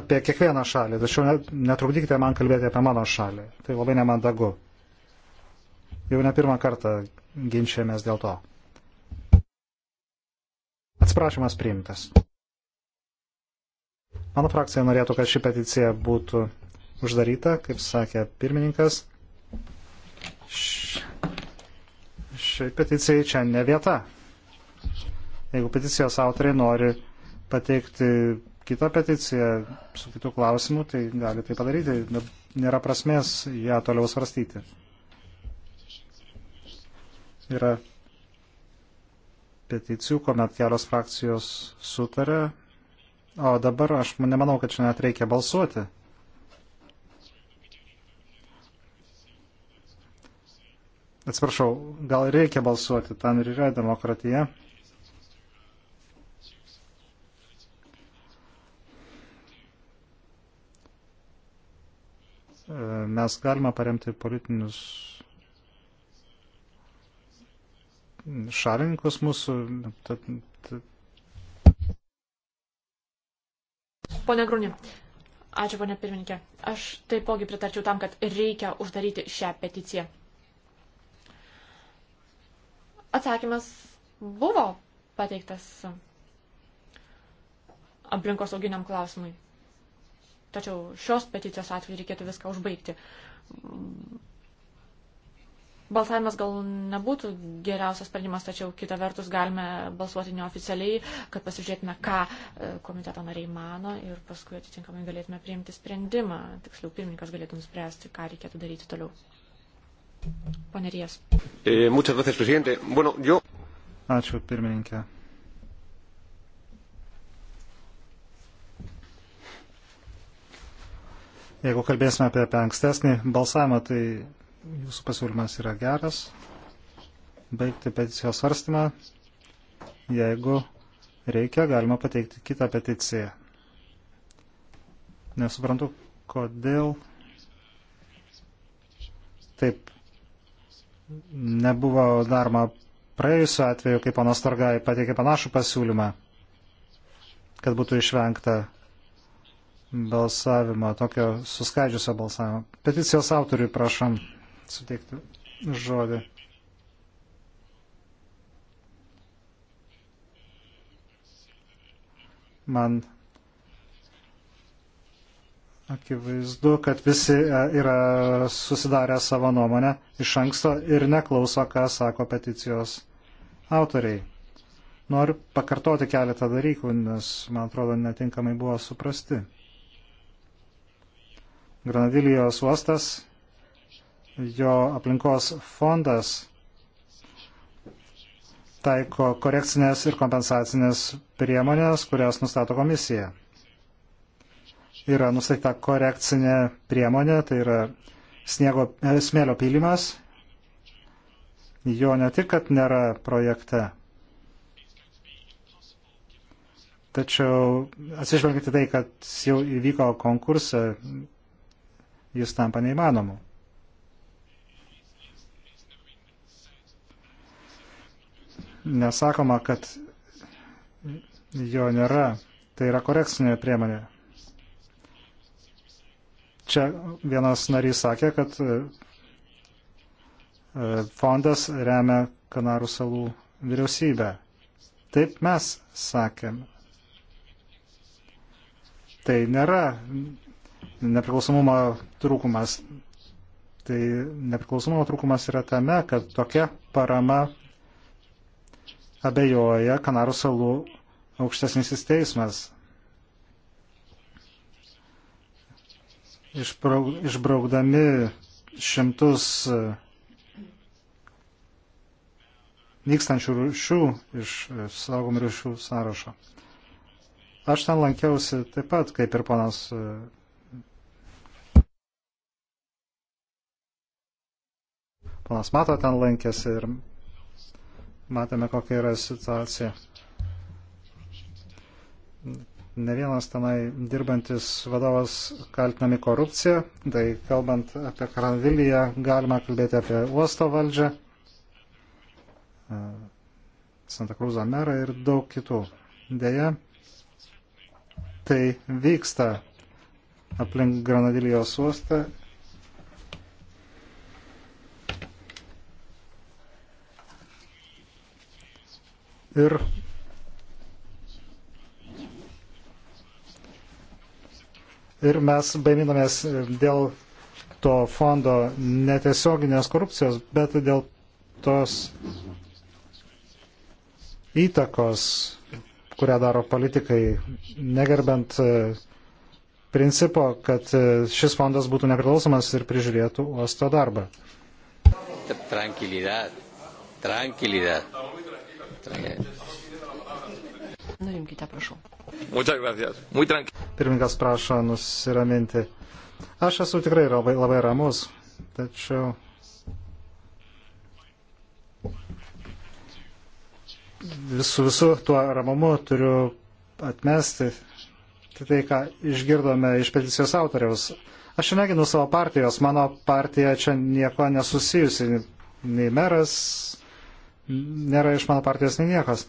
apie kiekvieną šalį, tačiau netrukdykite man kalbėti apie mano šalį. Tai labai nemandagu. Jau ne pirmą kartą ginčiamės dėl to. Atsiprašymas priimtas. Mano frakcija norėtų, kad ši peticija būtų uždaryta, kaip sakė pirmininkas. Šiai peticijai čia ne vieta. Jeigu peticijos autoriai nori pateikti kitą peticiją su kitų klausimų, tai gali tai padaryti, bet nėra prasmės ją toliau svarstyti. Yra peticijų, kuomet kelios frakcijos sutarė, o dabar aš nemanau, kad čia net reikia balsuoti. Atsiprašau, gal reikia balsuoti, ten ir yra demokratija. E, mes galime paremti politinius šalininkus mūsų. Tad, tad... Pone Grūnė, ačiū, pone pirmininkė. Aš taipogi pritarčiau tam, kad reikia uždaryti šią peticiją. Atsakymas buvo pateiktas aplinkosauginiam klausimui. Tačiau šios peticijos atveju reikėtų viską užbaigti. Balsavimas gal nebūtų geriausias sprendimas, tačiau kita vertus galime balsuoti neoficialiai, kad pasižiūrėtume, ką e, komiteto nariai mano ir paskui atitinkamai galėtume priimti sprendimą. Tiksliau, pirmininkas galėtų nuspręsti, ką reikėtų daryti toliau. Pone Rijas. Eh, Ačiū, pirmininkė. Jeigu kalbėsime apie, apie ankstesnį balsavimą, tai jūsų pasiūlymas yra geras. Baigti peticijos svarstymą. Jeigu reikia, galima pateikti kitą peticiją. Nesuprantu, kodėl taip nebuvo daroma praėjusiu atveju, kai panas Targai pateikė panašų pasiūlymą, kad būtų išvengta balsavimo, tokio suskaidžiusio balsavimo. Peticijos autoriui prašom suteikti žodį. Man Akivaizdu, kad visi e, yra susidarę savo nuomonę iš anksto ir neklauso, ką sako peticijos autoriai. Noriu pakartoti keletą dalykų, nes, man atrodo, netinkamai buvo suprasti. Granadilijos uostas, jo aplinkos fondas taiko korekcinės ir kompensacinės priemonės, kurias nustato komisija yra nustatyta korekcinė priemonė, tai yra sniego, e, smėlio pylimas. Jo ne tik, kad nėra projekte, tačiau atsižvelgiant į tai, kad jau įvyko konkursą, jis tampa neįmanomu. Nesakoma, kad jo nėra. Tai yra korekcinė priemonė. Čia vienas narys sakė, kad e, e, fondas remia Kanarų salų vyriausybę. Taip mes sakėm. Tai nėra nepriklausomumo trūkumas. Tai nepriklausomumo trūkumas yra tame, kad tokia parama abejoja Kanarų salų aukštesnis teismas. išbraukdami šimtus e, nykstančių rūšių iš e, saugomų rūšių sąrašo. Aš ten lankiausi taip pat, kaip ir ponas. E, ponas Mato ten lankėsi ir matėme, kokia yra situacija ne vienas tenai dirbantis vadovas kaltinami korupcija. Tai kalbant apie Kranvilyje, galima kalbėti apie uosto valdžią, e, Santa Cruzo merą ir daug kitų. Deja, tai vyksta aplink Granadilijos uostą. Ir ir mes baiminamės dėl to fondo netiesioginės korupcijos, bet dėl tos įtakos, kurią daro politikai, negerbent e, principo, kad e, šis fondas būtų nepriklausomas ir prižiūrėtų uosto darbą. Tranquilidad, tranquilidad. Nurimkite, prašau. Pirmininkas prašo nusiraminti. Aš esu tikrai labai, labai ramus, tačiau. Visų visų tuo ramumu turiu atmesti tai, ką išgirdome iš peticijos autoriaus. Aš čia neginu savo partijos, mano partija čia nieko nesusijusi, nei meras nėra iš mano partijos, nei niekas.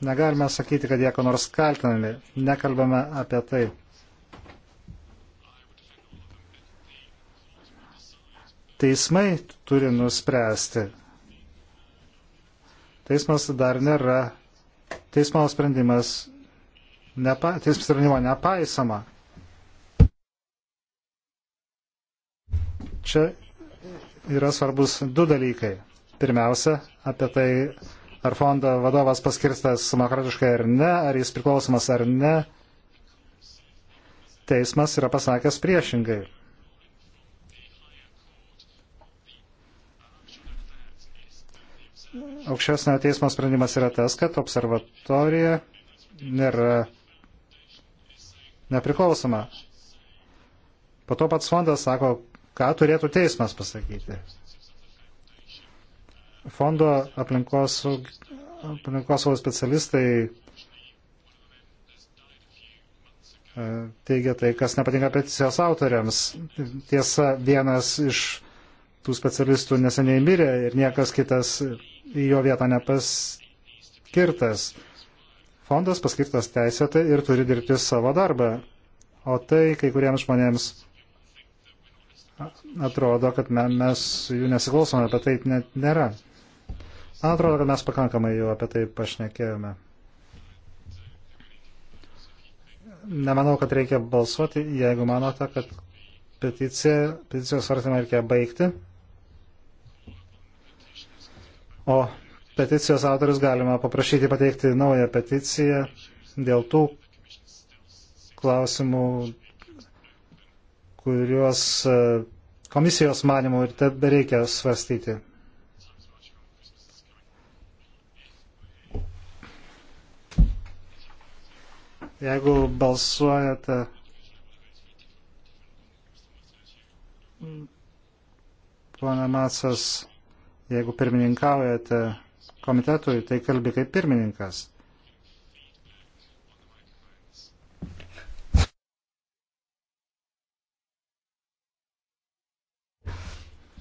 Negalime sakyti, kad jie ko nors kaltinami. Nekalbame apie tai. Teismai turi nuspręsti. Teismas dar nėra. Teismo sprendimas. Nepa, teismo sprendimo nepaisama. Čia yra svarbus du dalykai. Pirmiausia, apie tai ar fondo vadovas paskirstas demokratiškai ar ne, ar jis priklausomas ar ne, teismas yra pasakęs priešingai. Aukščiausiojo teismo sprendimas yra tas, kad observatorija nėra nepriklausoma. Po to pats fondas sako, ką turėtų teismas pasakyti fondo aplinkos, aplinkos specialistai e, teigia tai, kas nepatinka peticijos autoriams. Tiesa, vienas iš tų specialistų neseniai mirė ir niekas kitas į jo vietą nepaskirtas. Fondas paskirtas teisėtai ir turi dirbti savo darbą. O tai kai kuriems žmonėms atrodo, kad mes jų nesiklausome, bet taip net nėra. Man atrodo, kad mes pakankamai jau apie tai pašnekėjome. Nemanau, kad reikia balsuoti, jeigu manote, kad peticiją, peticijos svarstymą reikia baigti. O peticijos autorius galima paprašyti pateikti naują peticiją dėl tų klausimų, kuriuos e, komisijos manimų ir tebe reikia svarstyti. Jeigu balsuojate Pone Matsas, jeigu pirmininkaujate komitetui, tai kalbi kaip pirmininkas.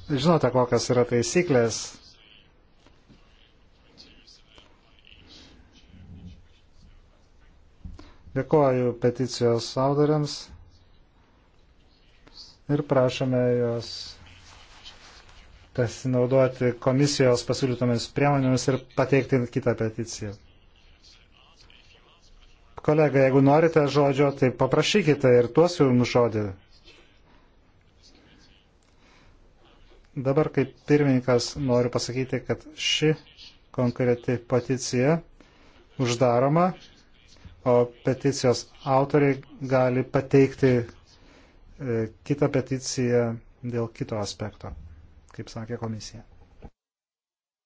Žinote, kokios yra taisyklės, Dėkoju peticijos autoriams ir prašome jos pasinaudoti komisijos pasiūlytomis priemonėmis ir pateikti kitą peticiją. Kolega, jeigu norite žodžio, tai paprašykite ir tuos jums žodį. Dabar kaip pirmininkas noriu pasakyti, kad ši konkreti peticija uždaroma o peticijos autoriai gali pateikti e, kitą peticiją dėl kito aspekto, kaip sakė komisija.